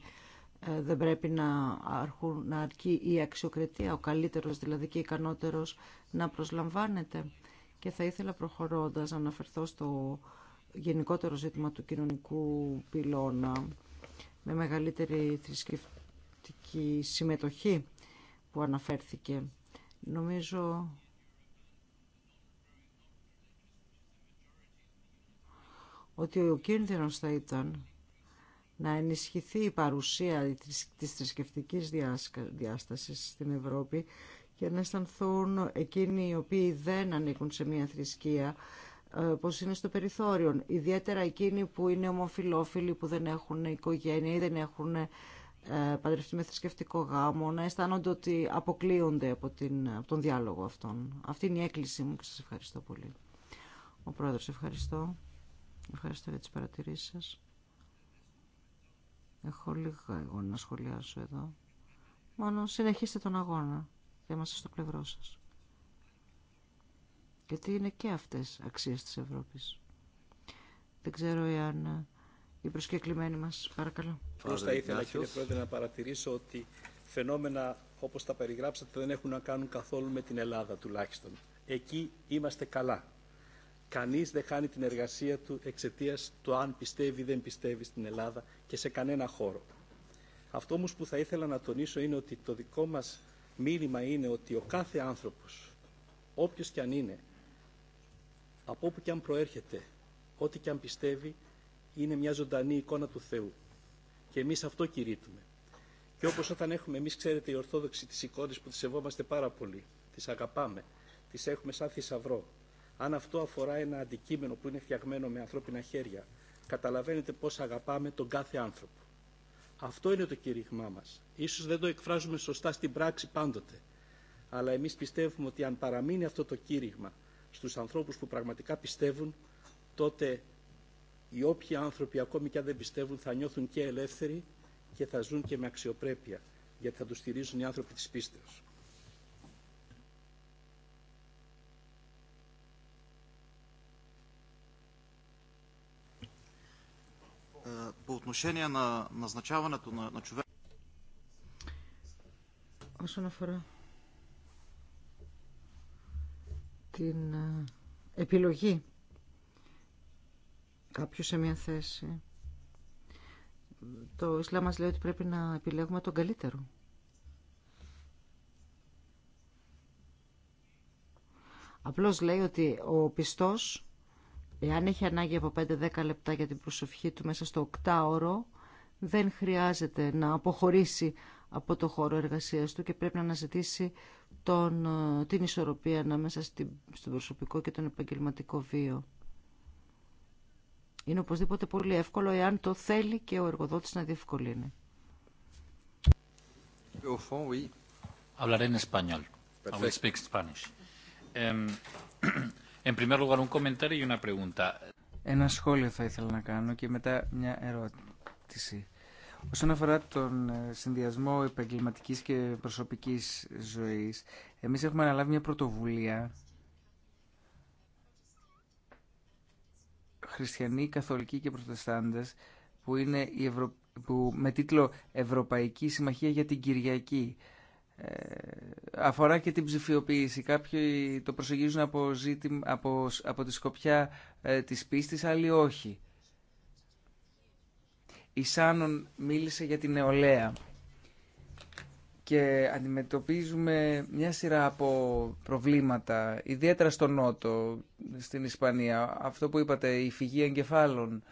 Ε, δεν πρέπει να, αρχούν, να αρκεί η αξιοκριτία, ο καλύτερος δηλαδή και ικανότερος να προσλαμβάνεται. Και θα ήθελα προχωρώντας να αναφερθώ στο γενικότερο ζήτημα του κοινωνικού πυλώνα με μεγαλύτερη θρησκευτική συμμετοχή που αναφέρθηκε. Νομίζω ότι ο κίνδυνος θα ήταν να ενισχυθεί η παρουσία της θρησκευτική διάστασης στην Ευρώπη και να αισθανθούν εκείνοι οι οποίοι δεν ανήκουν σε μια θρησκεία ε, πως είναι στο περιθώριο. Ιδιαίτερα εκείνοι που είναι ομοφιλόφιλοι, που δεν έχουν οικογένεια ή δεν έχουν ε, παντρευτεί με θρησκευτικό γάμο, να αισθάνονται ότι αποκλείονται από, την, από τον διάλογο αυτόν. Αυτή είναι η έκκλησή μου και σας ευχαριστώ πολύ. Ο Πρόεδρος, ευχαριστώ. Ευχαριστώ για τις παρατηρήσεις σας. Έχω λίγα εγώ να σχολιάσω εδώ. Μόνο συνεχίστε τον αγώνα και είμαστε στο πλευρό σας. Γιατί είναι και αυτές αξίες της Ευρώπης. Δεν ξέρω εάν ε, οι προσκεκλημένοι μας, παρακαλώ. Πώς θα ήθελα κύριε Πρόεδρε να παρατηρήσω ότι φαινόμενα όπως τα περιγράψατε δεν έχουν να κάνουν καθόλου με την Ελλάδα τουλάχιστον. Εκεί είμαστε καλά Κανείς δεν χάνει την εργασία του εξαιτία του αν πιστεύει ή δεν πιστεύει στην Ελλάδα και σε κανένα χώρο. Αυτό όμω που θα ήθελα να τονίσω είναι ότι το δικό μας μήνυμα είναι ότι ο κάθε άνθρωπος, όποιο και αν είναι, από όπου και αν προέρχεται, ό,τι και αν πιστεύει, είναι μια ζωντανή εικόνα του Θεού. Και εμείς αυτό κηρύττουμε. Και όπω όταν έχουμε, εμεί ξέρετε, οι Ορθόδοξοι τις εικόνες που τι σεβόμαστε πάρα πολύ, τι αγαπάμε, τι έχουμε σαν θησαυρό, αν αυτό αφορά ένα αντικείμενο που είναι φτιαγμένο με ανθρώπινα χέρια, καταλαβαίνετε πώς αγαπάμε τον κάθε άνθρωπο. Αυτό είναι το κηρύγμά μας. Ίσως δεν το εκφράζουμε σωστά στην πράξη πάντοτε. Αλλά εμείς πιστεύουμε ότι αν παραμείνει αυτό το κήρυγμα στους ανθρώπους που πραγματικά πιστεύουν, τότε οι όποιοι άνθρωποι ακόμη και αν δεν πιστεύουν θα νιώθουν και ελεύθεροι και θα ζουν και με αξιοπρέπεια, γιατί θα τους στηρίζουν οι άνθρωποι της πίστεως. отношение на назначаването на, на човек... Όσον αφορά την ε, επιλογή κάποιου σε μια θέση, το Ισλάμ μας λέει ότι πρέπει να επιλέγουμε τον καλύτερο. Απλώς λέει ότι ο πιστός Εάν έχει ανάγκη από 5-10 λεπτά για την προσοχή του μέσα στο ώρο, δεν χρειάζεται να αποχωρήσει από το χώρο εργασίας του και πρέπει να αναζητήσει τον, ε, την ισορροπία ανάμεσα στην, στον προσωπικό και τον επαγγελματικό βίο. Είναι οπωσδήποτε πολύ εύκολο εάν το θέλει και ο εργοδότης να διευκολύνει. Hablaré en español. I speak Spanish. Ένα σχόλιο θα ήθελα να κάνω και μετά μια ερώτηση. Όσον αφορά τον ε, συνδυασμό επαγγελματική και προσωπική ζωής, εμεί έχουμε αναλάβει μια πρωτοβουλία χριστιανοί, καθολικοί και Προτεστάντε, που είναι με τίτλο «Ευρωπαϊκή Συμμαχία για την Κυριακή». Ε, αφορά και την ψηφιοποίηση. Κάποιοι το προσεγγίζουν από, από, τη σκοπιά ε, της πίστης, άλλοι όχι. Η Σάνων μίλησε για την νεολαία και αντιμετωπίζουμε μια σειρά από προβλήματα, ιδιαίτερα στο Νότο, στην Ισπανία. Αυτό που είπατε, η φυγή εγκεφάλων,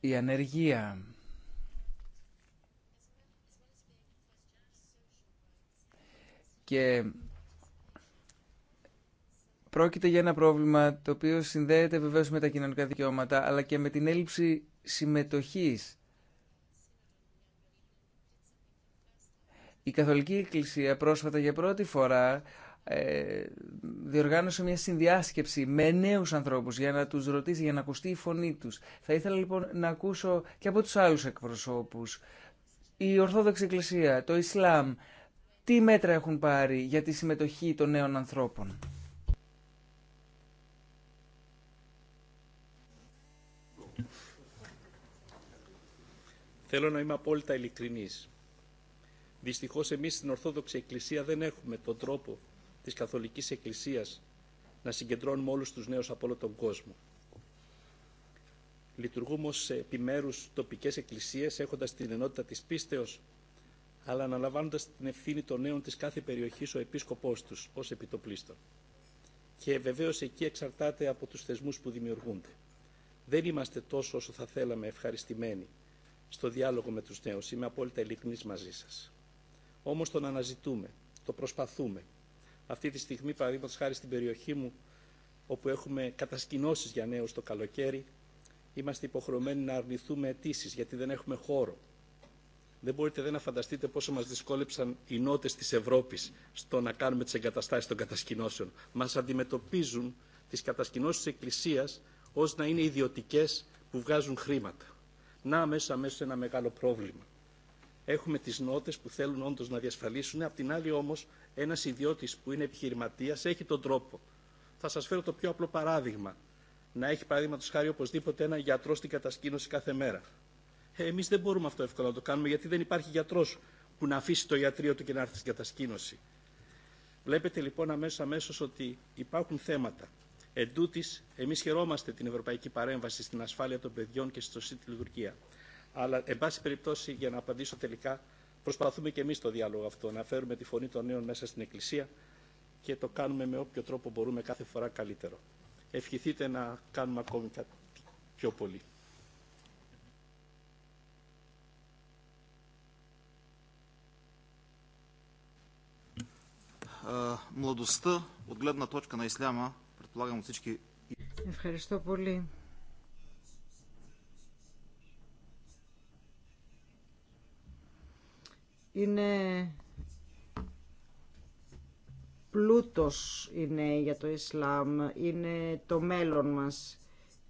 η ανεργία, Και πρόκειται για ένα πρόβλημα το οποίο συνδέεται βεβαίως με τα κοινωνικά δικαιώματα αλλά και με την έλλειψη συμμετοχής. Η Καθολική Εκκλησία πρόσφατα για πρώτη φορά ε, διοργάνωσε μια συνδιάσκεψη με νέους ανθρώπους για να τους ρωτήσει, για να ακουστεί η φωνή τους. Θα ήθελα λοιπόν να ακούσω και από τους άλλους εκπροσώπους. Η Ορθόδοξη Εκκλησία, το Ισλάμ, τι μέτρα έχουν πάρει για τη συμμετοχή των νέων ανθρώπων. Θέλω να είμαι απόλυτα ειλικρινής. Δυστυχώς εμείς στην Ορθόδοξη Εκκλησία δεν έχουμε τον τρόπο της Καθολικής Εκκλησίας να συγκεντρώνουμε όλους τους νέους από όλο τον κόσμο. Λειτουργούμε ως επιμέρους τοπικές εκκλησίες έχοντας την ενότητα της πίστεως αλλά αναλαμβάνοντα την ευθύνη των νέων τη κάθε περιοχή ο επίσκοπό του ω επιτοπλίστων. Και βεβαίω εκεί εξαρτάται από του θεσμού που δημιουργούνται. Δεν είμαστε τόσο όσο θα θέλαμε ευχαριστημένοι στο διάλογο με του νέου. Είμαι απόλυτα ειλικρινή μαζί σα. Όμω τον αναζητούμε, το προσπαθούμε. Αυτή τη στιγμή, παραδείγματο χάρη στην περιοχή μου, όπου έχουμε κατασκηνώσει για νέου το καλοκαίρι, είμαστε υποχρεωμένοι να αρνηθούμε αιτήσει γιατί δεν έχουμε χώρο δεν μπορείτε δεν να φανταστείτε πόσο μας δυσκόλεψαν οι νότες της Ευρώπης στο να κάνουμε τις εγκαταστάσεις των κατασκηνώσεων. Μας αντιμετωπίζουν τις κατασκηνώσεις της Εκκλησίας ως να είναι ιδιωτικέ που βγάζουν χρήματα. Να μέσα μέσα ένα μεγάλο πρόβλημα. Έχουμε τις νότες που θέλουν όντως να διασφαλίσουν, απ' την άλλη όμως ένας ιδιώτης που είναι επιχειρηματίας έχει τον τρόπο. Θα σας φέρω το πιο απλό παράδειγμα. Να έχει του χάρη οπωσδήποτε ένα γιατρό στην κατασκήνωση κάθε μέρα. Ε, Εμεί δεν μπορούμε αυτό εύκολα να το κάνουμε γιατί δεν υπάρχει γιατρό που να αφήσει το ιατρείο του και να έρθει στην κατασκήνωση. Βλέπετε λοιπόν αμέσω αμέσως ότι υπάρχουν θέματα. Εν τούτης, εμείς χαιρόμαστε την ευρωπαϊκή παρέμβαση στην ασφάλεια των παιδιών και στο ΣΥΤ λειτουργία. Αλλά, εν πάση περιπτώσει, για να απαντήσω τελικά, προσπαθούμε και εμείς το διάλογο αυτό, να φέρουμε τη φωνή των νέων μέσα στην Εκκλησία και το κάνουμε με όποιο τρόπο μπορούμε κάθε φορά καλύτερο. Ευχηθείτε να κάνουμε ακόμη κάτι πιο πολύ. младостта от гледна точка на исляма, предполагам от всички. Ευχαριστώ πολύ. Είναι πλούτος είναι για το Ισλάμ, είναι το μέλλον μας,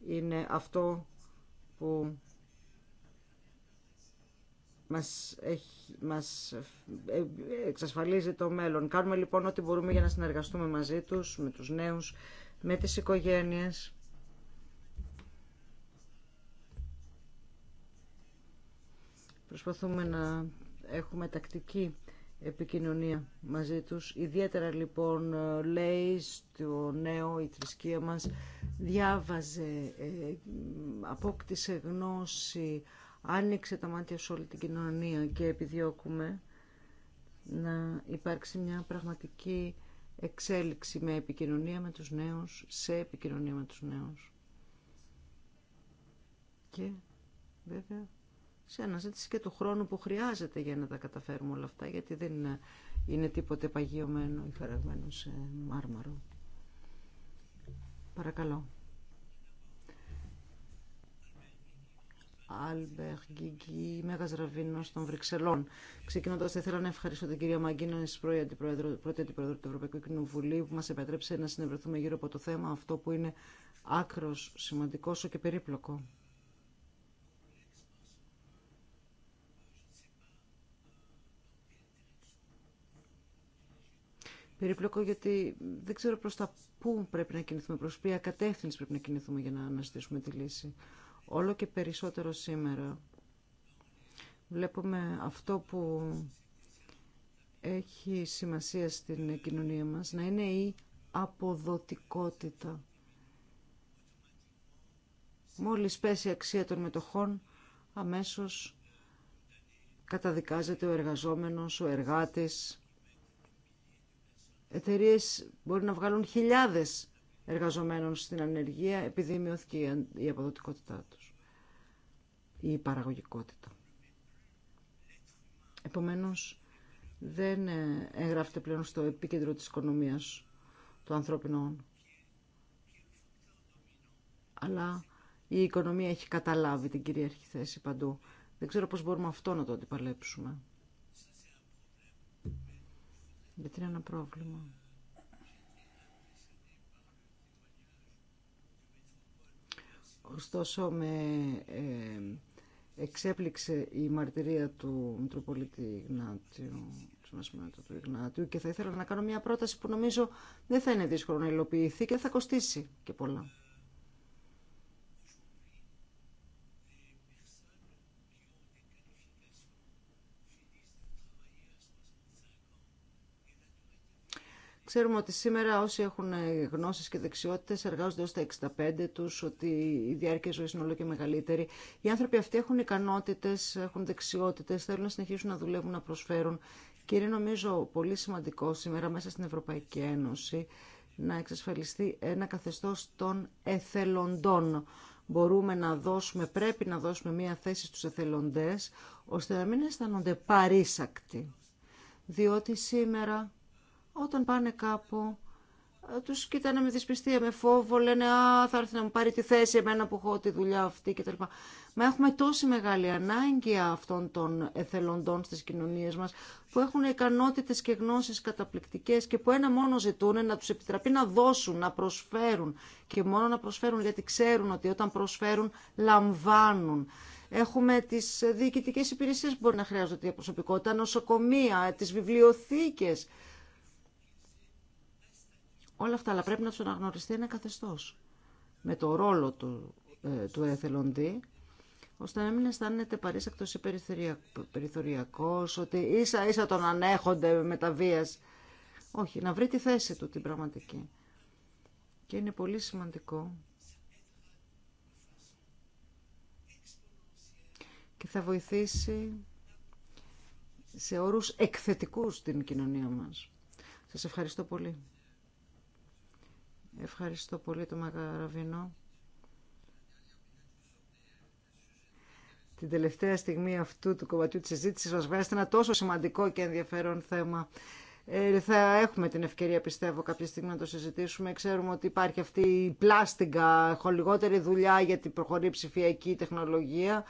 είναι αυτό που μας, έχει, μας ε, εξασφαλίζει το μέλλον. Κάνουμε λοιπόν ό,τι μπορούμε για να συνεργαστούμε μαζί τους, με τους νέους, με τις οικογένειες. Προσπαθούμε να έχουμε τακτική επικοινωνία μαζί τους. Ιδιαίτερα λοιπόν λέει στο νέο η θρησκεία μας διάβαζε, ε, απόκτησε γνώση άνοιξε τα μάτια σε όλη την κοινωνία και επιδιώκουμε να υπάρξει μια πραγματική εξέλιξη με επικοινωνία με τους νέους, σε επικοινωνία με τους νέους. Και βέβαια σε αναζήτηση και του χρόνου που χρειάζεται για να τα καταφέρουμε όλα αυτά, γιατί δεν είναι τίποτε παγιωμένο ή χαραγμένο σε μάρμαρο. Παρακαλώ. Άλμπερ Γκίγκη, Μέγα Ραβίνο των Βρυξελών. Ξεκινώντα, θα ήθελα να ευχαριστώ την κυρία Μαγκίνο, πρώτη αντιπρόεδρο του Ευρωπαϊκού Κοινοβουλίου, που μα επέτρεψε να συνευρεθούμε γύρω από το θέμα αυτό που είναι άκρο σημαντικό όσο και περίπλοκο. Περίπλοκο γιατί δεν ξέρω προς τα πού πρέπει να κινηθούμε, προς ποια κατεύθυνση πρέπει να κινηθούμε για να αναστήσουμε τη λύση όλο και περισσότερο σήμερα. Βλέπουμε αυτό που έχει σημασία στην κοινωνία μας να είναι η αποδοτικότητα. Μόλις πέσει η αξία των μετοχών, αμέσως καταδικάζεται ο εργαζόμενος, ο εργάτης. Εταιρείε μπορεί να βγάλουν χιλιάδες εργαζομένων στην ανεργία επειδή μειώθηκε η αποδοτικότητά τους η παραγωγικότητα. Επομένως, δεν ε, εγγράφεται πλέον στο επίκεντρο της οικονομίας του ανθρώπινο αλλά η οικονομία έχει καταλάβει την κυρίαρχη θέση παντού. Δεν ξέρω πώς μπορούμε αυτό να το αντιπαλέψουμε. Γιατί είναι ένα πρόβλημα. Ωστόσο, με ε, εξέπληξε η μαρτυρία του Μητροπολίτη Ιγνάτιου, του Ιγνάτιου και θα ήθελα να κάνω μια πρόταση που νομίζω δεν θα είναι δύσκολο να υλοποιηθεί και θα κοστίσει και πολλά. Ξέρουμε ότι σήμερα όσοι έχουν ε, γνώσεις και δεξιότητες εργάζονται ως τα 65 τους, ότι η διάρκεια ζωής είναι όλο και μεγαλύτερη. Οι άνθρωποι αυτοί έχουν ικανότητες, έχουν δεξιότητες, θέλουν να συνεχίσουν να δουλεύουν, να προσφέρουν. Και είναι νομίζω πολύ σημαντικό σήμερα μέσα στην Ευρωπαϊκή Ένωση να εξασφαλιστεί ένα καθεστώς των εθελοντών. Μπορούμε να δώσουμε, πρέπει να δώσουμε μία θέση στους εθελοντές, ώστε να μην αισθάνονται παρήσακτοι. Διότι σήμερα όταν πάνε κάπου ε, τους κοιτάνε με δυσπιστία, με φόβο, λένε «Α, θα έρθει να μου πάρει τη θέση εμένα που έχω τη δουλειά αυτή» κτλ. Μα έχουμε τόση μεγάλη ανάγκη αυτών των εθελοντών στις κοινωνίες μας που έχουν ικανότητες και γνώσεις καταπληκτικές και που ένα μόνο ζητούν να τους επιτραπεί να δώσουν, να προσφέρουν και μόνο να προσφέρουν γιατί ξέρουν ότι όταν προσφέρουν λαμβάνουν. Έχουμε τι διοικητικέ υπηρεσίε που μπορεί να χρειάζονται για προσωπικότητα, νοσοκομεία, τι βιβλιοθήκε. Όλα αυτά, αλλά πρέπει να του αναγνωριστεί ένα καθεστώ με το ρόλο του, ε, του εθελοντή, ώστε να μην αισθάνεται παρήσακτο ή περιθωριακό, ότι ίσα ίσα τον ανέχονται με τα βία. Όχι, να βρει τη θέση του την πραγματική. Και είναι πολύ σημαντικό. Και θα βοηθήσει σε όρους εκθετικούς την κοινωνία μας. Σας ευχαριστώ πολύ. Ευχαριστώ πολύ το Μαγαραβινό. Την τελευταία στιγμή αυτού του κομματιού της συζήτηση μας βγάζεται ένα τόσο σημαντικό και ενδιαφέρον θέμα. Ε, θα έχουμε την ευκαιρία, πιστεύω, κάποια στιγμή να το συζητήσουμε. Ξέρουμε ότι υπάρχει αυτή η πλάστιγκα, έχω λιγότερη δουλειά γιατί προχωρεί η ψηφιακή τεχνολογία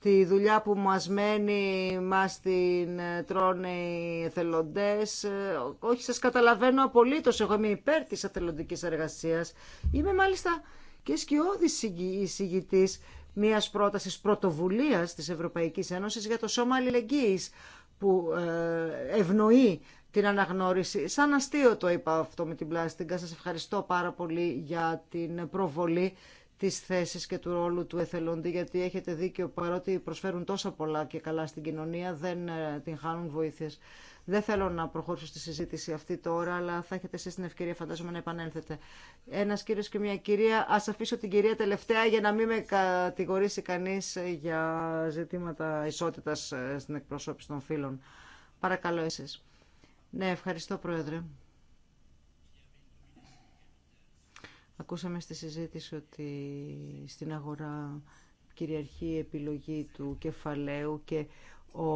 τη δουλειά που μας μένει, μας την ε, τρώνε οι εθελοντές. Ε, όχι, σας καταλαβαίνω απολύτως, εγώ είμαι υπέρ της εθελοντικής εργασίας. Είμαι μάλιστα και σκιώδης εισηγητής μιας πρότασης πρωτοβουλίας της Ευρωπαϊκής Ένωσης για το σώμα αλληλεγγύης που ε, ευνοεί την αναγνώριση. Σαν αστείο το είπα αυτό με την πλάστιγκα. Σας ευχαριστώ πάρα πολύ για την προβολή τις θέσεις και του ρόλου του εθελοντή, γιατί έχετε δίκιο, παρότι προσφέρουν τόσα πολλά και καλά στην κοινωνία, δεν ε, την χάνουν βοήθειες. Δεν θέλω να προχωρήσω στη συζήτηση αυτή τώρα, αλλά θα έχετε εσεί την ευκαιρία, φαντάζομαι, να επανέλθετε. Ένα κύριο και μια κυρία. Α αφήσω την κυρία τελευταία για να μην με κατηγορήσει κανεί ε, για ζητήματα ισότητα ε, στην εκπροσώπηση των φίλων. Παρακαλώ εσεί. Ναι, ευχαριστώ, Πρόεδρε. Ακούσαμε στη συζήτηση ότι στην αγορά κυριαρχεί η επιλογή του κεφαλαίου και ο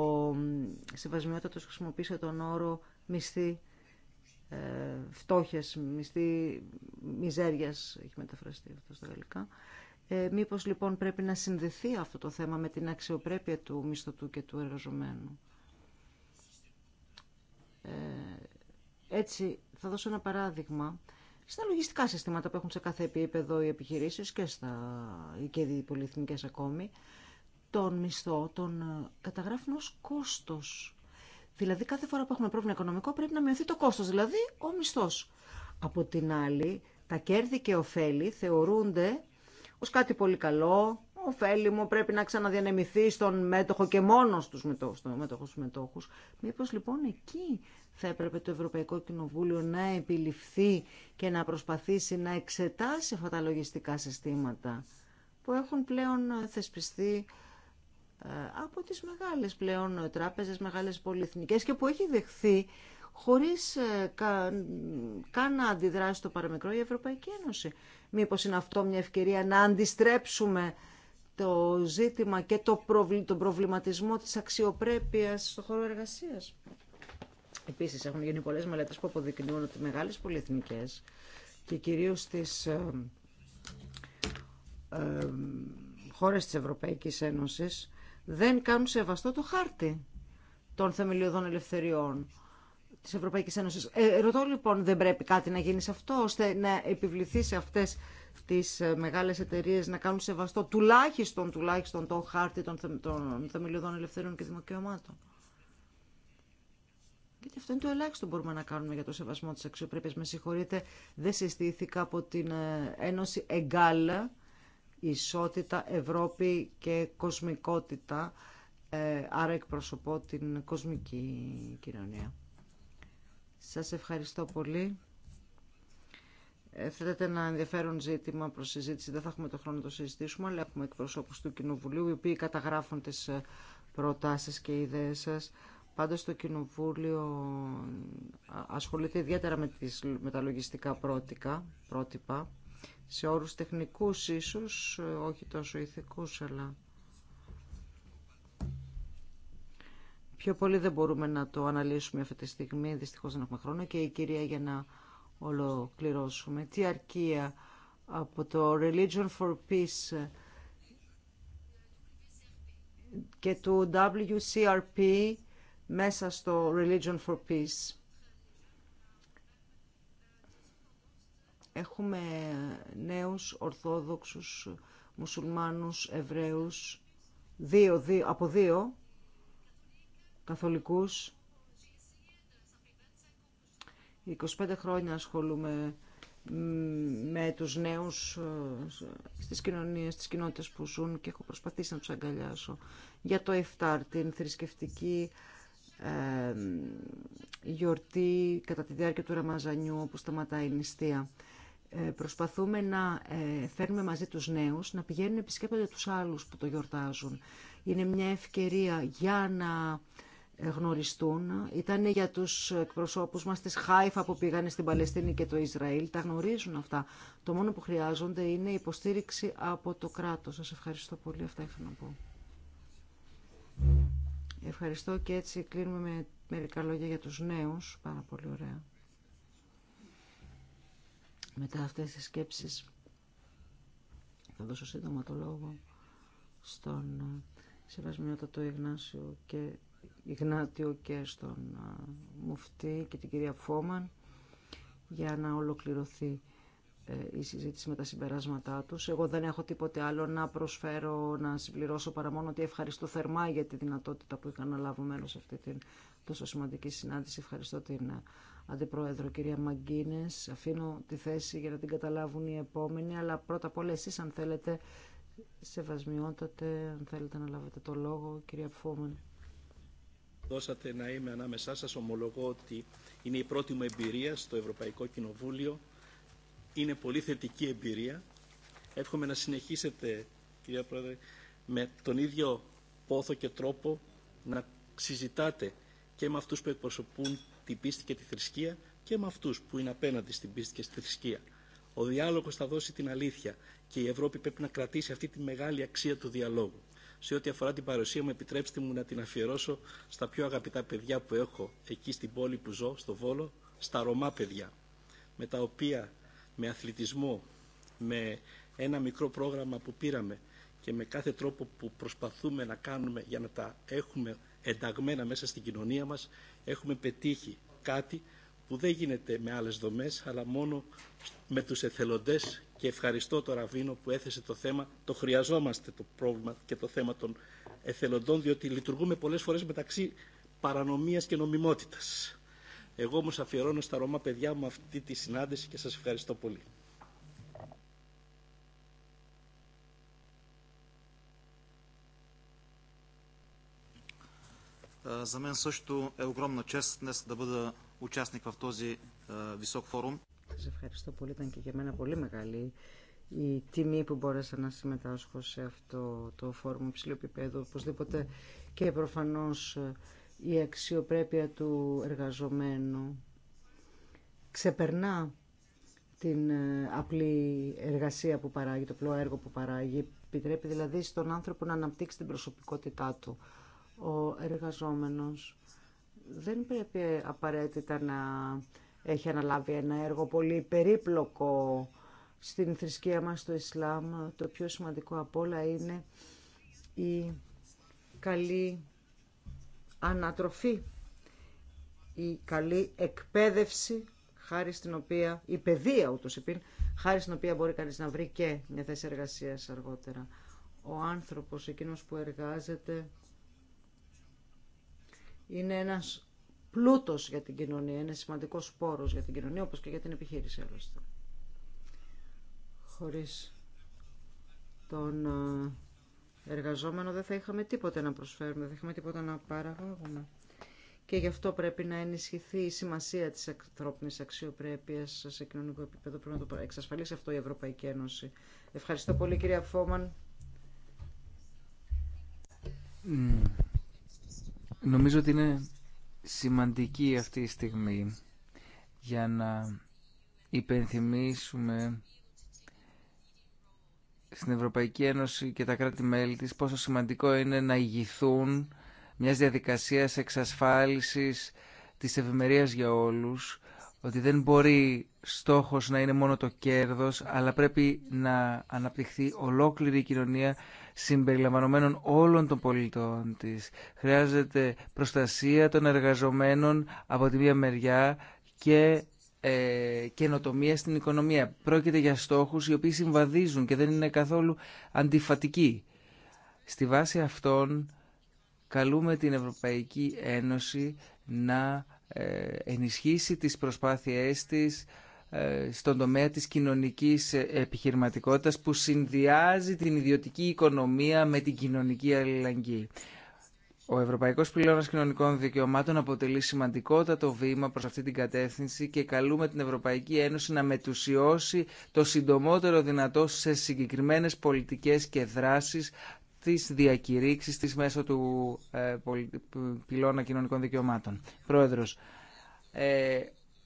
Σεβασμιότατος χρησιμοποίησε τον όρο μισθή ε, φτώχειας, μισθή μιζέριας, έχει μεταφραστεί αυτό στα γαλλικά. Ε, μήπως λοιπόν πρέπει να συνδεθεί αυτό το θέμα με την αξιοπρέπεια του μισθωτού και του εργαζομένου. Ε, έτσι θα δώσω ένα παράδειγμα στα λογιστικά συστήματα που έχουν σε κάθε επίπεδο οι επιχειρήσεις και, στα, και οι πολυεθνικές ακόμη, τον μισθό τον ε, καταγράφουν ως κόστος. Δηλαδή κάθε φορά που έχουμε πρόβλημα οικονομικό πρέπει να μειωθεί το κόστος, δηλαδή ο μισθός. Από την άλλη, τα κέρδη και ωφέλη θεωρούνται ως κάτι πολύ καλό, μου πρέπει να ξαναδιανεμηθεί στον μέτοχο και μόνο στους μετόχους, στον μέτοχο στους μετόχους. Μήπως λοιπόν εκεί θα έπρεπε το Ευρωπαϊκό Κοινοβούλιο να επιληφθεί και να προσπαθήσει να εξετάσει αυτά τα λογιστικά συστήματα που έχουν πλέον θεσπιστεί ε, από τις μεγάλες πλέον τράπεζες, μεγάλες πολυεθνικές και που έχει δεχθεί χωρίς ε, καν, να αντιδράσει το παραμικρό η Ευρωπαϊκή Ένωση. Μήπως είναι αυτό μια ευκαιρία να αντιστρέψουμε το ζήτημα και το τον προβληματισμό της αξιοπρέπειας στον χώρο εργασίας. Επίσης έχουν γίνει πολλές μελέτες που αποδεικνύουν ότι μεγάλες πολυεθνικές και κυρίως στις ε, ε, χώρες της Ευρωπαϊκής Ένωσης δεν κάνουν σεβαστό το χάρτη των θεμελιωδών ελευθεριών της Ευρωπαϊκής Ένωσης. Ε, ρωτώ λοιπόν, δεν πρέπει κάτι να γίνει σε αυτό, ώστε να επιβληθεί σε αυτές τις ε, μεγάλες εταιρείες να κάνουν σεβαστό τουλάχιστον, τουλάχιστον το χάρτη των, των θεμελιωδών ελευθερών και δημοκαιωμάτων. Γιατί αυτό είναι το ελάχιστο που μπορούμε να κάνουμε για το σεβασμό της αξιοπρέπειας. Με συγχωρείτε, δεν συστήθηκα από την ε, Ένωση ΕΓΚΑΛ, Ισότητα, Ευρώπη και Κοσμικότητα, ε, άρα εκπροσωπώ την κοσμική κοινωνία. Σας ευχαριστώ πολύ. Ε, θέτεται ένα ενδιαφέρον ζήτημα προς συζήτηση. Δεν θα έχουμε το χρόνο να το συζητήσουμε, αλλά έχουμε εκπροσώπους του Κοινοβουλίου, οι οποίοι καταγράφουν τις ε, προτάσεις και ιδέες σας. Πάντως το Κοινοβούλιο ε, ασχολείται ιδιαίτερα με, τις, με τα λογιστικά πρότυπα, πρότυπα, σε όρους τεχνικούς ίσως, όχι τόσο ηθικούς, αλλά... Πιο πολύ δεν μπορούμε να το αναλύσουμε αυτή τη στιγμή, δυστυχώς δεν έχουμε χρόνο και η κυρία για να ολοκληρώσουμε. Τι αρκεία από το Religion for Peace και του WCRP μέσα στο Religion for Peace. Έχουμε νέους Ορθόδοξους, Μουσουλμάνους, Εβραίους, δύο, από δύο Καθολικούς 25 χρόνια ασχολούμαι με τους νέους ε, στις κοινωνίες, στις κοινότητες που ζουν και έχω προσπαθήσει να τους αγκαλιάσω. Για το Εφτάρ, την θρησκευτική ε, γιορτή κατά τη διάρκεια του Ραμαζανιού όπου σταματάει η νηστεία. Ε, προσπαθούμε να ε, φέρνουμε μαζί τους νέους, να πηγαίνουν επισκέπτονται τους άλλους που το γιορτάζουν. Είναι μια ευκαιρία για να ε, γνωριστούν. Ήταν για τους εκπροσώπους μας της Χάιφα που πήγαν στην Παλαιστίνη και το Ισραήλ. Τα γνωρίζουν αυτά. Το μόνο που χρειάζονται είναι υποστήριξη από το κράτος. Σας ευχαριστώ πολύ. Αυτά ήθελα να πω. Ευχαριστώ και έτσι κλείνουμε με μερικά λόγια για τους νέους. Πάρα πολύ ωραία. Μετά αυτές τις σκέψεις θα δώσω σύντομα το λόγο στον ε, σεβασμιότατο Ιγνάσιο και Ιγνάτιο και στον Μουφτή και την κυρία Φόμαν για να ολοκληρωθεί ε, η συζήτηση με τα συμπεράσματά τους. Εγώ δεν έχω τίποτε άλλο να προσφέρω, να συμπληρώσω παρά μόνο ότι ευχαριστώ θερμά για τη δυνατότητα που είχα να λάβω μέρος σε αυτή την τόσο σημαντική συνάντηση. Ευχαριστώ την Αντιπρόεδρο κυρία Μαγκίνες. Αφήνω τη θέση για να την καταλάβουν οι επόμενοι, αλλά πρώτα απ' όλα εσείς αν θέλετε σεβασμιότατε, αν θέλετε να λάβετε το λόγο, κυρία δώσατε να είμαι ανάμεσά σας. Ομολογώ ότι είναι η πρώτη μου εμπειρία στο Ευρωπαϊκό Κοινοβούλιο. Είναι πολύ θετική εμπειρία. Εύχομαι να συνεχίσετε, κυρία Πρόεδρε, με τον ίδιο πόθο και τρόπο να συζητάτε και με αυτούς που εκπροσωπούν την πίστη και τη θρησκεία και με αυτούς που είναι απέναντι στην πίστη και στη θρησκεία. Ο διάλογος θα δώσει την αλήθεια και η Ευρώπη πρέπει να κρατήσει αυτή τη μεγάλη αξία του διαλόγου σε ό,τι αφορά την παρουσία μου, επιτρέψτε μου να την αφιερώσω στα πιο αγαπητά παιδιά που έχω εκεί στην πόλη που ζω, στο Βόλο, στα Ρωμά παιδιά, με τα οποία με αθλητισμό, με ένα μικρό πρόγραμμα που πήραμε και με κάθε τρόπο που προσπαθούμε να κάνουμε για να τα έχουμε ενταγμένα μέσα στην κοινωνία μας, έχουμε πετύχει κάτι που δεν γίνεται με άλλες δομές, αλλά μόνο με τους εθελοντές και ευχαριστώ το Ραβίνο που έθεσε το θέμα. Το χρειαζόμαστε το πρόβλημα και το θέμα των εθελοντών, διότι λειτουργούμε πολλές φορές μεταξύ παρανομίας και νομιμότητας. Εγώ όμως αφιερώνω στα Ρωμά παιδιά μου αυτή τη συνάντηση και σας ευχαριστώ πολύ. За мен също е огромна чест днес да бъда участник в този висок форум. Σας ευχαριστώ πολύ. Ήταν και για μένα πολύ μεγάλη η τιμή που μπόρεσα να συμμετάσχω σε αυτό το φόρουμ υψηλού επίπεδου. Οπωσδήποτε και προφανώς ε, η αξιοπρέπεια του εργαζομένου ξεπερνά την ε, απλή εργασία που παράγει, το απλό έργο που παράγει. Επιτρέπει δηλαδή στον άνθρωπο να αναπτύξει την προσωπικότητά του. Ο εργαζόμενος δεν πρέπει απαραίτητα να έχει αναλάβει ένα έργο πολύ περίπλοκο στην θρησκεία μας στο Ισλάμ. Το πιο σημαντικό απ' όλα είναι η καλή ανατροφή, η καλή εκπαίδευση, χάρη στην οποία, η παιδεία ούτως επίν, χάρη στην οποία μπορεί κανείς να βρει και μια θέση εργασίας αργότερα. Ο άνθρωπος, εκείνος που εργάζεται, είναι ένας πλούτος για την κοινωνία, είναι σημαντικός πόρος για την κοινωνία, όπως και για την επιχείρηση άλλωστε. Χωρίς τον ε, εργαζόμενο δεν θα είχαμε τίποτα να προσφέρουμε, δεν θα είχαμε τίποτα να παραγάγουμε. Και γι' αυτό πρέπει να ενισχυθεί η σημασία της ανθρώπινης αξιοπρέπειας σε κοινωνικό επίπεδο. Πρέπει να το εξασφαλίσει αυτό η Ευρωπαϊκή Ένωση. Ευχαριστώ πολύ κυρία Φόμαν. Νομίζω ότι είναι σημαντική αυτή η στιγμή για να υπενθυμίσουμε στην Ευρωπαϊκή Ένωση και τα κράτη-μέλη της πόσο σημαντικό είναι να ηγηθούν μιας διαδικασίας εξασφάλισης της ευημερίας για όλους, ότι δεν μπορεί στόχος να είναι μόνο το κέρδος, αλλά πρέπει να αναπτυχθεί ολόκληρη η κοινωνία συμπεριλαμβανομένων όλων των πολιτών της. Χρειάζεται προστασία των εργαζομένων από τη μία μεριά και ε, καινοτομία στην οικονομία. Πρόκειται για στόχους οι οποίοι συμβαδίζουν και δεν είναι καθόλου αντιφατικοί. Στη βάση αυτών καλούμε την Ευρωπαϊκή Ένωση να ε, ενισχύσει τις προσπάθειές της ε, στον τομέα της κοινωνικής ε, επιχειρηματικότητας που συνδυάζει την ιδιωτική οικονομία με την κοινωνική αλληλεγγύη. Ο Ευρωπαϊκός Πυλώνας Κοινωνικών Δικαιωμάτων αποτελεί σημαντικότατο βήμα προς αυτή την κατεύθυνση και καλούμε την Ευρωπαϊκή Ένωση να μετουσιώσει το συντομότερο δυνατό σε συγκεκριμένες πολιτικές και δράσεις της διακηρύξης της μέσω του ε, Πυλώνα Κοινωνικών Δικαιωμάτων. Πρόεδρος,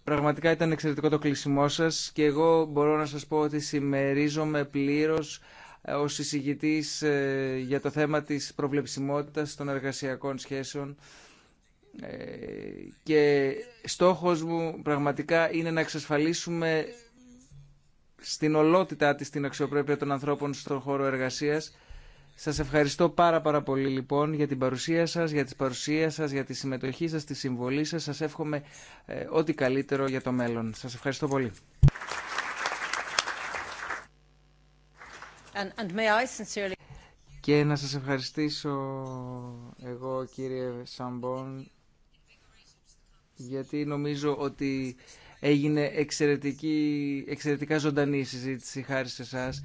Πραγματικά ήταν εξαιρετικό το κλείσιμό σας και εγώ μπορώ να σας πω ότι συμμερίζομαι πλήρως ε, ως εισηγητής ε, για το θέμα της προβλεψιμότητας των εργασιακών σχέσεων ε, και στόχος μου πραγματικά είναι να εξασφαλίσουμε στην ολότητά της την αξιοπρέπεια των ανθρώπων στον χώρο εργασίας σας ευχαριστώ πάρα πάρα πολύ λοιπόν για την παρουσία σας, για τις παρουσίες σας, για τη συμμετοχή σας, τη συμβολή σας. Σας εύχομαι ε, ό,τι καλύτερο για το μέλλον. Σας ευχαριστώ πολύ. And, and may I sincerely... Και να σας ευχαριστήσω εγώ κύριε Σαμπον γιατί νομίζω ότι έγινε εξαιρετική, εξαιρετικά ζωντανή η συζήτηση χάρη σε εσάς.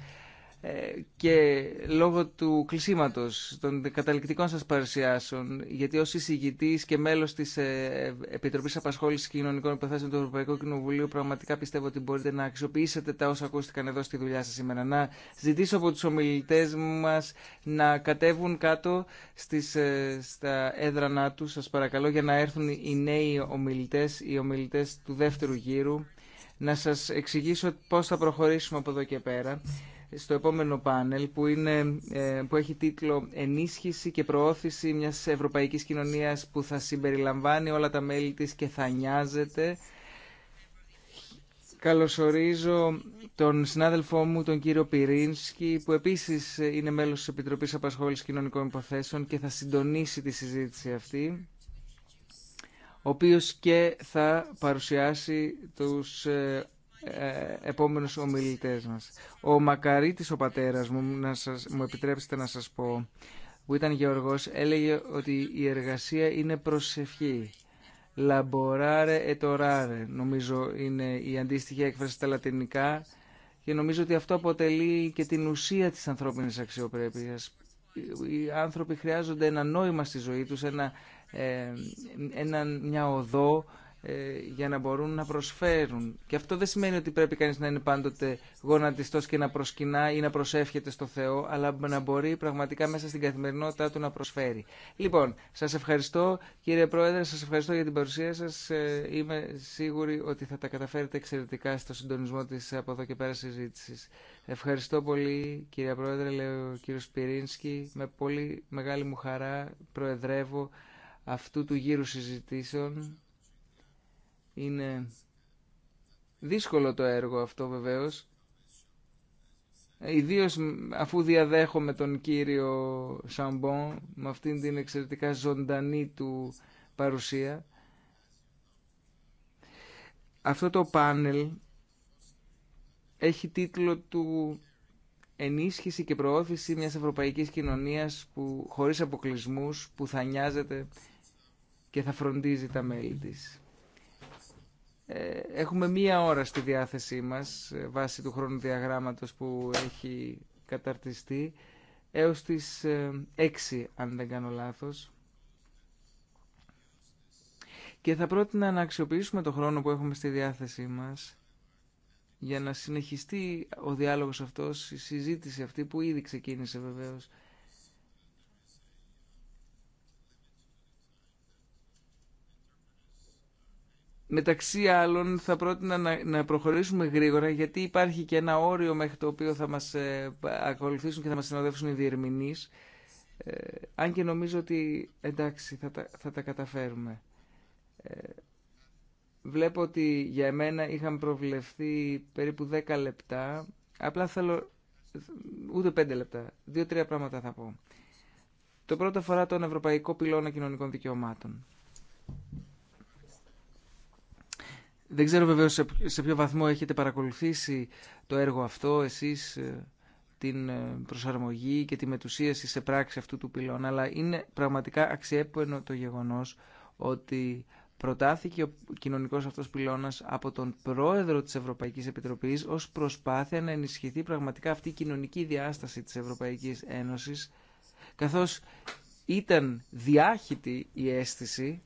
Ε, και λόγω του κλεισίματος των καταληκτικών σας παρουσιάσεων, γιατί ως εισηγητής και μέλος της ε, Επιτροπής Απασχόλησης Κοινωνικών Υποθέσεων του Ευρωπαϊκού Κοινοβουλίου, πραγματικά πιστεύω ότι μπορείτε να αξιοποιήσετε τα όσα ακούστηκαν εδώ στη δουλειά σας σήμερα. Να ζητήσω από τους ομιλητές μας να κατέβουν κάτω στις, ε, στα έδρανά τους, σας παρακαλώ, για να έρθουν οι νέοι ομιλητές, οι ομιλητές του δεύτερου γύρου, να σας εξηγήσω πώς θα προχωρήσουμε από εδώ και πέρα στο επόμενο πάνελ που, είναι, ε, που έχει τίτλο «Ενίσχυση και προώθηση μιας ευρωπαϊκής κοινωνίας που θα συμπεριλαμβάνει όλα τα μέλη της και θα νοιάζεται». Καλωσορίζω τον συνάδελφό μου, τον κύριο Πυρίνσκι, που επίσης είναι μέλος της Επιτροπής Απασχόλησης Κοινωνικών Υποθέσεων και θα συντονίσει τη συζήτηση αυτή, ο οποίος και θα παρουσιάσει τους ε, ε, επόμενους ομιλητές μας. Ο Μακαρίτης ο πατέρας μου, να σας, μου επιτρέψετε να σας πω, που ήταν γεωργός, έλεγε ότι η εργασία είναι προσευχή. Λαμποράρε ετοράρε, νομίζω είναι η αντίστοιχη έκφραση στα λατινικά και νομίζω ότι αυτό αποτελεί και την ουσία της ανθρώπινης αξιοπρέπειας. Οι άνθρωποι χρειάζονται ένα νόημα στη ζωή τους, ένα, ε, ένα, μια οδό ε, για να μπορούν να προσφέρουν. Και αυτό δεν σημαίνει ότι πρέπει κανείς να είναι πάντοτε γονατιστός και να προσκυνά ή να προσεύχεται στο Θεό, αλλά να μπορεί πραγματικά μέσα στην καθημερινότητά του να προσφέρει. Λοιπόν, σας ευχαριστώ κύριε Πρόεδρε, σας ευχαριστώ για την παρουσία σας. Ε, είμαι σίγουρη ότι θα τα καταφέρετε εξαιρετικά στο συντονισμό της από εδώ και πέρα συζήτηση. Ευχαριστώ πολύ κύριε Πρόεδρε, λέει ο κύριος Πυρίνσκι. Με πολύ μεγάλη μου χαρά προεδρεύω αυτού του γύρου συζητήσεων είναι δύσκολο το έργο αυτό βεβαίως, ε, ιδίως αφού διαδέχομαι τον κύριο Σαμπον με αυτήν την εξαιρετικά ζωντανή του παρουσία. Αυτό το πάνελ έχει τίτλο του «Ενίσχυση και προώθηση μιας ευρωπαϊκής κοινωνίας που, χωρίς αποκλεισμούς που θα νοιάζεται και θα φροντίζει τα μέλη της». Ε, έχουμε μία ώρα στη διάθεσή μας ε, βάσει του χρόνου διαγράμματος που έχει καταρτιστεί έως τις 6 ε, αν δεν κάνω λάθος. Και θα πρότεινα να αξιοποιήσουμε το χρόνο που έχουμε στη διάθεσή μας για να συνεχιστεί ο διάλογος αυτός, η συζήτηση αυτή που ήδη ξεκίνησε βεβαίως Μεταξύ άλλων θα πρότεινα να προχωρήσουμε γρήγορα γιατί υπάρχει και ένα όριο μέχρι το οποίο θα μας ε, ακολουθήσουν και θα μας συνοδεύσουν οι διερμηνείς. Ε, αν και νομίζω ότι εντάξει θα τα, θα τα καταφέρουμε. Ε, βλέπω ότι για εμένα είχαν προβλεφθεί περίπου 10 λεπτά. Απλά θέλω ούτε 5 λεπτά. Δύο-τρία πράγματα θα πω. Το πρώτο αφορά τον Ευρωπαϊκό Πυλώνα Κοινωνικών Δικαιωμάτων. Δεν ξέρω βεβαίως σε ποιο βαθμό έχετε παρακολουθήσει το έργο αυτό εσείς ε, την ε, προσαρμογή και τη μετουσίαση σε πράξη αυτού του πυλώνα, αλλά είναι πραγματικά αξιέπαινο το γεγονός ότι προτάθηκε ο κοινωνικός αυτός πυλώνας από τον πρόεδρο της Ευρωπαϊκής Επιτροπής ως προσπάθεια να ενισχυθεί πραγματικά αυτή η κοινωνική διάσταση της Ευρωπαϊκής Ένωσης, καθώς ήταν διάχυτη η αίσθηση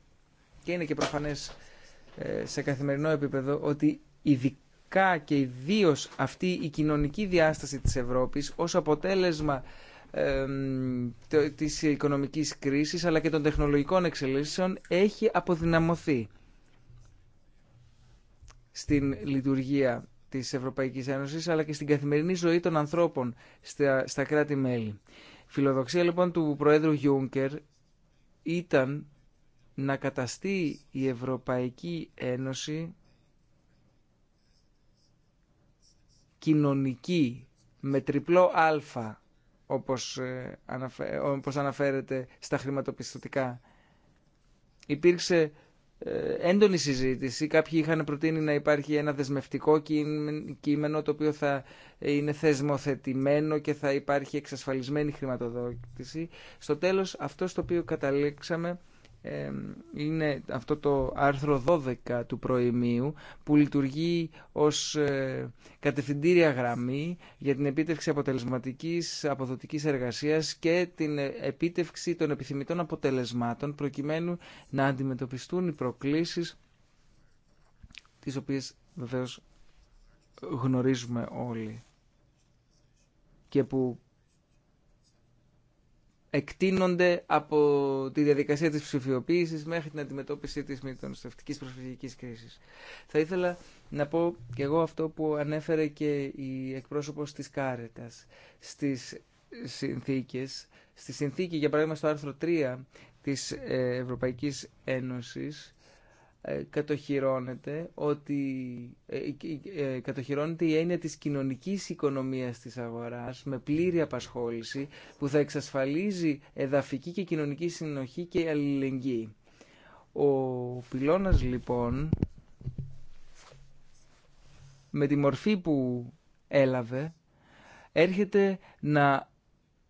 και είναι και προφανές ε, σε καθημερινό επίπεδο ότι ειδικά και ιδίω αυτή η κοινωνική διάσταση της Ευρώπης ως αποτέλεσμα της οικονομικής κρίσης αλλά και των τεχνολογικών εξελίξεων έχει αποδυναμωθεί στην λειτουργία της Ευρωπαϊκής Ένωσης αλλά και στην καθημερινή ζωή των ανθρώπων στα, κράτη-μέλη. Φιλοδοξία λοιπόν του Προέδρου Γιούγκερ ήταν να καταστεί η Ευρωπαϊκή Ένωση κοινωνική με τριπλό α όπως, ε, ε, όπως αναφέρεται στα χρηματοπιστωτικά. Υπήρξε ε, έντονη συζήτηση. Κάποιοι είχαν προτείνει να υπάρχει ένα δεσμευτικό κείμενο το οποίο θα είναι θεσμοθετημένο και θα υπάρχει εξασφαλισμένη χρηματοδότηση. Στο τέλος αυτό στο οποίο καταλήξαμε είναι αυτό το άρθρο 12 του προημίου που λειτουργεί ως ε, κατευθυντήρια γραμμή για την επίτευξη αποτελεσματικής αποδοτικής εργασίας και την επίτευξη των επιθυμητών αποτελεσμάτων προκειμένου να αντιμετωπιστούν οι προκλήσεις τις οποίες βεβαίως γνωρίζουμε όλοι και που εκτείνονται από τη διαδικασία της ψηφιοποίησης μέχρι την αντιμετώπιση της μεταναστευτικής προσφυγικής κρίσης. Θα ήθελα να πω και εγώ αυτό που ανέφερε και η εκπρόσωπος της Κάρετας στις συνθήκες. Στη συνθήκη, για παράδειγμα, στο άρθρο 3 της ε, Ευρωπαϊκής Ένωσης ε, κατοχυρώνεται ότι ε, ε, κατοχυρώνεται η έννοια της κοινωνικής οικονομίας της αγοράς με πλήρη απασχόληση που θα εξασφαλίζει εδαφική και κοινωνική συνοχή και αλληλεγγύη. Ο πυλώνας λοιπόν με τη μορφή που έλαβε έρχεται να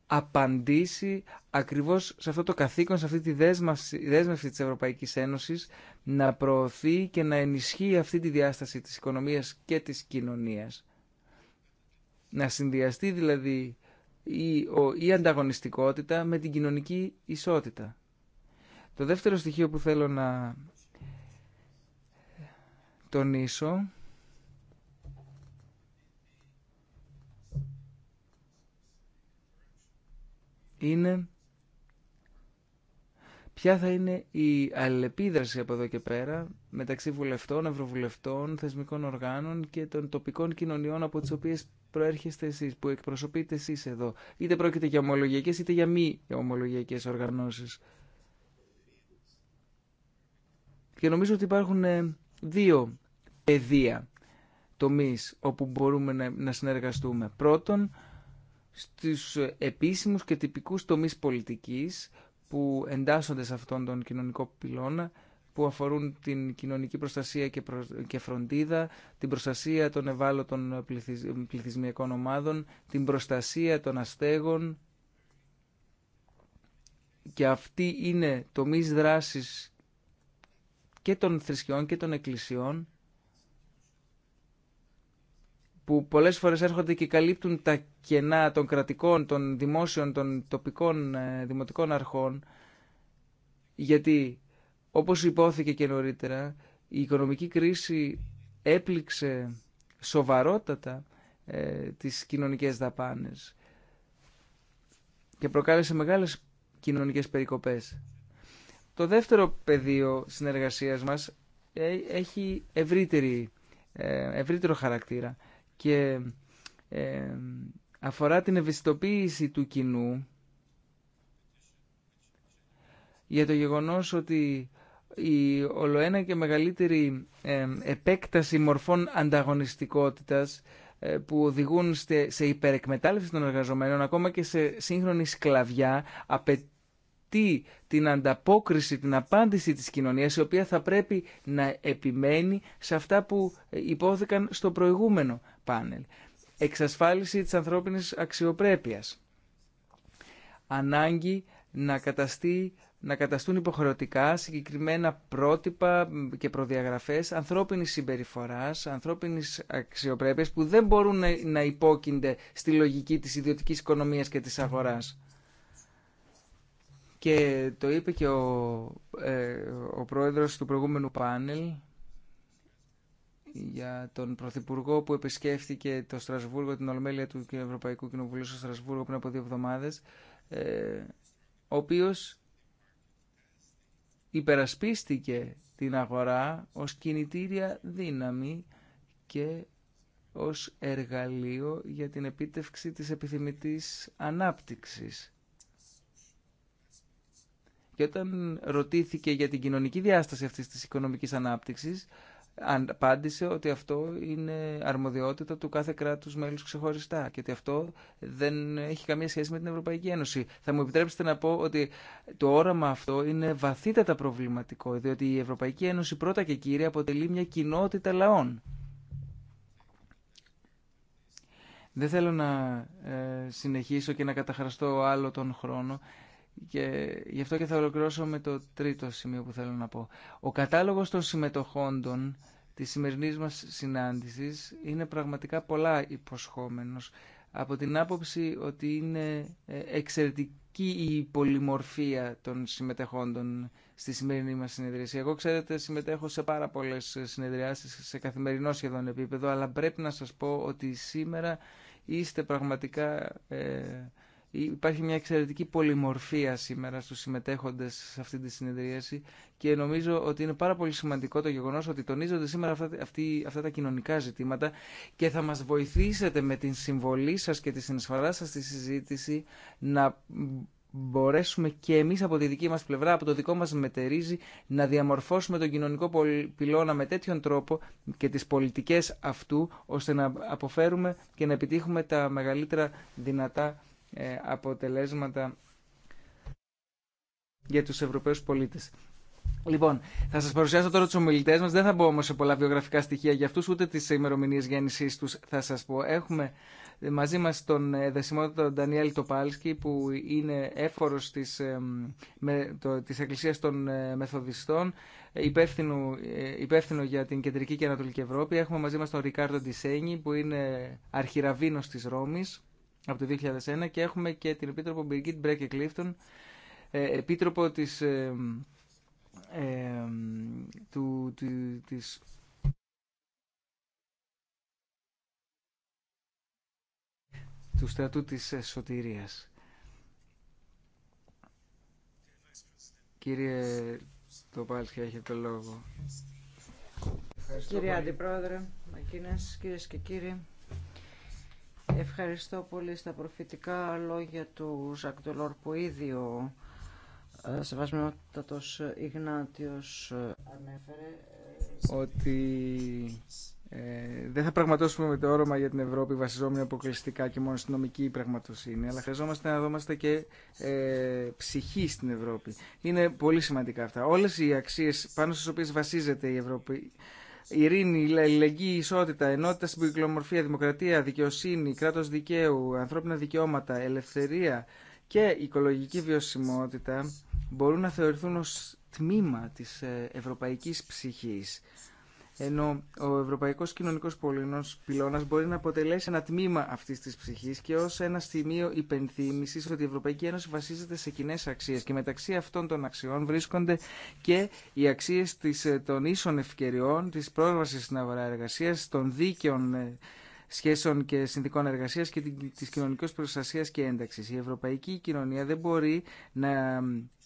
απαντήσει ακριβώς σε αυτό το καθήκον, σε αυτή τη δέσμευση, δέσμευση της Ευρωπαϊκής Ένωσης να προωθεί και να ενισχύει αυτή τη διάσταση της οικονομίας και της κοινωνίας. Να συνδυαστεί δηλαδή η, ο, η ανταγωνιστικότητα με την κοινωνική ισότητα. Το δεύτερο στοιχείο που θέλω να τονίσω είναι ποια θα είναι η αλληλεπίδραση από εδώ και πέρα μεταξύ βουλευτών, ευρωβουλευτών, θεσμικών οργάνων και των τοπικών κοινωνιών από τις οποίες προέρχεστε εσείς, που εκπροσωπείτε εσείς εδώ. Είτε πρόκειται για ομολογιακές είτε για μη ομολογιακές οργανώσεις. Και νομίζω ότι υπάρχουν ε, δύο πεδία τομείς όπου μπορούμε να συνεργαστούμε. Πρώτον, στους επίσημους και τυπικούς τομείς πολιτικής που εντάσσονται σε αυτόν τον κοινωνικό πυλώνα που αφορούν την κοινωνική προστασία και φροντίδα, την προστασία των ευάλωτων πληθυσμιακών ομάδων, την προστασία των αστέγων και αυτή είναι τομείς δράσης και των θρησκειών και των εκκλησιών που πολλές φορές έρχονται και καλύπτουν τα κενά των κρατικών, των δημόσιων, των τοπικών ε, δημοτικών αρχών, γιατί όπως υπόθηκε και νωρίτερα, η οικονομική κρίση έπληξε σοβαρότατα ε, τις κοινωνικές δαπάνες και προκάλεσε μεγάλες κοινωνικές περικοπές. Το δεύτερο πεδίο συνεργασίας μας ε, έχει ευρύτερη, ε, ευρύτερο χαρακτήρα και ε, αφορά την ευαισθητοποίηση του κοινού για το γεγονός ότι η ολοένα και μεγαλύτερη ε, επέκταση μορφών ανταγωνιστικότητας ε, που οδηγούν σε, σε υπερεκμετάλλευση των εργαζομένων ακόμα και σε σύγχρονη σκλαβιά απαιτεί την ανταπόκριση, την απάντηση της κοινωνίας η οποία θα πρέπει να επιμένει σε αυτά που υπόθηκαν στο προηγούμενο πάνελ. Εξασφάλιση της ανθρώπινης αξιοπρέπειας. Ανάγκη να, καταστεί, να καταστούν υποχρεωτικά συγκεκριμένα πρότυπα και προδιαγραφές ανθρώπινης συμπεριφοράς, ανθρώπινης αξιοπρέπειας που δεν μπορούν να υπόκεινται στη λογική της ιδιωτικής οικονομίας και της αγοράς. Και το είπε και ο, ε, πρόεδρος του προηγούμενου πάνελ για τον Πρωθυπουργό που επισκέφθηκε το Στρασβούργο, την Ολμέλεια του Ευρωπαϊκού Κοινοβουλίου στο Στρασβούργο πριν από δύο εβδομάδες, ε, ο οποίος υπερασπίστηκε την αγορά ως κινητήρια δύναμη και ως εργαλείο για την επίτευξη της επιθυμητής ανάπτυξης. Και όταν ρωτήθηκε για την κοινωνική διάσταση αυτής της οικονομικής ανάπτυξης, απάντησε ότι αυτό είναι αρμοδιότητα του κάθε κράτους μέλους ξεχωριστά και ότι αυτό δεν έχει καμία σχέση με την Ευρωπαϊκή Ένωση. Θα μου επιτρέψετε να πω ότι το όραμα αυτό είναι βαθύτατα προβληματικό, διότι η Ευρωπαϊκή Ένωση πρώτα και κύρια αποτελεί μια κοινότητα λαών. Δεν θέλω να ε, συνεχίσω και να καταχραστώ άλλο τον χρόνο. Και γι' αυτό και θα ολοκληρώσω με το τρίτο σημείο που θέλω να πω. Ο κατάλογος των συμμετοχόντων της σημερινής μας συνάντησης είναι πραγματικά πολλά υποσχόμενος. Από την άποψη ότι είναι ε, εξαιρετική η πολυμορφία των συμμετεχόντων στη σημερινή μας συνεδρίαση. Εγώ, ξέρετε, συμμετέχω σε πάρα πολλές συνεδριάσεις, σε καθημερινό σχεδόν επίπεδο, αλλά πρέπει να σας πω ότι σήμερα είστε πραγματικά... Ε, Υπάρχει μια εξαιρετική πολυμορφία σήμερα στους συμμετέχοντες σε αυτή τη συνεδρίαση και νομίζω ότι είναι πάρα πολύ σημαντικό το γεγονός ότι τονίζονται σήμερα αυτά, αυτή, τα κοινωνικά ζητήματα και θα μας βοηθήσετε με την συμβολή σας και τη συνεισφορά σας στη συζήτηση να μπορέσουμε και εμείς από τη δική μας πλευρά, από το δικό μας μετερίζει, να διαμορφώσουμε τον κοινωνικό πυλώνα με τέτοιον τρόπο και τις πολιτικές αυτού, ώστε να αποφέρουμε και να επιτύχουμε τα μεγαλύτερα δυνατά ε, αποτελέσματα για τους Ευρωπαίους πολίτες. Λοιπόν, θα σα παρουσιάσω τώρα του ομιλητέ μα. Δεν θα μπω όμω σε πολλά βιογραφικά στοιχεία για αυτού, ούτε τι ημερομηνίε γέννησή του θα σα πω. Έχουμε μαζί μα τον ε, δεσιμότητα Ντανιέλ Τοπάλσκι, που είναι έφορο τη της ε, Εκκλησία των Μεθοδιστών, υπεύθυνο, υπεύθυνο για την Κεντρική και Ανατολική Ευρώπη. Έχουμε μαζί μα τον Ρικάρδο Ντισένι, που είναι αρχιραβίνο τη Ρώμης από το 2001 και έχουμε και την Επίτροπο Birgit Μπρέκε Κλίφτον, ε, Επίτροπο της, ε, ε, του, του, της του στρατού της σωτηρίας. Κύριε έχει έχετε λόγο. Κύριε Αντιπρόεδρε, Μακίνες, κυρίες και κύριοι, Ευχαριστώ πολύ στα προφητικά λόγια του Ζακ που ήδη ο ε, Σεβασμιότατος Ιγνάτιος ε, ανέφερε ότι ε, δεν θα πραγματώσουμε με το όρομα για την Ευρώπη βασιζόμενοι αποκλειστικά και μόνο στην νομική πραγματοσύνη, αλλά χρειαζόμαστε να δόμαστε και ε, ψυχή στην Ευρώπη. Είναι πολύ σημαντικά αυτά. Όλες οι αξίες πάνω στις οποίες βασίζεται η Ευρώπη η ειρήνη, λεγική ισότητα, ενότητα στην πυκλομορφία, δημοκρατία, δικαιοσύνη, κράτος δικαίου, ανθρώπινα δικαιώματα, ελευθερία και οικολογική βιωσιμότητα μπορούν να θεωρηθούν ως τμήμα της ε, ευρωπαϊκής ψυχής ενώ ο Ευρωπαϊκός Κοινωνικός Πολύνος Πυλώνας μπορεί να αποτελέσει ένα τμήμα αυτής της ψυχής και ως ένα σημείο υπενθύμησης ότι η Ευρωπαϊκή Ένωση βασίζεται σε κοινέ αξίες και μεταξύ αυτών των αξιών βρίσκονται και οι αξίες ε, των ίσων ευκαιριών, της πρόσβασης στην αγορά εργασία, των δίκαιων ε, σχέσεων και συνδικών εργασία και τη κοινωνική προστασία και ένταξη. Η ευρωπαϊκή κοινωνία δεν μπορεί να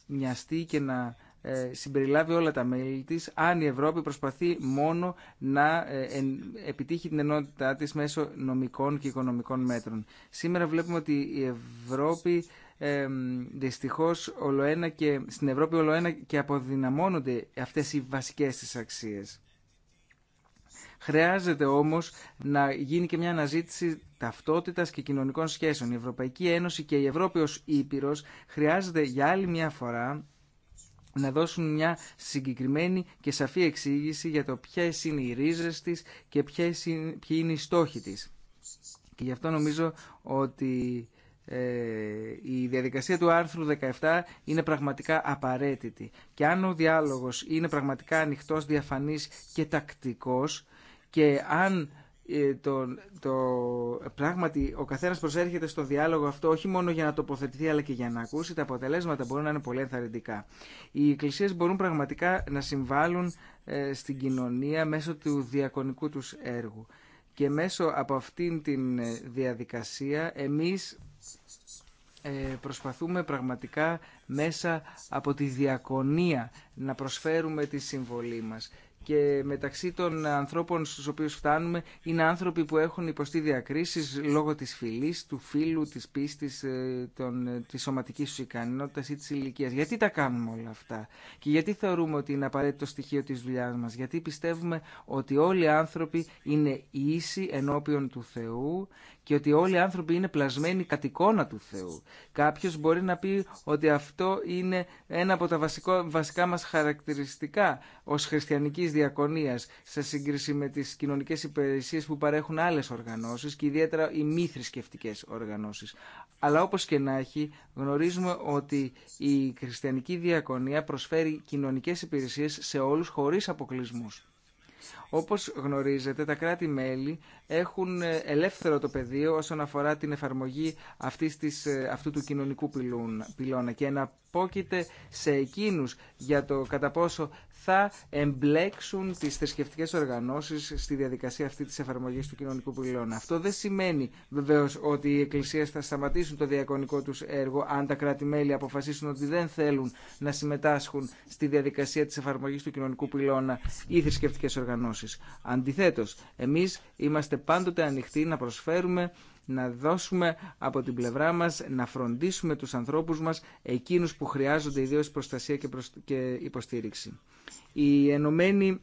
μοιαστεί και να ε, συμπεριλάβει όλα τα μέλη της αν η Ευρώπη προσπαθεί μόνο να ε, επιτύχει την ενότητά της μέσω νομικών και οικονομικών μέτρων. Σήμερα βλέπουμε ότι η Ευρώπη ε, δυστυχώς ολοένα και, στην Ευρώπη ολοένα και αποδυναμώνονται αυτές οι βασικές της αξίες. Χρειάζεται όμως να γίνει και μια αναζήτηση ταυτότητας και κοινωνικών σχέσεων. Η Ευρωπαϊκή Ένωση και η Ευρώπη ως Ήπειρος χρειάζεται για άλλη μια φορά να δώσουν μια συγκεκριμένη και σαφή εξήγηση για το ποιε είναι οι ρίζες της και είναι, ποιοι είναι οι στόχοι της. Και γι' αυτό νομίζω ότι ε, η διαδικασία του άρθρου 17 είναι πραγματικά απαραίτητη. Και αν ο διάλογος είναι πραγματικά ανοιχτός, διαφανής και τακτικός και αν ε, το, το, πράγματι ο καθένας προσέρχεται στο διάλογο αυτό όχι μόνο για να τοποθετηθεί αλλά και για να ακούσει τα αποτελέσματα μπορούν να είναι πολύ ενθαρρυντικά. Οι εκκλησίε μπορούν πραγματικά να συμβάλλουν ε, στην κοινωνία μέσω του διακονικού τους έργου και μέσω από αυτήν την ε, διαδικασία εμείς προσπαθούμε πραγματικά μέσα από τη διακονία να προσφέρουμε τη συμβολή μας και μεταξύ των ανθρώπων στους οποίους φτάνουμε είναι άνθρωποι που έχουν υποστεί διακρίσεις λόγω της φίλης του φίλου, της πίστης, ε, των, ε, της σωματικής του ικανότητας ή της ηλικία. Γιατί τα κάνουμε όλα αυτά και γιατί θεωρούμε ότι είναι απαραίτητο στοιχείο της δουλειά μας. Γιατί πιστεύουμε ότι όλοι οι άνθρωποι είναι ίσοι ενώπιον του Θεού και ότι όλοι οι άνθρωποι είναι πλασμένοι κατ' εικόνα του Θεού. Κάποιος μπορεί να πει ότι αυτό είναι ένα από τα βασικό, βασικά μας χαρακτηριστικά ως χριστιανικής διακονίας σε σύγκριση με τις κοινωνικές υπηρεσίες που παρέχουν άλλες οργανώσεις και ιδιαίτερα οι μη θρησκευτικέ οργανώσεις. Αλλά όπως και να έχει γνωρίζουμε ότι η χριστιανική διακονία προσφέρει κοινωνικές υπηρεσίες σε όλους χωρίς αποκλεισμούς. Όπως γνωρίζετε, τα κράτη-μέλη έχουν ε, ελεύθερο το πεδίο όσον αφορά την εφαρμογή της, ε, αυτού του κοινωνικού πυλώνα και να πόκειται σε εκείνους για το κατά πόσο θα εμπλέξουν τι θρησκευτικέ οργανώσεις στη διαδικασία αυτή της εφαρμογής του κοινωνικού πυλώνα. Αυτό δεν σημαίνει βεβαίω ότι οι εκκλησίε θα σταματήσουν το διακονικό τους έργο αν τα κράτη-μέλη αποφασίσουν ότι δεν θέλουν να συμμετάσχουν στη διαδικασία της εφαρμογής του κοινωνικού πυλώνα ή θρησκευτικέ οργανώσει. Αντιθέτω, εμεί είμαστε πάντοτε ανοιχτοί να προσφέρουμε να δώσουμε από την πλευρά μας, να φροντίσουμε τους ανθρώπους μας, εκείνους που χρειάζονται ιδίως προστασία και υποστήριξη. Η Ενωμένη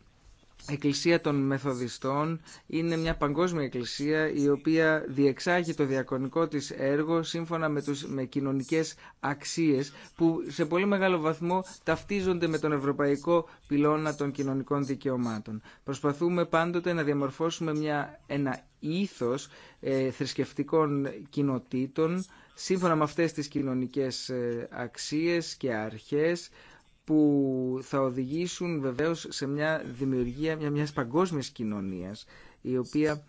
Εκκλησία των Μεθοδιστών είναι μια παγκόσμια εκκλησία η οποία διεξάγει το διακονικό της έργο σύμφωνα με, τους, με κοινωνικές αξίες που σε πολύ μεγάλο βαθμό ταυτίζονται με τον ευρωπαϊκό πυλώνα των κοινωνικών δικαιωμάτων. Προσπαθούμε πάντοτε να διαμορφώσουμε μια, ένα ήθος ε, θρησκευτικών κοινοτήτων σύμφωνα με αυτές τις κοινωνικές ε, αξίες και αρχές που θα οδηγήσουν βεβαίως σε μια δημιουργία μια μιας παγκόσμιας κοινωνίας η οποία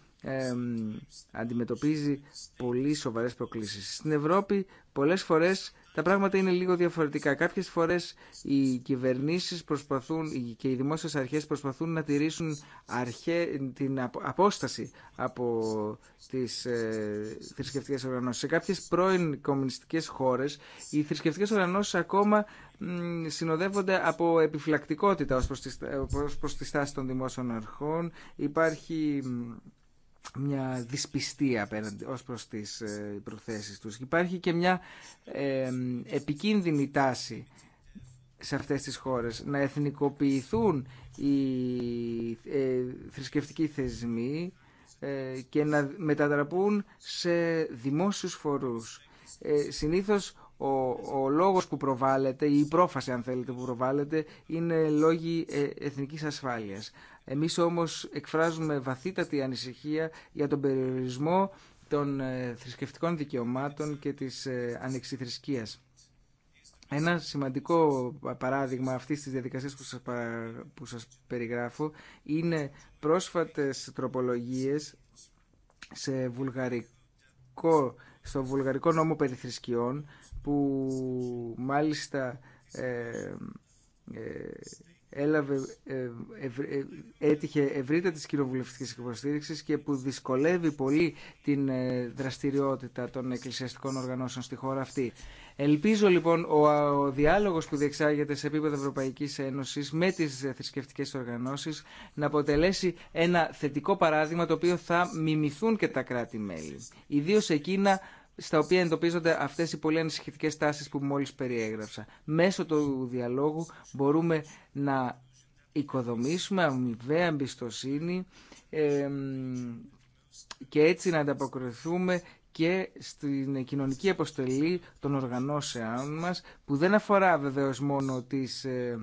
αντιμετωπίζει πολύ σοβαρές προκλήσεις. Στην Ευρώπη πολλές φορές τα πράγματα είναι λίγο διαφορετικά. Κάποιε φορέ οι κυβερνήσει προσπαθούν και οι δημόσιε αρχέ προσπαθούν να τηρήσουν αρχέ, την απόσταση από τι ε, θρησκευτικές οργανώσεις. Σε κάποιες πρώην κομμουνιστικές χώρες οι θρησκευτικέ οργανώσει ακόμα συνοδεύονται από επιφυλακτικότητα ω προς τη, στάση ε, των δημόσιων αρχών. Υπάρχει μια δυσπιστία ως προς τις ε, προθέσεις τους. Υπάρχει και μια ε, επικίνδυνη τάση σε αυτές τις χώρες να εθνικοποιηθούν οι ε, θρησκευτικοί θεσμοί και να μετατραπούν σε δημόσιους φορούς. Συνήθως ο, ο λόγος που προβάλλεται ή η πρόφαση αν θέλετε που προβάλλεται είναι λόγοι εθνικής ασφάλειας. Εμείς όμως εκφράζουμε βαθύτατη ανησυχία για τον περιορισμό των ε, θρησκευτικών δικαιωμάτων και της ε, ανεξιθρησκείας. Ένα σημαντικό παράδειγμα αυτής της διαδικασίας που σας, που περιγράφω είναι πρόσφατες τροπολογίες σε βουλγαρικό, στο βουλγαρικό νόμο περί θρησκειών που μάλιστα ε, έλαβε, ε, ε, έτυχε ευρύτατη της κοινοβουλευτικής υποστήριξης και που δυσκολεύει πολύ την ε, δραστηριότητα των εκκλησιαστικών οργανώσεων στη χώρα αυτή. Ελπίζω λοιπόν ο διάλογος που διεξάγεται σε επίπεδο Ευρωπαϊκής Ένωσης με τις θρησκευτικέ οργανώσεις να αποτελέσει ένα θετικό παράδειγμα το οποίο θα μιμηθούν και τα κράτη-μέλη. Ιδίως εκείνα στα οποία εντοπίζονται αυτές οι πολύ ανησυχητικές τάσεις που μόλις περιέγραψα. Μέσω του διαλόγου μπορούμε να οικοδομήσουμε αμοιβαία εμπιστοσύνη ε, και έτσι να ανταποκριθούμε και στην κοινωνική αποστολή των οργανώσεων μας που δεν αφορά βεβαίως μόνο τις ε,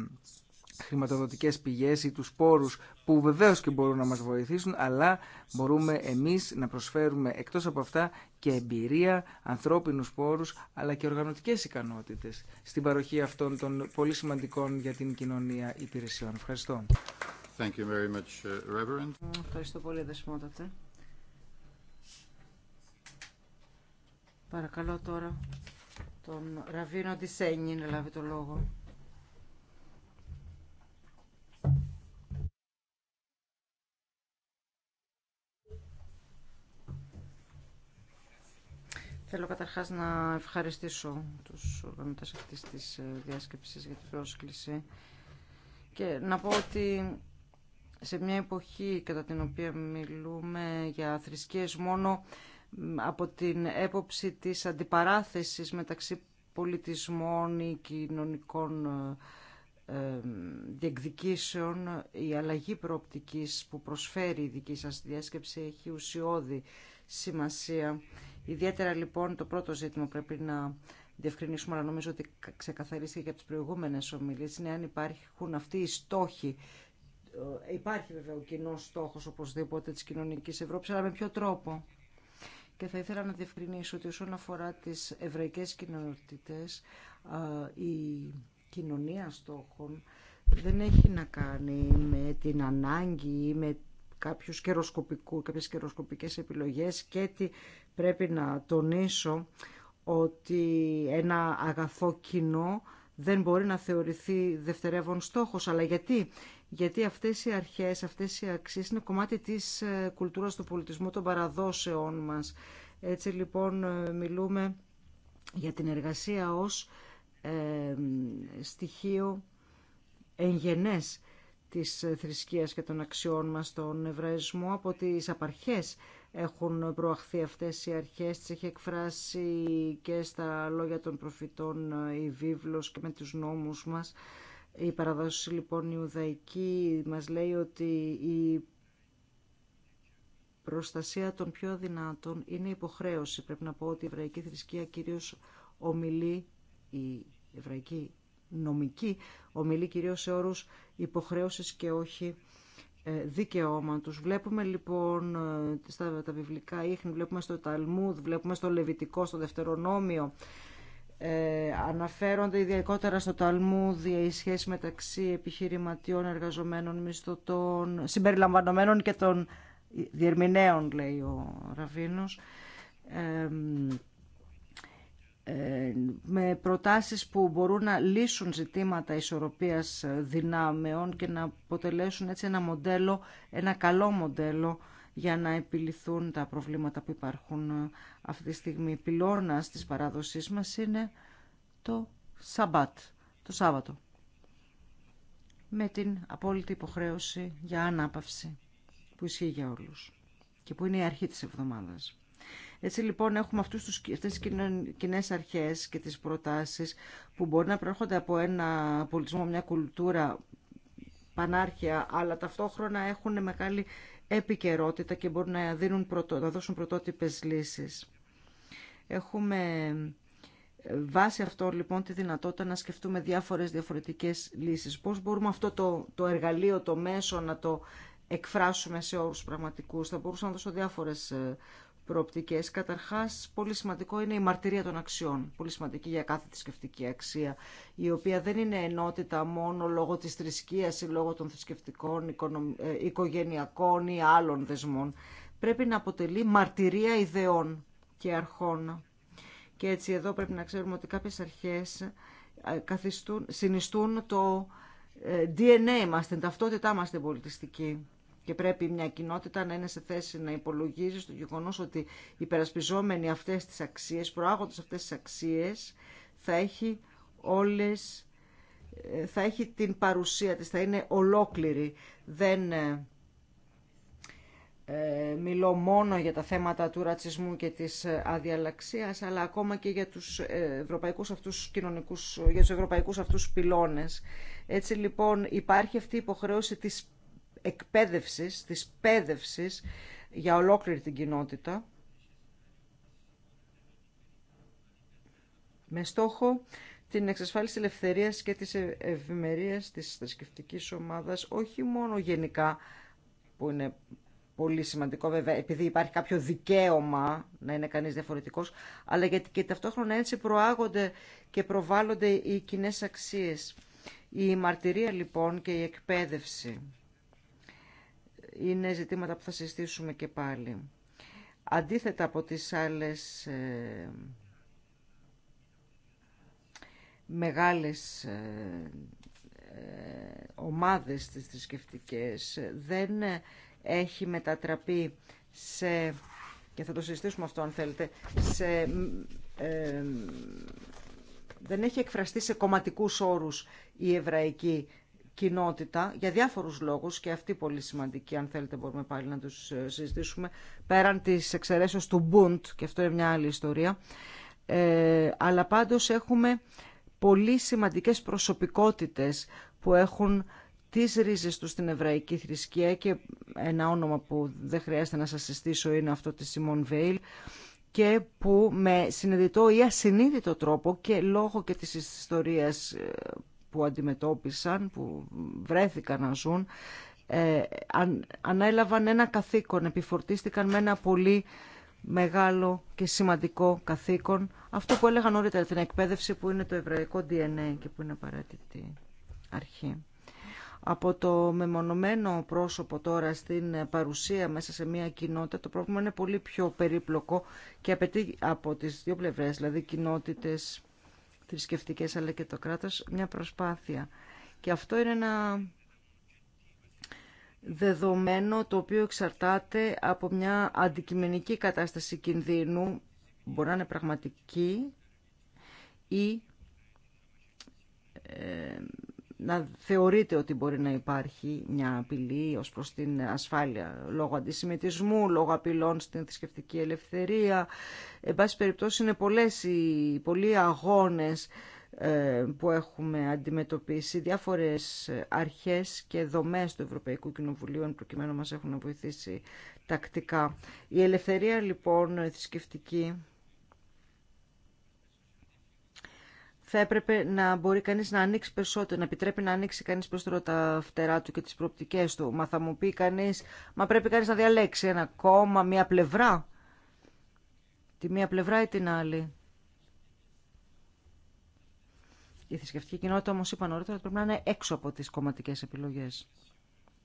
χρηματοδοτικές πηγές ή τους πόρους που βεβαίως και μπορούν να μας βοηθήσουν, αλλά μπορούμε εμείς να προσφέρουμε εκτός από αυτά και εμπειρία, ανθρώπινους πόρους, αλλά και οργανωτικές ικανότητες στην παροχή αυτών των πολύ σημαντικών για την κοινωνία υπηρεσιών. Ευχαριστώ. Thank you very much, uh, Reverend. Ευχαριστώ πολύ, δεσμότατε. Παρακαλώ τώρα τον Ραβίνο Ντισένι να λάβει το λόγο. Θέλω καταρχάς να ευχαριστήσω τους οργανωτές αυτής της ε, διάσκεψης για την πρόσκληση και να πω ότι σε μια εποχή κατά την οποία μιλούμε για θρησκείες μόνο από την έποψη της αντιπαράθεσης μεταξύ πολιτισμών ή κοινωνικών ε, διεκδικήσεων η αλλαγή προοπτικής που προσφέρει η δική σας διάσκεψη έχει ουσιώδη σημασία Ιδιαίτερα λοιπόν το πρώτο ζήτημα πρέπει να διευκρινίσουμε, αλλά νομίζω ότι ξεκαθαρίστηκε και από τις προηγούμενες ομιλίες, είναι αν υπάρχουν αυτοί οι στόχοι ε, υπάρχει βέβαια ο κοινό στόχο οπωσδήποτε τη κοινωνική Ευρώπη, αλλά με ποιο τρόπο. Και θα ήθελα να διευκρινίσω ότι όσον αφορά τι εβραϊκέ κοινότητε, η κοινωνία στόχων δεν έχει να κάνει με την ανάγκη ή με κάποιους καιροσκοπικού, κάποιες καιροσκοπικές επιλογές και τη πρέπει να τονίσω ότι ένα αγαθό κοινό δεν μπορεί να θεωρηθεί δευτερεύον στόχος. Αλλά γιατί, γιατί αυτές οι αρχές, αυτές οι αξίες είναι κομμάτι της ε, κουλτούρας του πολιτισμού, των παραδόσεών μας. Έτσι λοιπόν ε, μιλούμε για την εργασία ως ε, στοιχείο εγγενές της θρησκείας και των αξιών μας στον Εβραϊσμό. Από τις απαρχές έχουν προαχθεί αυτές οι αρχές, τις έχει εκφράσει και στα λόγια των προφητών ε, η βίβλος και με τους νόμους μας. Η παραδόση λοιπόν Ιουδαϊκή μας λέει ότι η προστασία των πιο αδυνάτων είναι υποχρέωση. Πρέπει να πω ότι η εβραϊκή θρησκεία κυρίως ομιλεί, η εβραϊκή νομική ομιλεί κυρίως σε όρους υποχρέωσης και όχι ε, δικαιώματος. Βλέπουμε λοιπόν ε, στα τα βιβλικά ίχνη, βλέπουμε στο Ταλμούδ, βλέπουμε στο Λεβιτικό, στο Δευτερονόμιο. Ε, αναφέρονται ιδιαίτερα στο Ταλμούδ η σχέση μεταξύ επιχειρηματιών, εργαζομένων, μισθωτών, συμπεριλαμβανομένων και των διερμηνέων, λέει ο Ραβίνος. Ε, με προτάσεις που μπορούν να λύσουν ζητήματα ισορροπίας δυνάμεων και να αποτελέσουν έτσι ένα μοντέλο, ένα καλό μοντέλο για να επιληθούν τα προβλήματα που υπάρχουν αυτή τη στιγμή. Η της παράδοσής μας είναι το Σαμπάτ, το Σάββατο, με την απόλυτη υποχρέωση για ανάπαυση που ισχύει για όλους και που είναι η αρχή της εβδομάδας. Έτσι λοιπόν έχουμε αυτούς τους, αυτές τις κοινέ αρχές και τις προτάσεις που μπορεί να προέρχονται από ένα πολιτισμό, μια κουλτούρα πανάρχια, αλλά ταυτόχρονα έχουν μεγάλη επικαιρότητα και μπορούν να, δίνουν να δώσουν πρωτότυπες λύσεις. Έχουμε ε, βάσει αυτό λοιπόν τη δυνατότητα να σκεφτούμε διάφορες διαφορετικές λύσεις. Πώς μπορούμε αυτό το, το εργαλείο, το μέσο να το εκφράσουμε σε όρους πραγματικούς. Θα μπορούσα να δώσω διάφορες ε, προοπτικές. Καταρχάς, πολύ σημαντικό είναι η μαρτυρία των αξιών, πολύ σημαντική για κάθε θρησκευτική αξία, η οποία δεν είναι ενότητα μόνο λόγω της θρησκεία ή λόγω των θρησκευτικών, ε, οικογενειακών ή άλλων δεσμών. Πρέπει να αποτελεί μαρτυρία ιδεών και αρχών. Και έτσι εδώ πρέπει να ξέρουμε ότι κάποιες αρχέ ε, συνιστούν το ε, DNA μας, την ταυτότητά μας την πολιτιστική. Και πρέπει μια κοινότητα να είναι σε θέση να υπολογίζει στο γεγονό ότι υπερασπιζόμενοι αυτέ τι αξίε, προάγοντα αυτέ τι αξίε, θα έχει όλες ε, θα έχει την παρουσία της, θα είναι ολόκληρη. Δεν ε, ε, μιλώ μόνο για τα θέματα του ρατσισμού και της αδιαλαξίας, αλλά ακόμα και για τους ευρωπαϊκούς αυτούς κοινωνικούς, για πυλώνες. Έτσι λοιπόν υπάρχει αυτή η υποχρέωση της εκπαίδευσης, της πέδευσης για ολόκληρη την κοινότητα με στόχο την εξασφάλιση ελευθερίας και της ευημερίας της θρησκευτική ομάδας όχι μόνο γενικά που είναι πολύ σημαντικό βέβαια επειδή υπάρχει κάποιο δικαίωμα να είναι κανείς διαφορετικός αλλά γιατί και ταυτόχρονα έτσι προάγονται και προβάλλονται οι κοινέ αξίες. Η μαρτυρία λοιπόν και η εκπαίδευση είναι ζητήματα που θα συστήσουμε και πάλι. Αντίθετα από τις άλλες ε, μεγάλες ε, ε, ομάδες της θρησκευτικέ δεν έχει μετατραπεί σε, και θα το συζητήσουμε αυτό αν θέλετε, δεν έχει εκφραστεί σε κομματικούς όρους η εβραϊκή κοινότητα για διάφορους λόγους και αυτή πολύ σημαντική αν θέλετε μπορούμε πάλι να τους ε, συζητήσουμε πέραν της εξαιρέσεως του Μπούντ και αυτό είναι μια άλλη ιστορία ε, αλλά πάντως έχουμε πολύ σημαντικές προσωπικότητες που έχουν τις ρίζες του στην εβραϊκή θρησκεία και ένα όνομα που δεν χρειάζεται να σας συστήσω είναι αυτό της Σιμών Βέιλ και που με συνειδητό ή ασυνείδητο τρόπο και λόγω και της ιστορίας ε, που αντιμετώπισαν, που βρέθηκαν να ζουν, ε, αν, ανέλαβαν ένα καθήκον, επιφορτίστηκαν με ένα πολύ μεγάλο και σημαντικό καθήκον. Αυτό που έλεγαν νωρίτερα, την εκπαίδευση που είναι το εβραϊκό DNA και που είναι απαραίτητη αρχή. Από το μεμονωμένο πρόσωπο τώρα στην παρουσία μέσα σε μια κοινότητα, το πρόβλημα είναι πολύ πιο περίπλοκο και απαιτεί από τις δύο πλευρές, δηλαδή κοινότητες θρησκευτικές αλλά και το κράτος μια προσπάθεια. Και αυτό είναι ένα δεδομένο το οποίο εξαρτάται από μια αντικειμενική κατάσταση κινδύνου, μπορεί να είναι πραγματική ή ε, να θεωρείται ότι μπορεί να υπάρχει μια απειλή ως προς την ασφάλεια λόγω αντισημιτισμού, λόγω απειλών στην θρησκευτική ελευθερία. Εν πάση περιπτώσει είναι πολλές οι, πολλοί αγώνες ε, που έχουμε αντιμετωπίσει διάφορες αρχές και δομές του Ευρωπαϊκού Κοινοβουλίου προκειμένου μας έχουν βοηθήσει τακτικά. Η ελευθερία λοιπόν θρησκευτική θα έπρεπε να μπορεί κανείς να ανοίξει περισσότερο, να επιτρέπει να ανοίξει κανείς περισσότερο τα φτερά του και τις προοπτικές του. Μα θα μου πει κανείς, μα πρέπει κανείς να διαλέξει ένα κόμμα, μία πλευρά. Τη μία πλευρά ή την άλλη. Η θρησκευτική κοινότητα όμως είπα νωρίτερα ότι πρέπει να είναι έξω από τις κομματικές επιλογές.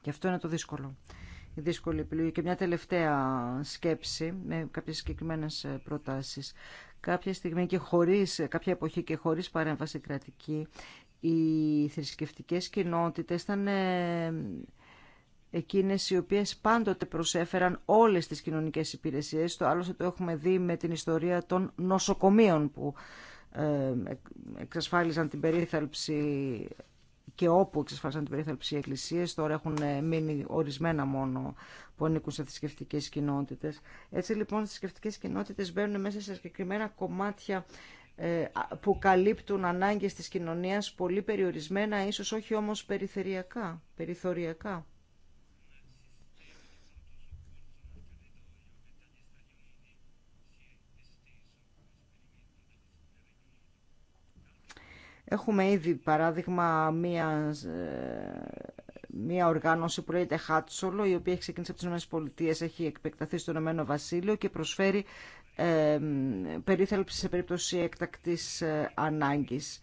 Και αυτό είναι το δύσκολο δύσκολη επιλογή. Και μια τελευταία σκέψη με κάποιες συγκεκριμένε ε, προτάσεις. Κάποια στιγμή και χωρίς, κάποια εποχή και χωρίς παρέμβαση κρατική, οι θρησκευτικές κοινότητες ήταν ε, εκείνες οι οποίες πάντοτε προσέφεραν όλες τις κοινωνικές υπηρεσίες. Το άλλο το έχουμε δει με την ιστορία των νοσοκομείων που ε, εξασφάλιζαν την περίθαλψη και όπου εξασφάλισαν την περίθαλψη οι εκκλησίες, τώρα έχουν ε, μείνει ορισμένα μόνο που ανήκουν σε θρησκευτικέ κοινότητε. Έτσι λοιπόν οι θρησκευτικέ κοινότητε μπαίνουν μέσα σε συγκεκριμένα κομμάτια ε, που καλύπτουν ανάγκες της κοινωνίας πολύ περιορισμένα, ίσως όχι όμως περιθωριακά. περιθωριακά. Έχουμε ήδη παράδειγμα μια, ε, μια οργάνωση που λέγεται Χάτσολο, η οποία έχει ξεκινήσει από τις ΗΠΑ, έχει επεκταθεί στο Ηνωμένο Βασίλειο και προσφέρει ε, περίθαλψη σε περίπτωση έκτακτης ε, ανάγκης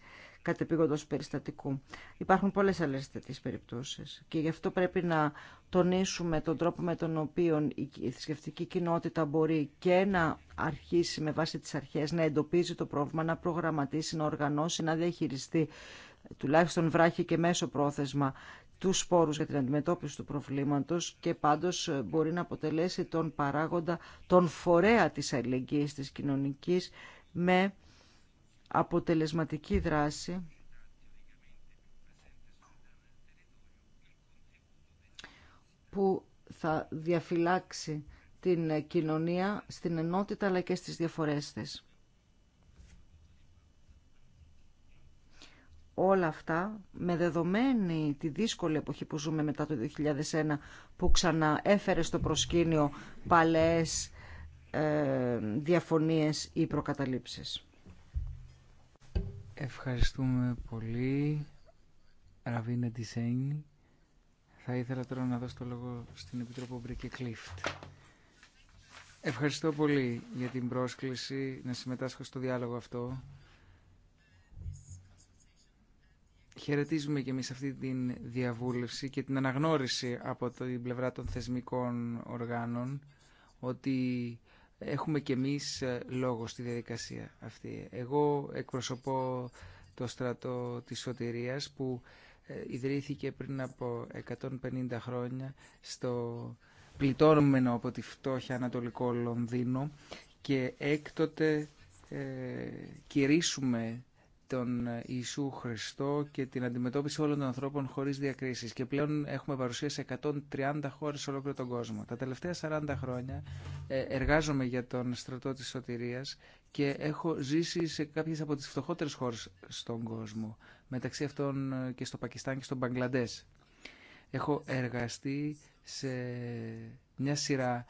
κατεπήγοντος περιστατικού. Υπάρχουν πολλές άλλες τέτοιες περιπτώσεις και γι' αυτό πρέπει να τονίσουμε τον τρόπο με τον οποίο η θρησκευτική κοινότητα μπορεί και να αρχίσει με βάση τις αρχές να εντοπίζει το πρόβλημα, να προγραμματίσει, να οργανώσει, να διαχειριστεί τουλάχιστον βράχει και μέσο πρόθεσμα του σπόρους για την αντιμετώπιση του προβλήματο και πάντως μπορεί να αποτελέσει τον παράγοντα, τον φορέα τη αλληλεγγύη τη κοινωνική με αποτελεσματική δράση που θα διαφυλάξει την κοινωνία στην ενότητα αλλά και στις διαφορές της. όλα αυτά με δεδομένη τη δύσκολη εποχή που ζούμε μετά το 2001 που ξανά έφερε στο προσκήνιο παλαιές ε, διαφωνίες ή προκαταλήψεις. Ευχαριστούμε πολύ, Ραβίνα Ντισέιν. Θα ήθελα τώρα να δώσω το λόγο στην Επιτρόπο Μπρίκε Κλίφτ. Ευχαριστώ πολύ για την πρόσκληση να συμμετάσχω στο διάλογο αυτό. Χαιρετίζουμε και εμείς αυτή την διαβούλευση και την αναγνώριση από την πλευρά των θεσμικών οργάνων ότι έχουμε κι εμείς ε, λόγο στη διαδικασία αυτή. Εγώ εκπροσωπώ το στρατό της σωτηρίας που ε, ιδρύθηκε πριν από 150 χρόνια στο πληττώνομενο από τη φτώχεια Ανατολικό Λονδίνο και έκτοτε ε, κηρύσουμε τον Ιησού Χριστό και την αντιμετώπιση όλων των ανθρώπων χωρίς διακρίσεις. Και πλέον έχουμε παρουσία σε 130 χώρες σε ολόκληρο τον κόσμο. Τα τελευταία 40 χρόνια ε, εργάζομαι για τον στρατό της σωτηρίας και έχω ζήσει σε κάποιες από τις φτωχότερες χώρες στον κόσμο. Μεταξύ αυτών ε, και στο Πακιστάν και στο Μπαγκλαντέ. Έχω εργαστεί σε μια σειρά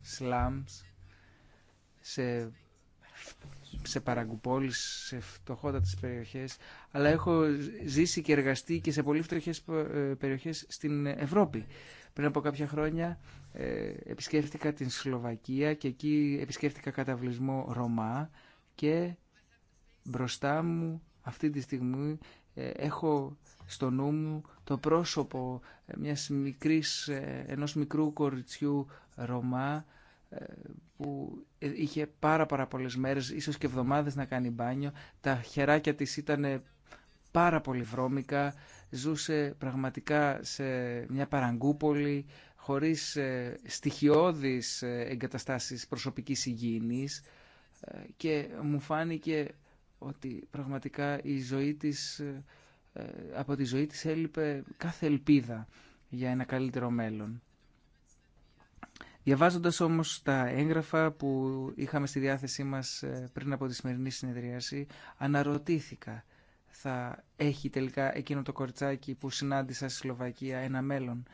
σλάμς ε, σε, σε παραγκουπόλεις, σε φτωχότατες περιοχές, αλλά έχω ζήσει και εργαστεί και σε πολύ φτωχές ε, περιοχές στην Ευρώπη. Πριν από κάποια χρόνια ε, επισκέφτηκα την Σλοβακία και εκεί επισκέφτηκα καταβλισμό Ρωμά και μπροστά μου αυτή τη στιγμή ε, έχω στο νου μου το πρόσωπο μιας μικρής, ενός μικρού κοριτσιού Ρωμά που είχε πάρα πάρα πολλές μέρες, ίσως και εβδομάδες να κάνει μπάνιο. Τα χεράκια της ήταν πάρα πολύ βρώμικα, ζούσε πραγματικά σε μια παραγκούπολη, χωρίς ε, στοιχειώδεις ε, εγκαταστάσεις προσωπικής υγιεινής ε, και μου φάνηκε ότι πραγματικά η ζωή της, από τη ζωή της έλειπε κάθε ελπίδα για ένα καλύτερο μέλλον. Διαβάζοντας όμως τα έγγραφα που είχαμε στη διάθεσή μας ε, πριν από τη σημερινή συνεδρίαση, αναρωτήθηκα θα έχει τελικά εκείνο το κοριτσάκι που συνάντησα στη Σλοβακία ένα μέλλον.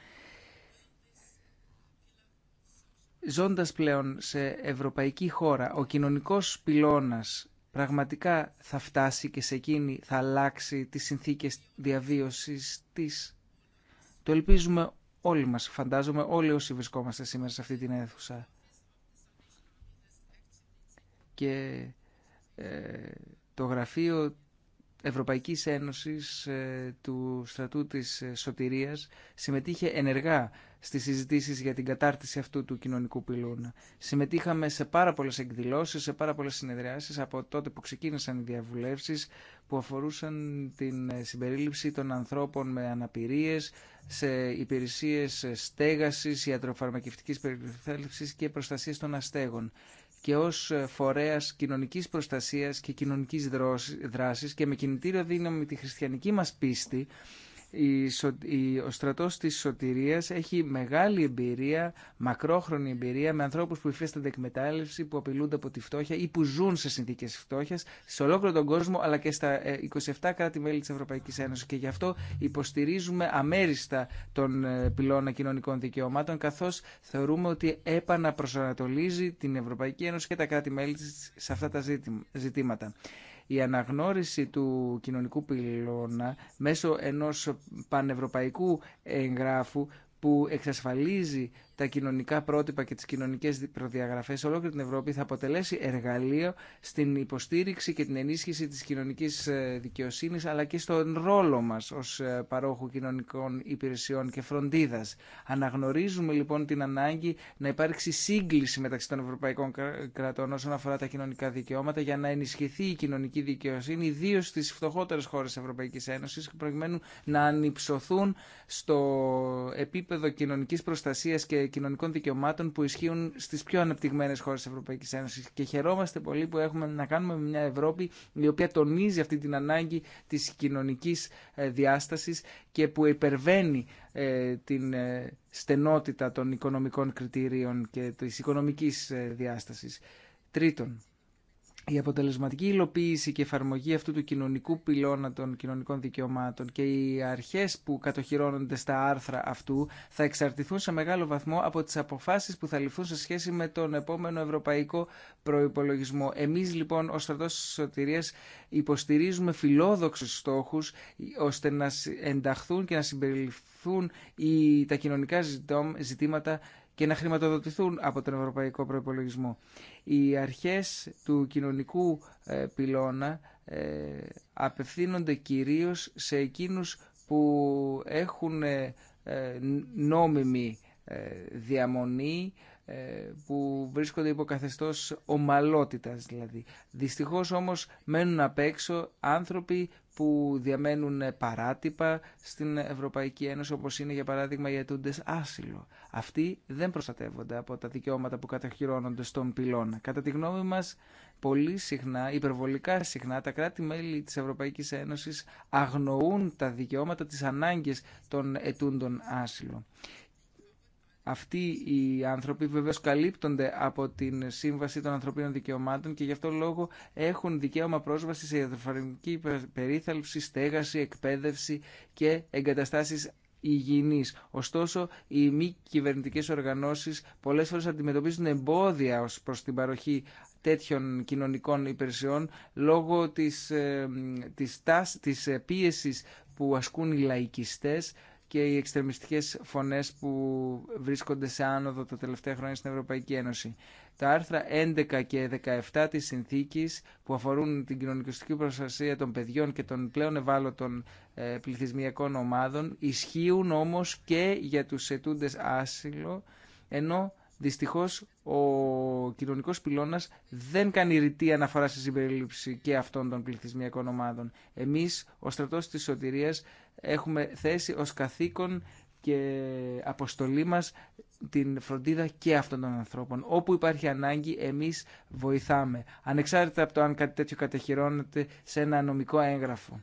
Ζώντας πλέον σε ευρωπαϊκή χώρα, ο κοινωνικός πυλώνας πραγματικά θα φτάσει και σε εκείνη θα αλλάξει τις συνθήκες διαβίωσης της. Το ελπίζουμε όλοι μας φαντάζομαι, όλοι όσοι βρισκόμαστε σήμερα σε αυτή την αίθουσα. Και ε, το γραφείο Ευρωπαϊκής Ένωσης ε, του Στρατού της ε, Σωτηρίας συμμετείχε ενεργά στις συζητήσεις για την κατάρτιση αυτού του κοινωνικού πυλώνα. Συμμετείχαμε σε πάρα πολλές εκδηλώσεις, σε πάρα πολλές συνεδριάσεις από τότε που ξεκίνησαν οι διαβουλεύσεις που αφορούσαν την ε, συμπερίληψη των ανθρώπων με αναπηρίες σε υπηρεσίες στέγασης, ιατροφαρμακευτικής περιθέλευσης και προστασίας των αστέγων και ως φορέας κοινωνικής προστασίας και κοινωνικής δράσης και με κινητήριο δύναμη τη χριστιανική μας πίστη ο στρατός της σωτηρίας έχει μεγάλη εμπειρία, μακρόχρονη εμπειρία με ανθρώπους που υφίστανται εκμετάλλευση, που απειλούνται από τη φτώχεια ή που ζουν σε συνθήκες φτώχειας σε ολόκληρο τον κόσμο αλλά και στα 27 ε, κράτη-μέλη της Ευρωπαϊκής Ένωσης και γι' αυτό υποστηρίζουμε αμέριστα τον ε, πυλώνα κοινωνικών δικαιωμάτων καθώς θεωρούμε ότι έπαναπροσανατολίζει την Ευρωπαϊκή Ένωση και τα κράτη-μέλη σε αυτά τα ζητήματα. Η αναγνώριση του κοινωνικού πυλώνα μέσω ενός πανευρωπαϊκού εγγράφου που εξασφαλίζει τα κοινωνικά πρότυπα και τι κοινωνικέ προδιαγραφέ σε ολόκληρη την Ευρώπη θα αποτελέσει εργαλείο στην υποστήριξη και την ενίσχυση τη κοινωνική ε, δικαιοσύνη, αλλά και στον ρόλο μα ω ε, παρόχου κοινωνικών υπηρεσιών και φροντίδα. Αναγνωρίζουμε λοιπόν την ανάγκη να υπάρξει σύγκληση μεταξύ των ευρωπαϊκών κρατών όσον αφορά τα κοινωνικά δικαιώματα για να ενισχυθεί η κοινωνική δικαιοσύνη ιδίω στι φτωχότερε χώρε Ευρωπαϊκή Ένωση προκειμένου να ανυψωθούν στο επίπεδο κοινωνική προστασία και κοινωνικών δικαιωμάτων που ισχύουν στις πιο αναπτυγμένες χώρες τη Ευρωπαϊκής Ένωση. και χαιρόμαστε πολύ που έχουμε να κάνουμε μια Ευρώπη η οποία τονίζει αυτή την ανάγκη της κοινωνικής ε, διάσταση και που υπερβαίνει ε, την ε, στενότητα των οικονομικών κριτήριων και τη οικονομικής διάσταση. Τρίτον, η αποτελεσματική υλοποίηση και εφαρμογή αυτού του κοινωνικού πυλώνα των κοινωνικών δικαιωμάτων και οι αρχές που κατοχυρώνονται στα άρθρα αυτού θα εξαρτηθούν σε μεγάλο βαθμό από τις αποφάσεις που θα ληφθούν σε σχέση με τον επόμενο ευρωπαϊκό προϋπολογισμό. Εμείς λοιπόν ως στρατός της σωτηρίας υποστηρίζουμε φιλόδοξους στόχους ώστε να ενταχθούν και να συμπεριληφθούν τα κοινωνικά ζητήματα και να χρηματοδοτηθούν από τον Ευρωπαϊκό Προϋπολογισμό. Οι αρχές του κοινωνικού ε, πυλώνα ε, απευθύνονται κυρίως σε εκείνους που έχουν ε, νόμιμη διαμονή, που βρίσκονται υπό καθεστώς ομαλότητας δηλαδή. Δυστυχώς όμως μένουν απ' έξω άνθρωποι που διαμένουν παράτυπα στην Ευρωπαϊκή Ένωση, όπως είναι για παράδειγμα οι αιτούντες άσυλο. Αυτοί δεν προστατεύονται από τα δικαιώματα που κατοχυρώνονται στον πυλώνα. Κατά τη γνώμη μας, πολύ συχνά, υπερβολικά συχνά, τα κράτη-μέλη της Ευρωπαϊκής Ένωσης αγνοούν τα δικαιώματα, τις ανάγκες των αιτούντων άσυλο. Αυτοί οι άνθρωποι βεβαίω καλύπτονται από την Σύμβαση των Ανθρωπίνων Δικαιωμάτων και γι' αυτό λόγο έχουν δικαίωμα πρόσβαση σε ιατροφαρμική περίθαλψη, στέγαση, εκπαίδευση και εγκαταστάσεις υγιεινής. Ωστόσο, οι μη κυβερνητικέ οργανώσεις πολλές φορές αντιμετωπίζουν εμπόδια ως προς την παροχή τέτοιων κοινωνικών υπηρεσιών λόγω της, ε, της, της ε, πίεσης που ασκούν οι λαϊκιστές και οι εξτρεμιστικές φωνές που βρίσκονται σε άνοδο τα τελευταία χρόνια στην Ευρωπαϊκή Ένωση. Τα άρθρα 11 και 17 της συνθήκης που αφορούν την κοινωνικοστική προστασία των παιδιών και των πλέον ευάλωτων ε, πληθυσμιακών ομάδων ισχύουν όμως και για τους ετούντε άσυλο, ενώ δυστυχώς ο κοινωνικός πυλώνας δεν κάνει ρητή αναφορά στη συμπερίληψη και αυτών των πληθυσμιακών ομάδων. Εμείς, ο στρατός της σωτηρίας, έχουμε θέση ως καθήκον και αποστολή μας την φροντίδα και αυτών των ανθρώπων. Όπου υπάρχει ανάγκη, εμείς βοηθάμε. Ανεξάρτητα από το αν κάτι τέτοιο κατεχειρώνεται σε ένα νομικό έγγραφο.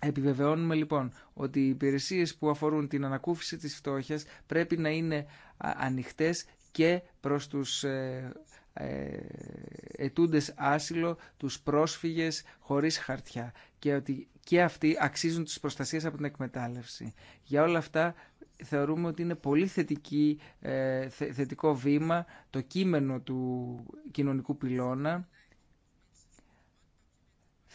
Επιβεβαιώνουμε λοιπόν ότι οι υπηρεσίες που αφορούν την ανακούφιση της φτώχειας πρέπει να είναι ανοιχτές και προς τους ε, ε, ετούντες άσυλο, τους πρόσφυγες χωρίς χαρτιά και ότι και αυτοί αξίζουν τις προστασίες από την εκμετάλλευση. Για όλα αυτά θεωρούμε ότι είναι πολύ θετική, ε, θετικό βήμα το κείμενο του κοινωνικού πυλώνα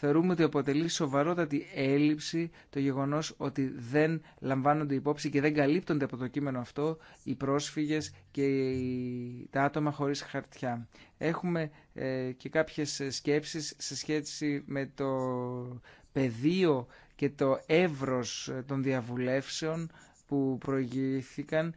θεωρούμε ότι αποτελεί σοβαρότατη έλλειψη το γεγονός ότι δεν λαμβάνονται υπόψη και δεν καλύπτονται από το κείμενο αυτό οι πρόσφυγες και τα άτομα χωρίς χαρτιά. Έχουμε ε, και κάποιες σκέψεις σε σχέση με το πεδίο και το εύρος των διαβουλεύσεων που προηγήθηκαν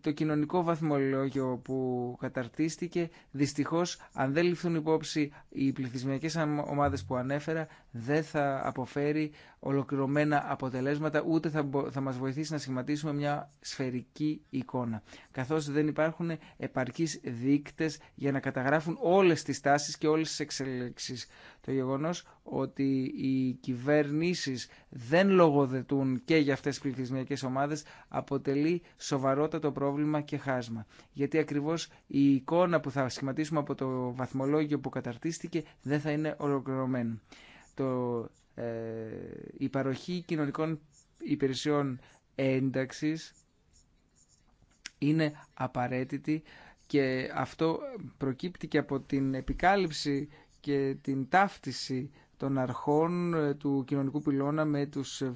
το κοινωνικό βαθμολόγιο που καταρτίστηκε. Δυστυχώς, αν δεν ληφθούν υπόψη οι πληθυσμιακές ομάδες που ανέφερα, δεν θα αποφέρει ολοκληρωμένα αποτελέσματα, ούτε θα, θα μας βοηθήσει να σχηματίσουμε μια σφαιρική εικόνα. Καθώς δεν υπάρχουν επαρκείς δείκτες για να καταγράφουν όλες τις τάσεις και όλες τις εξελίξεις το γεγονός ότι οι κυβερνήσεις δεν λογοδετούν και για αυτές τις πληθυσμιακές ομάδες αποτελεί σοβαρότατο πρόβλημα και χάσμα. Γιατί ακριβώς η εικόνα που θα σχηματίσουμε από το βαθμολόγιο που καταρτίστηκε δεν θα είναι ολοκληρωμένη. Το, ε, η παροχή κοινωνικών υπηρεσιών ένταξης είναι απαραίτητη και αυτό προκύπτει και από την επικάλυψη και την ταύτιση των αρχών ε, του κοινωνικού πυλώνα με τους, ε,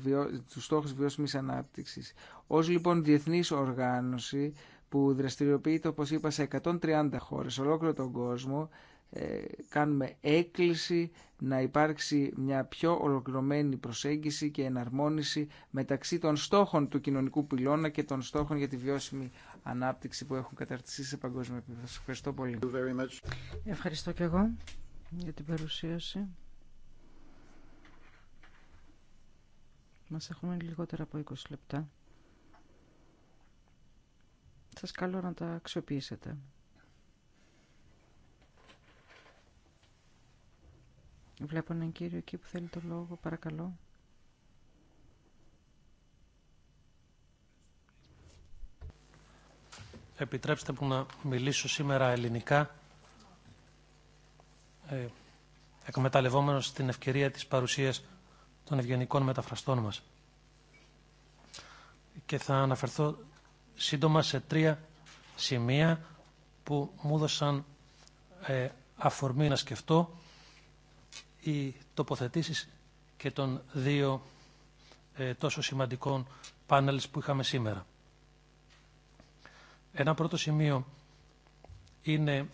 τους στόχους βιώσιμης ανάπτυξης. Ως λοιπόν διεθνής οργάνωση που δραστηριοποιείται όπως είπα σε 130 χώρες σε ολόκληρο τον κόσμο ε, κάνουμε έκκληση να υπάρξει μια πιο ολοκληρωμένη προσέγγιση και εναρμόνιση μεταξύ των στόχων του κοινωνικού πυλώνα και των στόχων για τη βιώσιμη ανάπτυξη που έχουν καταρτιστεί σε παγκόσμιο επίπεδο. Ευχαριστώ πολύ. Ευχαριστώ και εγώ για την παρουσίαση. Μας έχουμε λιγότερα από 20 λεπτά. Σας καλώ να τα αξιοποιήσετε. Βλέπω έναν κύριο εκεί που θέλει το λόγο, παρακαλώ. Επιτρέψτε μου να μιλήσω σήμερα ελληνικά ε, εκμεταλλευόμενος την ευκαιρία της παρουσίας των ευγενικών μεταφραστών μας. Και θα αναφερθώ σύντομα σε τρία σημεία που μου δώσαν ε, αφορμή να σκεφτώ οι τοποθετήσεις και των δύο ε, τόσο σημαντικών πάνελς που είχαμε σήμερα. Ένα πρώτο σημείο είναι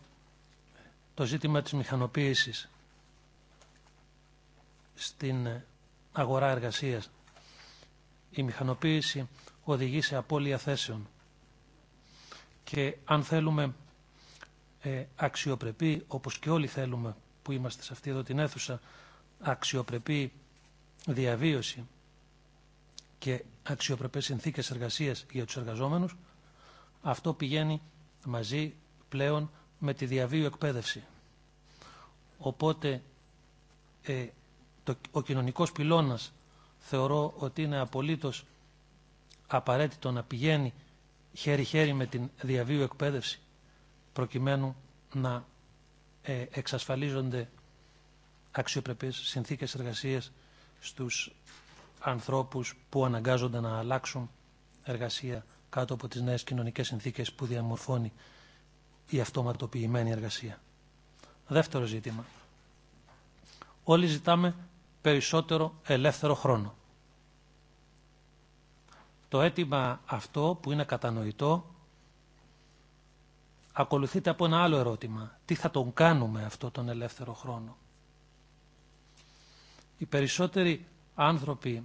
το ζήτημα της μηχανοποίησης στην αγορά εργασίας. Η μηχανοποίηση οδηγεί σε απώλεια θέσεων. Και αν θέλουμε ε, αξιοπρεπή, όπως και όλοι θέλουμε που είμαστε σε αυτή εδώ την αίθουσα, αξιοπρεπή διαβίωση και αξιοπρεπές συνθήκες εργασίας για τους εργαζόμενους, αυτό πηγαίνει μαζί πλέον με τη διαβίου εκπαίδευση. Οπότε ε, το, ο κοινωνικός πυλώνας θεωρώ ότι είναι απολύτως απαραίτητο να πηγαίνει χέρι-χέρι με την διαβίου εκπαίδευση προκειμένου να ε, εξασφαλίζονται αξιοπρεπείς συνθήκες εργασίας στους ανθρώπους που αναγκάζονται να αλλάξουν εργασία κάτω από τις νέες κοινωνικές συνθήκες που διαμορφώνει η αυτοματοποιημένη εργασία. Δεύτερο ζήτημα. Όλοι ζητάμε περισσότερο ελεύθερο χρόνο. Το αίτημα αυτό που είναι κατανοητό ακολουθείται από ένα άλλο ερώτημα. Τι θα τον κάνουμε αυτό τον ελεύθερο χρόνο. Οι περισσότεροι άνθρωποι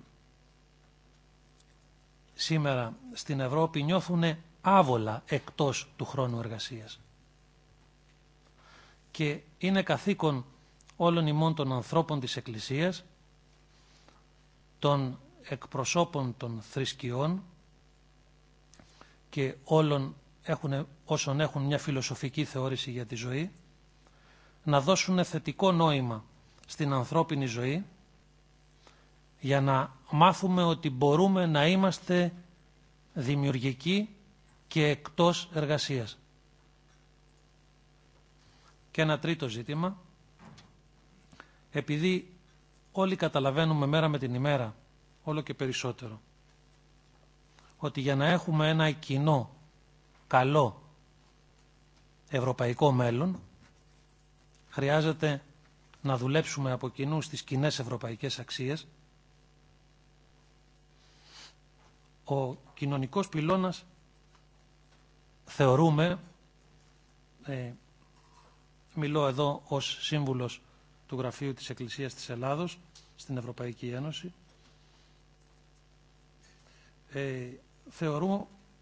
σήμερα στην Ευρώπη νιώθουν άβολα εκτός του χρόνου εργασίας και είναι καθήκον όλων ημών των ανθρώπων της Εκκλησίας, των εκπροσώπων των θρησκειών και όλων έχουν, όσων έχουν μια φιλοσοφική θεώρηση για τη ζωή, να δώσουν θετικό νόημα στην ανθρώπινη ζωή, για να μάθουμε ότι μπορούμε να είμαστε δημιουργικοί και εκτός εργασίας. Και ένα τρίτο ζήτημα, επειδή όλοι καταλαβαίνουμε μέρα με την ημέρα, όλο και περισσότερο, ότι για να έχουμε ένα κοινό, καλό, ευρωπαϊκό μέλλον, χρειάζεται να δουλέψουμε από κοινού στις κοινέ ευρωπαϊκές αξίες, ο κοινωνικός πυλώνας θεωρούμε ε, Μιλώ εδώ ως σύμβουλος του Γραφείου της Εκκλησίας της Ελλάδος στην Ευρωπαϊκή Ένωση. Ε,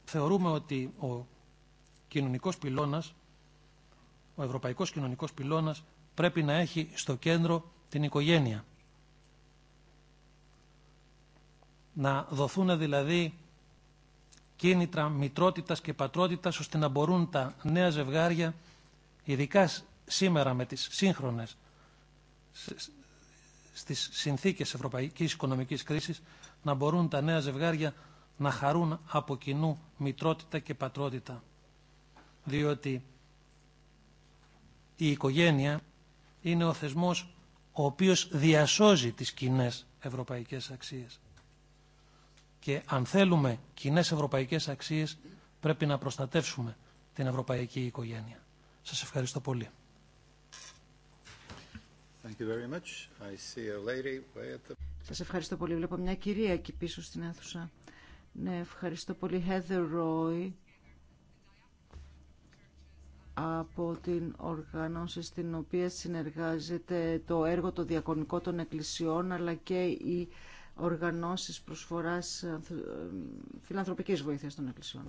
θεωρούμε, ότι ο κοινωνικός πυλώνας, ο ευρωπαϊκός κοινωνικός πυλώνας πρέπει να έχει στο κέντρο την οικογένεια. Να δοθούν δηλαδή κίνητρα μητρότητας και πατρότητας ώστε να μπορούν τα νέα ζευγάρια ειδικά σήμερα με τις σύγχρονες στις συνθήκες ευρωπαϊκής οικονομικής κρίσης να μπορούν τα νέα ζευγάρια να χαρούν από κοινού μητρότητα και πατρότητα. Διότι η οικογένεια είναι ο θεσμός ο οποίος διασώζει τις κοινέ ευρωπαϊκές αξίες. Και αν θέλουμε κοινέ ευρωπαϊκές αξίες πρέπει να προστατεύσουμε την ευρωπαϊκή οικογένεια. Σας ευχαριστώ πολύ. Σα ευχαριστώ πολύ. Βλέπω μια κυρία εκεί πίσω στην αίθουσα. Ναι, ευχαριστώ πολύ. Heather Roy από την οργάνωση στην οποία συνεργάζεται το έργο το διακονικό των εκκλησιών αλλά και οι οργανώσεις προσφοράς ε, φιλανθρωπικής βοήθειας των εκκλησιών.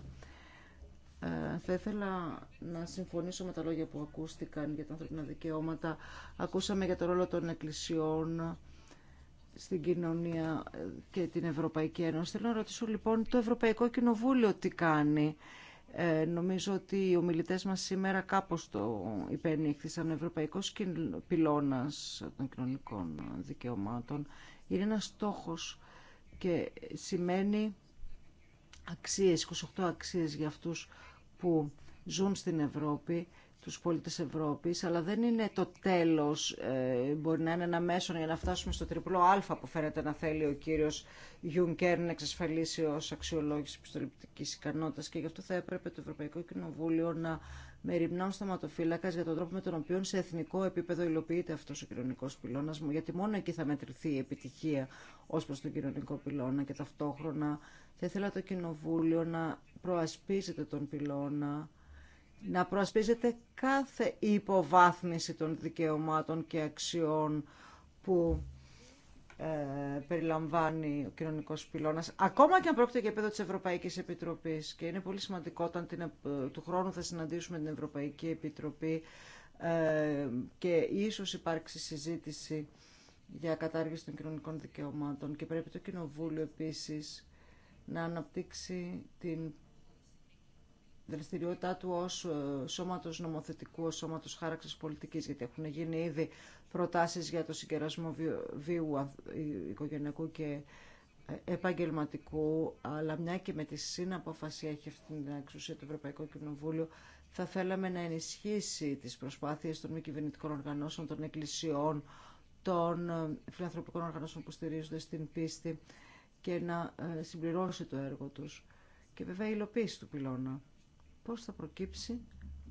Ε, θα ήθελα να συμφωνήσω με τα λόγια που ακούστηκαν για τα ανθρώπινα δικαιώματα. Ακούσαμε για το ρόλο των εκκλησιών στην κοινωνία ε, και την Ευρωπαϊκή Ένωση. Θέλω να ρωτήσω λοιπόν το Ευρωπαϊκό Κοινοβούλιο τι κάνει. Ε, νομίζω ότι οι ομιλητές μας σήμερα κάπως το υπενήχθησαν. Ο Ευρωπαϊκός Πυλώνας των Κοινωνικών Δικαιωμάτων είναι ένας στόχος και σημαίνει αξίες, 28 αξίες για αυτούς που ζουν στην Ευρώπη, τους πολίτες Ευρώπης, αλλά δεν είναι το τέλος, ε, μπορεί να είναι ένα μέσο για να φτάσουμε στο τριπλό α που φαίνεται να θέλει ο κύριος Γιουνκέρ να εξασφαλίσει ως αξιολόγηση πιστοληπτικής ικανότητας και γι' αυτό θα έπρεπε το Ευρωπαϊκό Κοινοβούλιο να μεριμνάουν σταματοφύλακα για τον τρόπο με τον οποίο σε εθνικό επίπεδο υλοποιείται αυτό ο κοινωνικό πυλώνα μου, γιατί μόνο εκεί θα μετρηθεί η επιτυχία ω προ τον κοινωνικό πυλώνα και ταυτόχρονα θα ήθελα το Κοινοβούλιο να προασπίζετε τον πυλώνα, να προασπίζετε κάθε υποβάθμιση των δικαιωμάτων και αξιών που ε, περιλαμβάνει ο κοινωνικό πυλώνα, ακόμα και αν πρόκειται για επίπεδο τη Ευρωπαϊκή Επιτροπή. Και είναι πολύ σημαντικό όταν την, ε, του χρόνου θα συναντήσουμε την Ευρωπαϊκή Επιτροπή ε, και ίσω υπάρξει συζήτηση για κατάργηση των κοινωνικών δικαιωμάτων. Και πρέπει το Κοινοβούλιο επίσης να αναπτύξει την δραστηριότητά του ως ε, σώματος νομοθετικού, ως σώματος χάραξης πολιτικής, γιατί έχουν γίνει ήδη προτάσεις για το συγκερασμό βίου ε, οικογενειακού και ε, επαγγελματικού, αλλά μια και με τη συναποφασία έχει αυτή την εξουσία του Ευρωπαϊκού Κοινοβούλιο, θα θέλαμε να ενισχύσει τις προσπάθειες των μη κυβερνητικών οργανώσεων, των εκκλησιών, των φιλανθρωπικών οργανώσεων που στηρίζονται στην πίστη και να συμπληρώσει το έργο τους. Και βέβαια η υλοποίηση του πυλώνα πώς θα προκύψει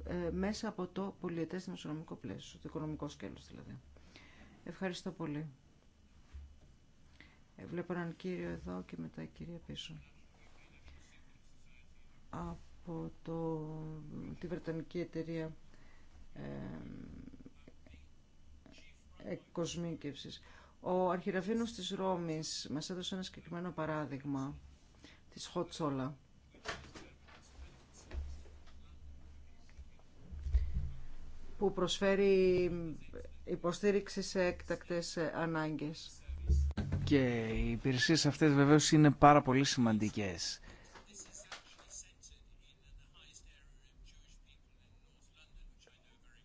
ε, μέσα από το πολιετές δημοσιονομικό πλαίσιο, το οικονομικό σκέλος δηλαδή. Ευχαριστώ πολύ. Ε, βλέπω έναν κύριο εδώ και μετά η κυρία πίσω. Από το, τη Βρετανική εταιρεία ε, ε Ο αρχιραφήνος της Ρώμης μας έδωσε ένα συγκεκριμένο παράδειγμα της Χοτσόλα που προσφέρει υποστήριξη σε έκτακτες ανάγκες. Και οι υπηρεσίες αυτές βεβαίως είναι πάρα πολύ σημαντικές.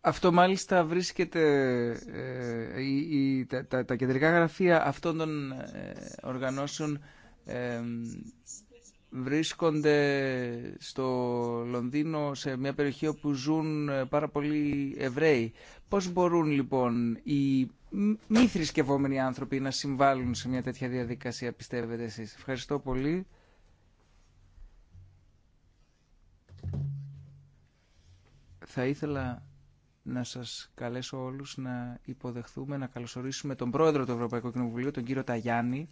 Αυτό μάλιστα βρίσκεται, ε, η, τα, τα, τα κεντρικά γραφεία αυτών των ε, οργανώσεων ε, βρίσκονται στο Λονδίνο σε μια περιοχή όπου ζουν ε, πάρα πολλοί Εβραίοι. Πώς μπορούν λοιπόν οι μη θρησκευόμενοι άνθρωποι να συμβάλλουν σε μια τέτοια διαδικασία, πιστεύετε εσείς. Ευχαριστώ πολύ. Θα ήθελα να σας καλέσω όλους να υποδεχθούμε, να καλωσορίσουμε τον πρόεδρο του Ευρωπαϊκού Κοινοβουλίου, τον κύριο Ταγιάννη.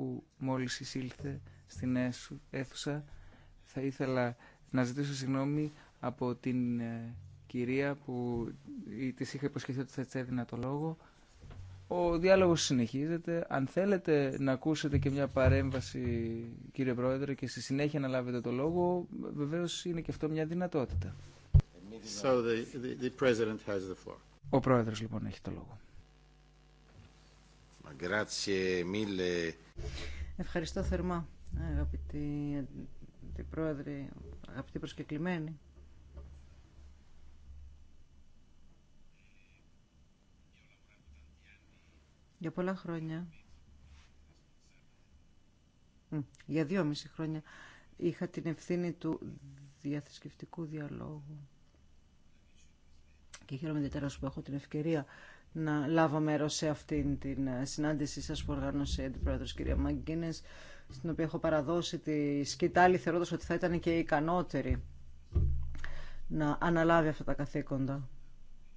που μόλις εισήλθε στην αίθουσα. Θα ήθελα να ζητήσω συγγνώμη από την ε, κυρία που της είχα υποσχεθεί ότι θα της έδινα το λόγο. Ο διάλογος συνεχίζεται. Αν θέλετε να ακούσετε και μια παρέμβαση, κύριε Πρόεδρε, και στη συνέχεια να λάβετε το λόγο, βεβαίως είναι και αυτό μια δυνατότητα. Ο Πρόεδρος λοιπόν έχει το λόγο. Ευχαριστώ θερμά, αγαπητοί αντιπρόεδροι, αγαπητοί προσκεκλημένοι. Για πολλά χρόνια, για δύο μισή χρόνια, είχα την ευθύνη του διαθρησκευτικού διαλόγου. Και χαίρομαι ιδιαίτερα που έχω την ευκαιρία να λάβω μέρος σε αυτήν την ε, συνάντησή σας που οργάνωσε η Αντιπρόεδρος κυρία Μαγκίνες, στην οποία έχω παραδώσει τη σκητάλη θεωρώντας ότι θα ήταν και ικανότερη να αναλάβει αυτά τα καθήκοντα.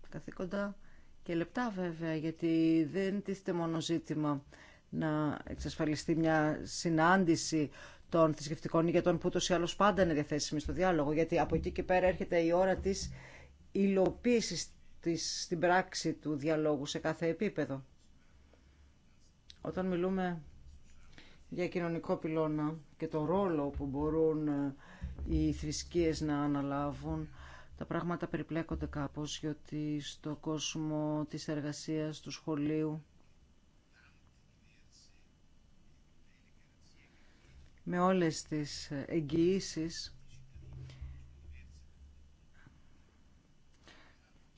Καθήκοντα και λεπτά βέβαια, γιατί δεν τίθεται μόνο ζήτημα να εξασφαλιστεί μια συνάντηση των θρησκευτικών ηγετών που ούτως ή άλλως πάντα είναι διαθέσιμη στο διάλογο, γιατί από εκεί και πέρα έρχεται η ώρα της υλοποίησης της, στην πράξη του διαλόγου σε κάθε επίπεδο. Όταν μιλούμε για κοινωνικό πυλώνα και το ρόλο που μπορούν ε, οι θρησκείες να αναλάβουν, τα πράγματα περιπλέκονται κάπως, γιατί στο κόσμο της εργασίας, του σχολείου, με όλες τις εγγυήσεις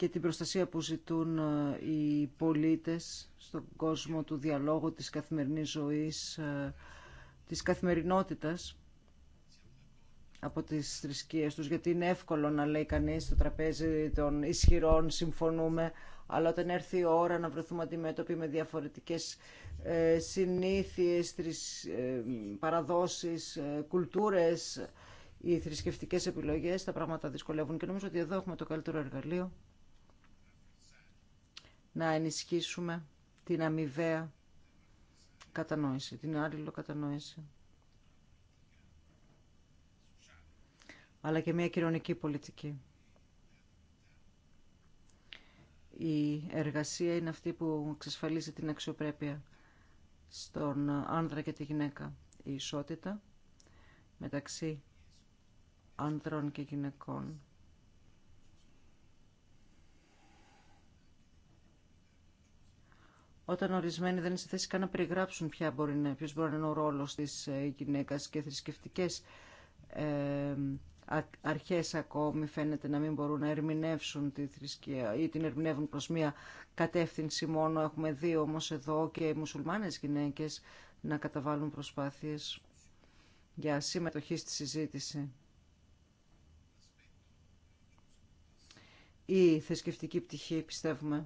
για την προστασία που ζητούν ε, οι πολίτες στον κόσμο του διαλόγου, της καθημερινής ζωής, ε, της καθημερινότητας από τις θρησκείες τους, γιατί είναι εύκολο να λέει κανείς στο τραπέζι των ισχυρών συμφωνούμε, αλλά όταν έρθει η ώρα να βρεθούμε αντιμέτωποι με διαφορετικές ε, συνήθειες, παραδόσεις, κουλτούρες, οι θρησκευτικές επιλογές, τα πράγματα δυσκολεύουν και νομίζω ότι εδώ έχουμε το καλύτερο εργαλείο να ενισχύσουμε την αμοιβαία κατανόηση, την άλληλο κατανόηση. Αλλά και μια κοινωνική πολιτική. Η εργασία είναι αυτή που εξασφαλίζει την αξιοπρέπεια στον άνδρα και τη γυναίκα. Η ισότητα μεταξύ άνδρων και γυναικών όταν ορισμένοι δεν είναι σε θέση καν να περιγράψουν ποια μπορεί να, είναι ο ρόλος της ε, γυναίκα και θρησκευτικέ ε, αρχές ακόμη φαίνεται να μην μπορούν να ερμηνεύσουν τη θρησκεία ή την ερμηνεύουν προ μία κατεύθυνση μόνο. Έχουμε δει όμω εδώ και οι μουσουλμάνες γυναίκες να καταβάλουν προσπάθειε για συμμετοχή στη συζήτηση. Η θρησκευτική πτυχή πιστεύουμε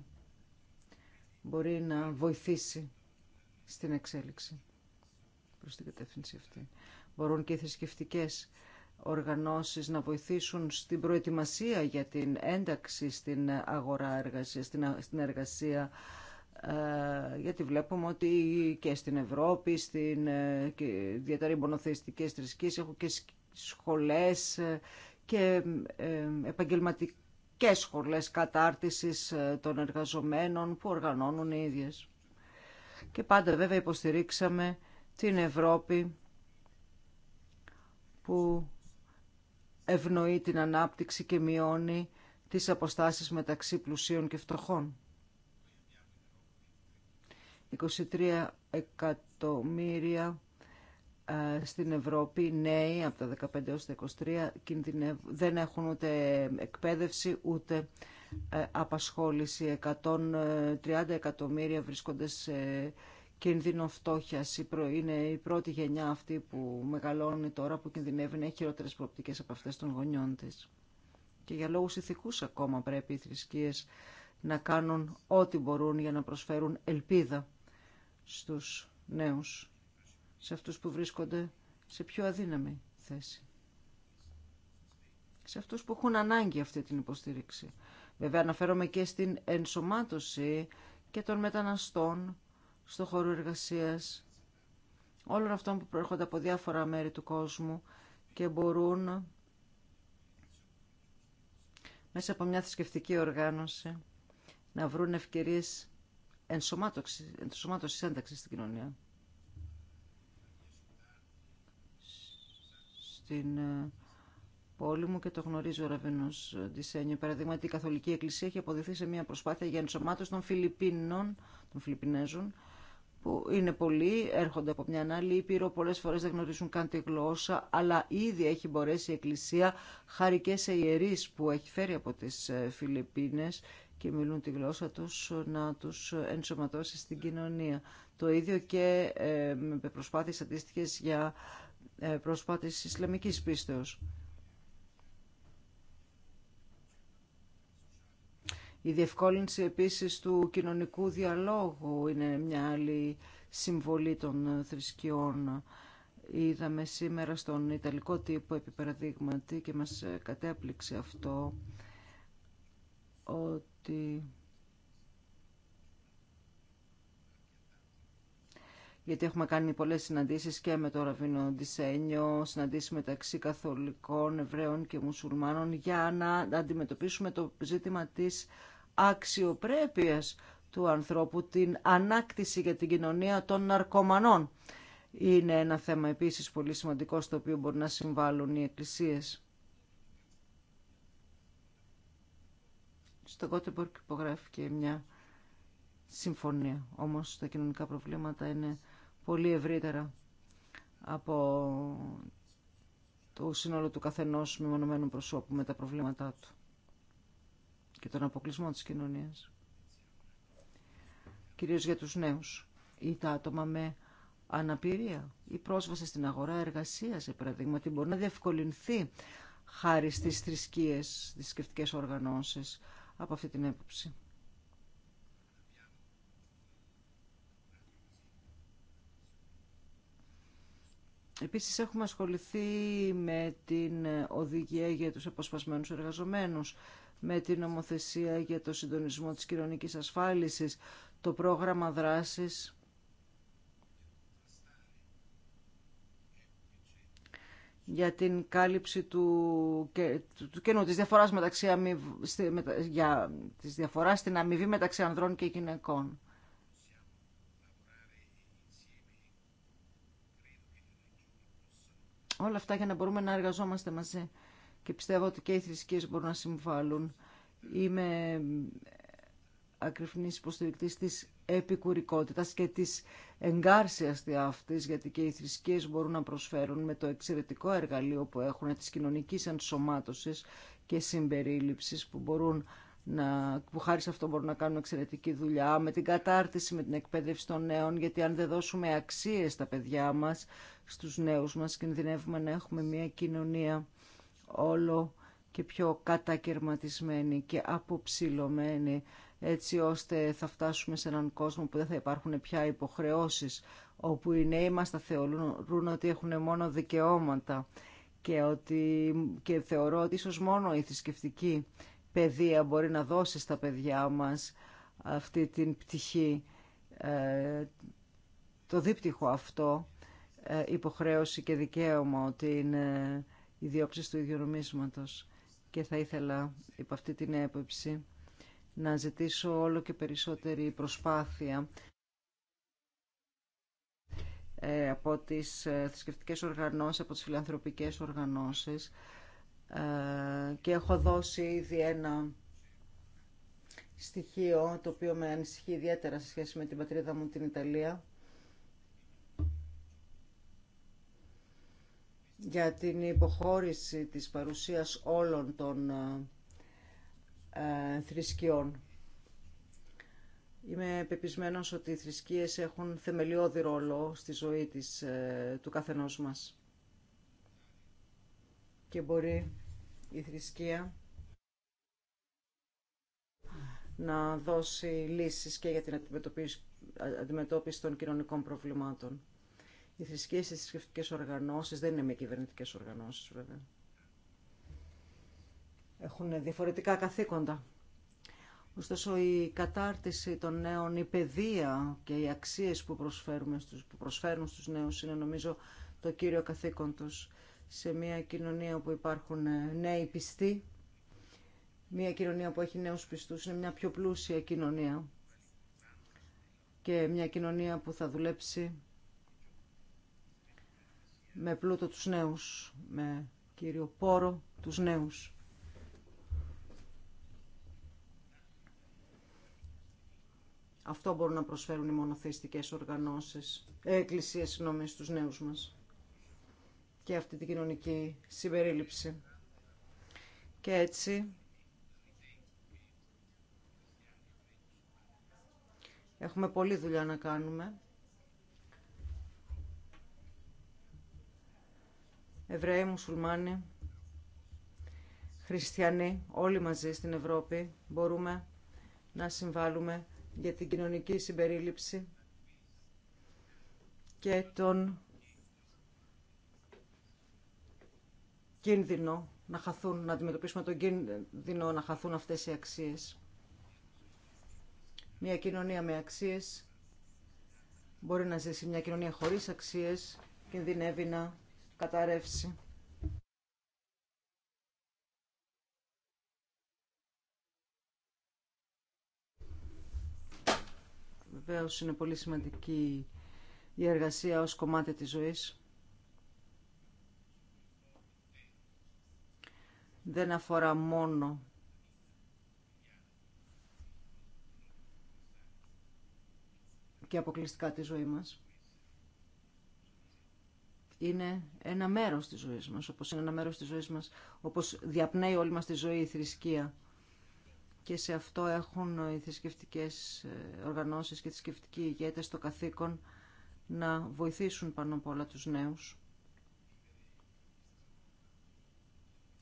μπορεί να βοηθήσει στην εξέλιξη προς την κατεύθυνση αυτή. Μπορούν και οι θρησκευτικέ οργανώσεις να βοηθήσουν στην προετοιμασία για την ένταξη στην αγορά εργασία στην εργασία ε, γιατί βλέπουμε ότι και στην Ευρώπη, στην ε, ιδιαίτερη ιδιαίτερα έχουν και σχολές ε, και επαγγελματικές και σχολές κατάρτισης ε, των εργαζομένων που οργανώνουν οι ίδιες. Και πάντα βέβαια υποστηρίξαμε την Ευρώπη που ευνοεί την ανάπτυξη και μειώνει τις αποστάσεις μεταξύ πλουσίων και φτωχών. 23 εκατομμύρια ε, στην Ευρώπη νέοι από τα 15 έως τα 23 κινδυνευ... δεν έχουν ούτε εκπαίδευση ούτε ε, απασχόληση. 130 ε, εκατομμύρια βρίσκονται σε κίνδυνο φτώχεια. Είναι η πρώτη γενιά αυτή που μεγαλώνει τώρα που κινδυνεύει να έχει χειρότερε προοπτικέ από αυτέ των γονιών τη. Και για λόγους ηθικούς ακόμα πρέπει οι θρησκείες να κάνουν ό,τι μπορούν για να προσφέρουν ελπίδα στους νέους σε αυτούς που βρίσκονται σε πιο αδύναμη θέση. Σε αυτούς που έχουν ανάγκη αυτή την υποστήριξη. Βέβαια αναφέρομαι και στην ενσωμάτωση και των μεταναστών στο χώρο εργασίας, όλων αυτών που προέρχονται από διάφορα μέρη του κόσμου και μπορούν μέσα από μια θρησκευτική οργάνωση να βρουν ευκαιρίες ενσωμάτωσης, ενσωμάτωσης ένταξης στην κοινωνία. στην ε, πόλη μου και το γνωρίζει ο Ραβενό ε, Ντισένιο. Παραδείγματι, η Καθολική Εκκλησία έχει αποδεχθεί σε μια προσπάθεια για ενσωμάτωση των Φιλιππίνων, των Φιλιππινέζων, που είναι πολλοί, έρχονται από μια άλλη ήπειρο, πολλέ φορέ δεν γνωρίζουν καν τη γλώσσα, αλλά ήδη έχει μπορέσει η Εκκλησία, χάρη και σε ιερεί που έχει φέρει από τι ε, Φιλιππίνε και μιλούν τη γλώσσα τους, να τους ενσωματώσει στην κοινωνία. Το ίδιο και με προσπάθειες αντίστοιχε για ε, προσπάτης Ισλαμικής πίστεως. Η διευκόλυνση επίσης του κοινωνικού διαλόγου είναι μια άλλη συμβολή των θρησκειών. Είδαμε σήμερα στον Ιταλικό τύπο επί και μας κατέπληξε αυτό ότι γιατί έχουμε κάνει πολλές συναντήσεις και με το Ραβίνο Ντισένιο, συναντήσεις μεταξύ καθολικών, Εβραίων και μουσουλμάνων για να αντιμετωπίσουμε το ζήτημα της αξιοπρέπειας του ανθρώπου, την ανάκτηση για την κοινωνία των ναρκωμανών. Είναι ένα θέμα επίσης πολύ σημαντικό στο οποίο μπορεί να συμβάλλουν οι εκκλησίες. Στο Κότεμπορκ υπογράφηκε μια συμφωνία. Όμως τα κοινωνικά προβλήματα είναι πολύ ευρύτερα από το σύνολο του καθενός μεμονωμένου προσώπου με τα προβλήματά του και τον αποκλεισμό της κοινωνίας. Κυρίως για τους νέους ή τα άτομα με αναπηρία ή πρόσβαση στην αγορά εργασίας, παράδειγμα, ότι μπορεί να διευκολυνθεί χάρη στις θρησκείες, στις σκεφτικές οργανώσεις από αυτή την έποψη. Επίσης έχουμε ασχοληθεί με την οδηγία για τους αποσπασμένους εργαζομένους, με την νομοθεσία για το συντονισμό της κοινωνικής ασφάλισης, το πρόγραμμα δράσης για την κάλυψη του, του, κενού, της διαφοράς, μεταξύ αμοιβ, για, της διαφοράς στην αμοιβή μεταξύ ανδρών και γυναικών. Όλα αυτά για να μπορούμε να εργαζόμαστε μαζί. Και πιστεύω ότι και οι θρησκείες μπορούν να συμβάλλουν. Είμαι ακριβνής υποστηρικτής της επικουρικότητας και της εγκάρσιας αυτής, γιατί και οι θρησκείες μπορούν να προσφέρουν με το εξαιρετικό εργαλείο που έχουν της κοινωνικής ενσωμάτωσης και συμπερίληψης που μπορούν να, που χάρη σε αυτό μπορούν να κάνουν εξαιρετική δουλειά, με την κατάρτιση, με την εκπαίδευση των νέων, γιατί αν δεν δώσουμε αξίες στα παιδιά μας, στους νέους μας, κινδυνεύουμε να έχουμε μια κοινωνία όλο και πιο κατακαιρματισμένη και αποψηλωμένη, έτσι ώστε θα φτάσουμε σε έναν κόσμο που δεν θα υπάρχουν πια υποχρεώσεις, όπου οι νέοι μας θα θεωρούν ότι έχουν μόνο δικαιώματα και, ότι, και θεωρώ ότι ίσως μόνο οι θρησκευτικοί παιδεία μπορεί να δώσει στα παιδιά μας αυτή την πτυχή, ε, το δίπτυχο αυτό, ε, υποχρέωση και δικαίωμα ότι είναι η του νομίσματος Και θα ήθελα, υπό αυτή την έποψη, να ζητήσω όλο και περισσότερη προσπάθεια ε, από τις θρησκευτικέ οργανώσεις, από τις φιλανθρωπικές οργανώσεις, ε, και έχω δώσει ήδη ένα στοιχείο το οποίο με ανησυχεί ιδιαίτερα σε σχέση με την πατρίδα μου την Ιταλία για την υποχώρηση της παρουσίας όλων των ε, ε θρησκειών. Είμαι πεπισμένος ότι οι θρησκείες έχουν θεμελιώδη ρόλο στη ζωή της, ε, του καθενός μας και μπορεί η θρησκεία να δώσει λύσεις και για την αντιμετώπιση των κοινωνικών προβλημάτων. Οι θρησκείες στις θρησκευτικέ οργανώσεις δεν είναι με κυβερνητικέ οργανώσεις βέβαια. Έχουν διαφορετικά καθήκοντα. Ωστόσο η κατάρτιση των νέων, η παιδεία και οι αξίες που, προσφέρουμε στους, που προσφέρουν στους νέους είναι νομίζω το κύριο καθήκον τους σε μια κοινωνία όπου υπάρχουν ε, νέοι πιστοί. Μια κοινωνία που έχει νέους πιστούς είναι μια πιο πλούσια κοινωνία και μια κοινωνία που θα δουλέψει με πλούτο τους νέους, με κύριο πόρο τους νέους. Αυτό μπορούν να προσφέρουν οι μονοθεστικές οργανώσεις, ε, εκκλησίες, συγγνώμη, στους νέους μας και αυτή την κοινωνική συμπερίληψη. Και έτσι έχουμε πολλή δουλειά να κάνουμε. Εβραίοι, Μουσουλμάνοι, Χριστιανοί, όλοι μαζί στην Ευρώπη μπορούμε να συμβάλλουμε για την κοινωνική συμπερίληψη και τον κίνδυνο να χαθούν, να αντιμετωπίσουμε τον κίνδυνο να χαθούν αυτές οι αξίες. Μια κοινωνία με αξίες μπορεί να ζήσει. Μια κοινωνία χωρίς αξίες κινδυνεύει να καταρρεύσει. Βεβαίως είναι πολύ σημαντική η εργασία ως κομμάτι της ζωής. δεν αφορά μόνο και αποκλειστικά τη ζωή μας. Είναι ένα μέρος της ζωής μας, όπως είναι ένα μέρος της ζωής μας, όπως διαπνέει όλη μας τη ζωή η θρησκεία. Και σε αυτό έχουν οι θρησκευτικέ ε, οργανώσεις και οι θρησκευτικοί ηγέτες το καθήκον να βοηθήσουν πάνω απ' όλα τους νέους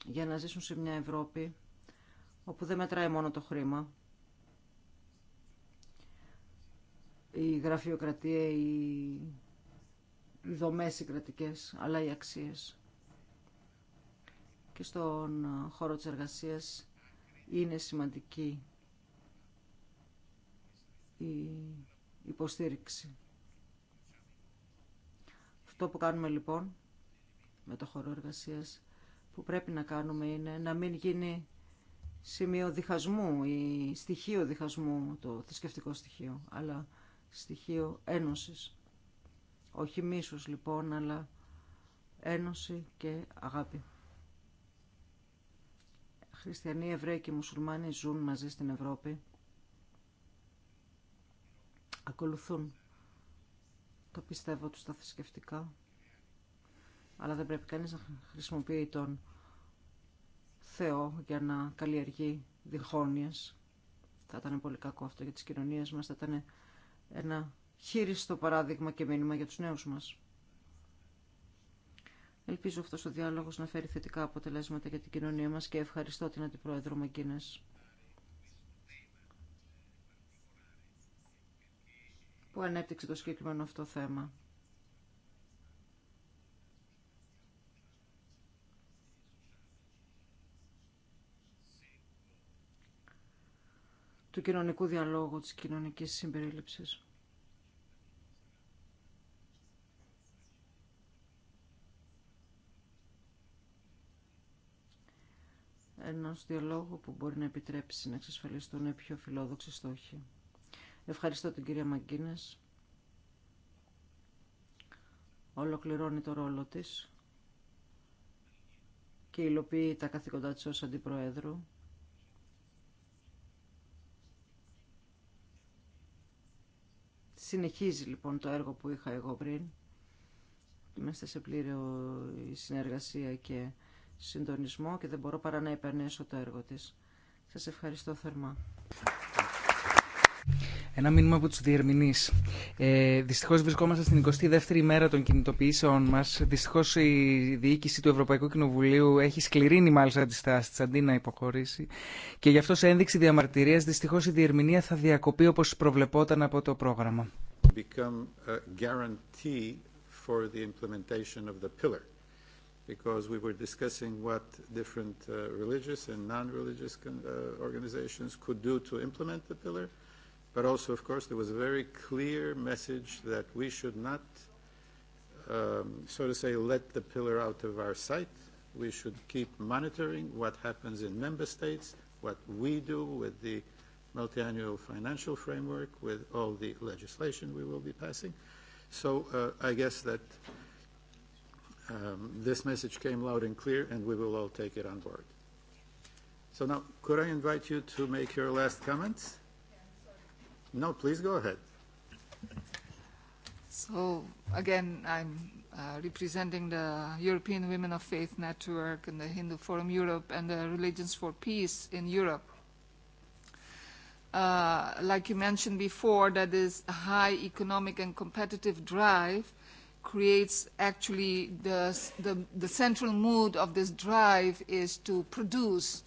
για να ζήσουν σε μια Ευρώπη όπου δεν μετράει μόνο το χρήμα. Η γραφειοκρατία, οι δομές οι κρατικές, αλλά οι αξίες. Και στον χώρο της εργασίας είναι σημαντική η υποστήριξη. Αυτό που κάνουμε λοιπόν με το χώρο εργασίας που πρέπει να κάνουμε είναι να μην γίνει σημείο διχασμού ή στοιχείο διχασμού το θρησκευτικό στοιχείο, αλλά στοιχείο ένωσης. Όχι μίσους λοιπόν, αλλά ένωση και αγάπη. Χριστιανοί, Εβραίοι και Μουσουλμάνοι ζουν μαζί στην Ευρώπη. Ακολουθούν το πιστεύω τους τα θρησκευτικά αλλά δεν πρέπει κανείς να χρησιμοποιεί τον Θεό για να καλλιεργεί διχόνοιες. Θα ήταν πολύ κακό αυτό για τις κοινωνίες μας, θα ήταν ένα χείριστο παράδειγμα και μήνυμα για τους νέους μας. Ελπίζω αυτός ο διάλογος να φέρει θετικά αποτελέσματα για την κοινωνία μας και ευχαριστώ την Αντιπρόεδρο Μαγκίνες. που ανέπτυξε το συγκεκριμένο αυτό θέμα. του κοινωνικού διαλόγου, της κοινωνικής συμπερίληψης. Ένα διαλόγου που μπορεί να επιτρέψει να εξασφαλιστούν πιο φιλόδοξοι στόχοι. Ευχαριστώ την κυρία Μαγκίνες. Ολοκληρώνει το ρόλο της και υλοποιεί τα καθήκοντά της ως Αντιπροέδρου. Συνεχίζει λοιπόν το έργο που είχα εγώ πριν. Είμαστε σε πλήρη συνεργασία και συντονισμό και δεν μπορώ παρά να υπερνέσω το έργο της. Σας ευχαριστώ θερμά. Ένα μήνυμα από του διερμηνεί. Ε, Δυστυχώ βρισκόμαστε στην 22η ημέρα των κινητοποιήσεων μα. Δυστυχώ η μερα των κινητοποιησεων μα δυστυχω η διοικηση του Ευρωπαϊκού Κοινοβουλίου έχει σκληρύνει μάλιστα τι τάσει αντί να υποχωρήσει. Και γι' αυτό σε ένδειξη διαμαρτυρία δυστυχώ η διερμηνία θα διακοπεί όπω προβλεπόταν από το πρόγραμμα. Become a guarantee for the implementation of the pillar. Because we were discussing what different uh, religious and non-religious uh, organizations could do to implement the pillar but also, of course, there was a very clear message that we should not, so to say, let the pillar out of our sight. We should keep monitoring what happens in member states, what we do with the multiannual financial framework, with all the legislation we will be passing. So I guess that this message came loud and clear, and we will all take it on board. So now, could I invite you to make your last comments? No, please go ahead. So again, I'm representing the European Women of Faith Network and the Hindu Forum Europe and the Religions for Peace in Europe. Like you mentioned before, that is high economic and competitive drive creates actually the central mood of this drive is to produce,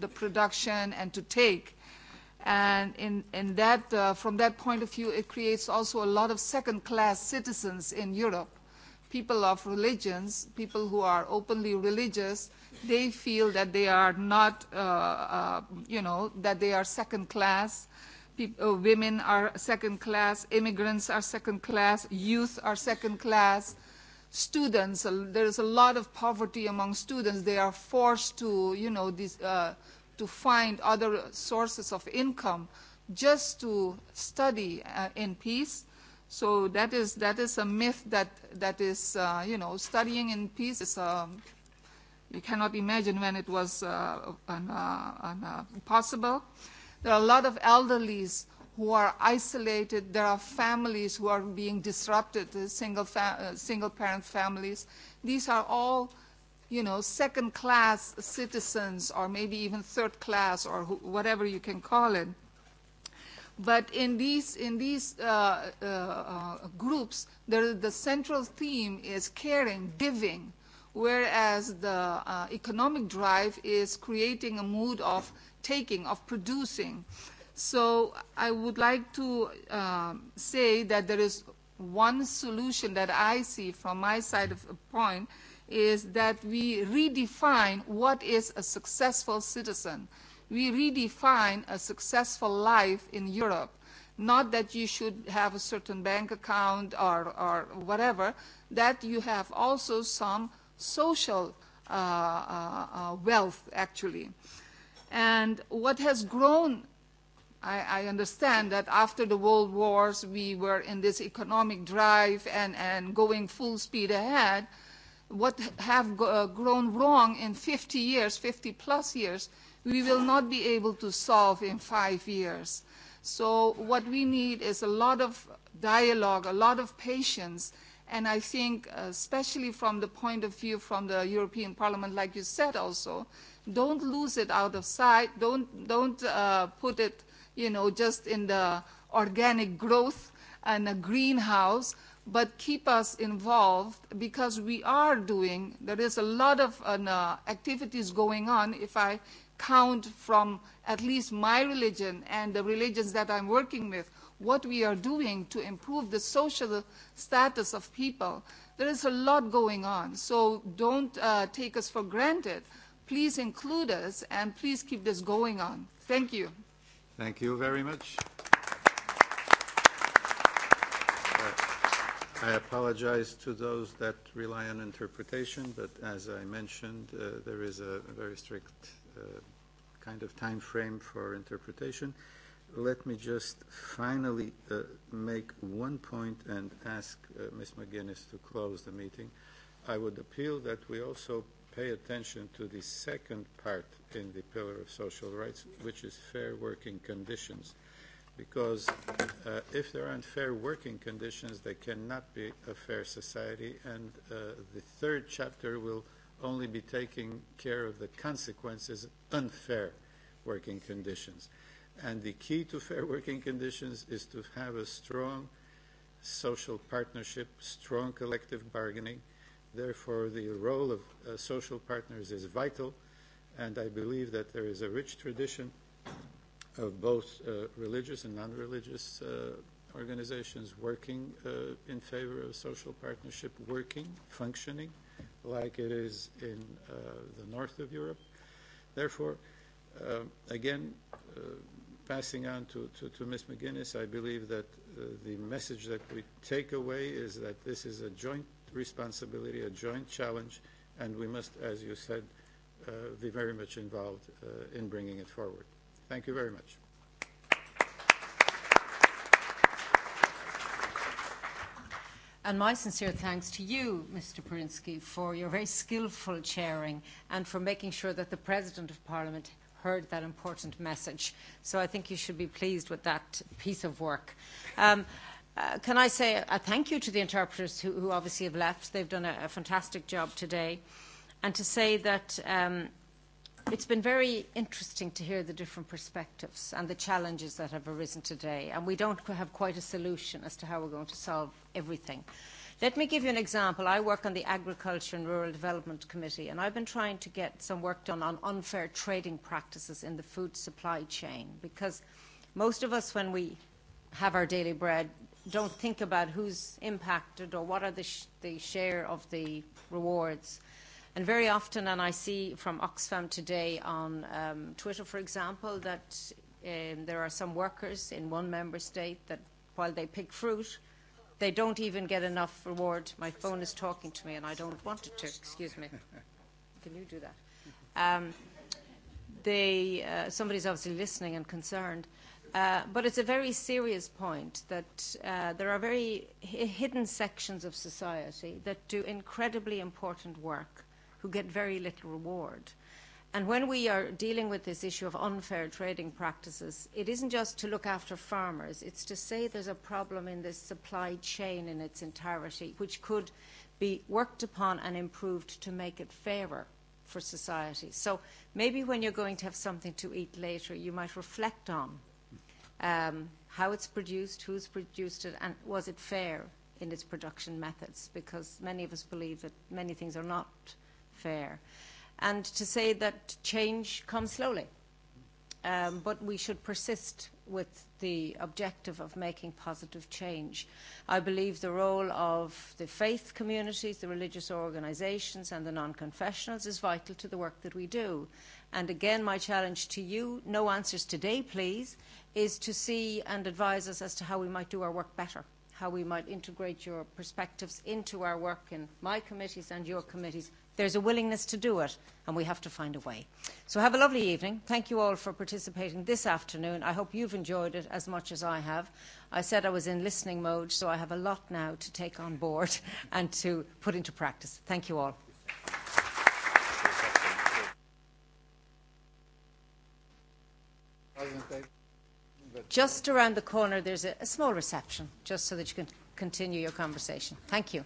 the production and to take and in that from that point of view it creates also a lot of second class citizens in europe people of religions people who are openly religious they feel that they are not you know that they are second class women are second class immigrants are second class youth are second class students there is a lot of poverty among students they are forced to you know these to find other sources of income just to study in peace. So that is that is a myth that that is you know studying in peace is you cannot imagine when it was possible. There are a lot of elderlies who are isolated. There are families who are being disrupted, single single parent families. These are all you know, second-class citizens or maybe even third-class or whatever you can call it. But in these in these groups, the central theme is caring, giving, whereas the economic drive is creating a mood of taking, of producing. So I would like to say that there is one solution that I see from my side of the point is that we redefine what is a successful citizen. We redefine a successful life in Europe. Not that you should have a certain bank account or whatever, that you have also some social wealth, actually. And what has grown, I understand that after the World Wars we were in this economic drive and going full speed ahead, what have grown wrong in 50 years, 50 plus years, we will not be able to solve in five years. So what we need is a lot of dialogue, a lot of patience, and I think especially from the point of view from the European Parliament, like you said also, don't lose it out of sight, don't, don't put it, you know, just in the organic growth and a greenhouse, but keep us involved because we are doing, there is a lot of activities going on. If I count from at least my religion and the religions that I'm working with, what we are doing to improve the social status of people, there is a lot going on. So don't take us for granted. Please include us and please keep this going on. Thank you. Thank you very much. I apologize to those that rely on interpretation, but as I mentioned, uh, there is a very strict uh, kind of time frame for interpretation. Let me just finally uh, make one point and ask uh, Ms. McGuinness to close the meeting. I would appeal that we also pay attention to the second part in the Pillar of Social Rights, which is fair working conditions because uh, if there are unfair working conditions, there cannot be a fair society. And uh, the third chapter will only be taking care of the consequences of unfair working conditions. And the key to fair working conditions is to have a strong social partnership, strong collective bargaining. Therefore, the role of uh, social partners is vital, and I believe that there is a rich tradition of both religious and non-religious organizations working in favor of social partnership, working, functioning, like it is in the north of Europe. Therefore, again, passing on to, to, to Ms. McGuinness, I believe that the message that we take away is that this is a joint responsibility, a joint challenge, and we must, as you said, be very much involved in bringing it forward. Thank you very much. And my sincere thanks to you, Mr. Perinsky, for your very skillful chairing and for making sure that the President of Parliament heard that important message. So I think you should be pleased with that piece of work. Um, can I say a thank you to the interpreters who, who obviously have left. They've done a, fantastic job today. And to say that... Um, It's been very interesting to hear the different perspectives and the challenges that have arisen today, and we don't have quite a solution as to how we're going to solve everything. Let me give you an example. I work on the Agriculture and Rural Development Committee, and I've been trying to get some work done on unfair trading practices in the food supply chain, because most of us, when we have our daily bread, don't think about who's impacted or what are the share of the rewards. And very often, and I see from Oxfam today on Twitter, for example, that there are some workers in one member state that while they pick fruit, they don't even get enough reward. My phone is talking to me and I don't want it to. Excuse me. Can you do that? Um, they, uh, somebody's obviously listening and concerned. Uh, but it's a very serious point that uh, there are very hidden sections of society that do incredibly important work who get very little reward. And when we are dealing with this issue of unfair trading practices, it isn't just to look after farmers, it's to say there's a problem in this supply chain in its entirety, which could be worked upon and improved to make it fairer for society. So maybe when you're going to have something to eat later, you might reflect on um, how it's produced, who's produced it, and was it fair in its production methods, because many of us believe that many things are not fair, and to say that change comes slowly. But we should persist with the objective of making positive change. I believe the role of the faith communities, the religious organisations and the non-confessionals is vital to the work that we do. And again, my challenge to you, no answers today please, is to see and advise us as to how we might do our work better, how we might integrate your perspectives into our work in my committees and your committees There's a willingness to do it, and we have to find a way. So have a lovely evening. Thank you all for participating this afternoon. I hope you've enjoyed it as much as I have. I said I was in listening mode, so I have a lot now to take on board and to put into practice. Thank you all. Just around the corner, there's a small reception, just so that you can continue your conversation. Thank you.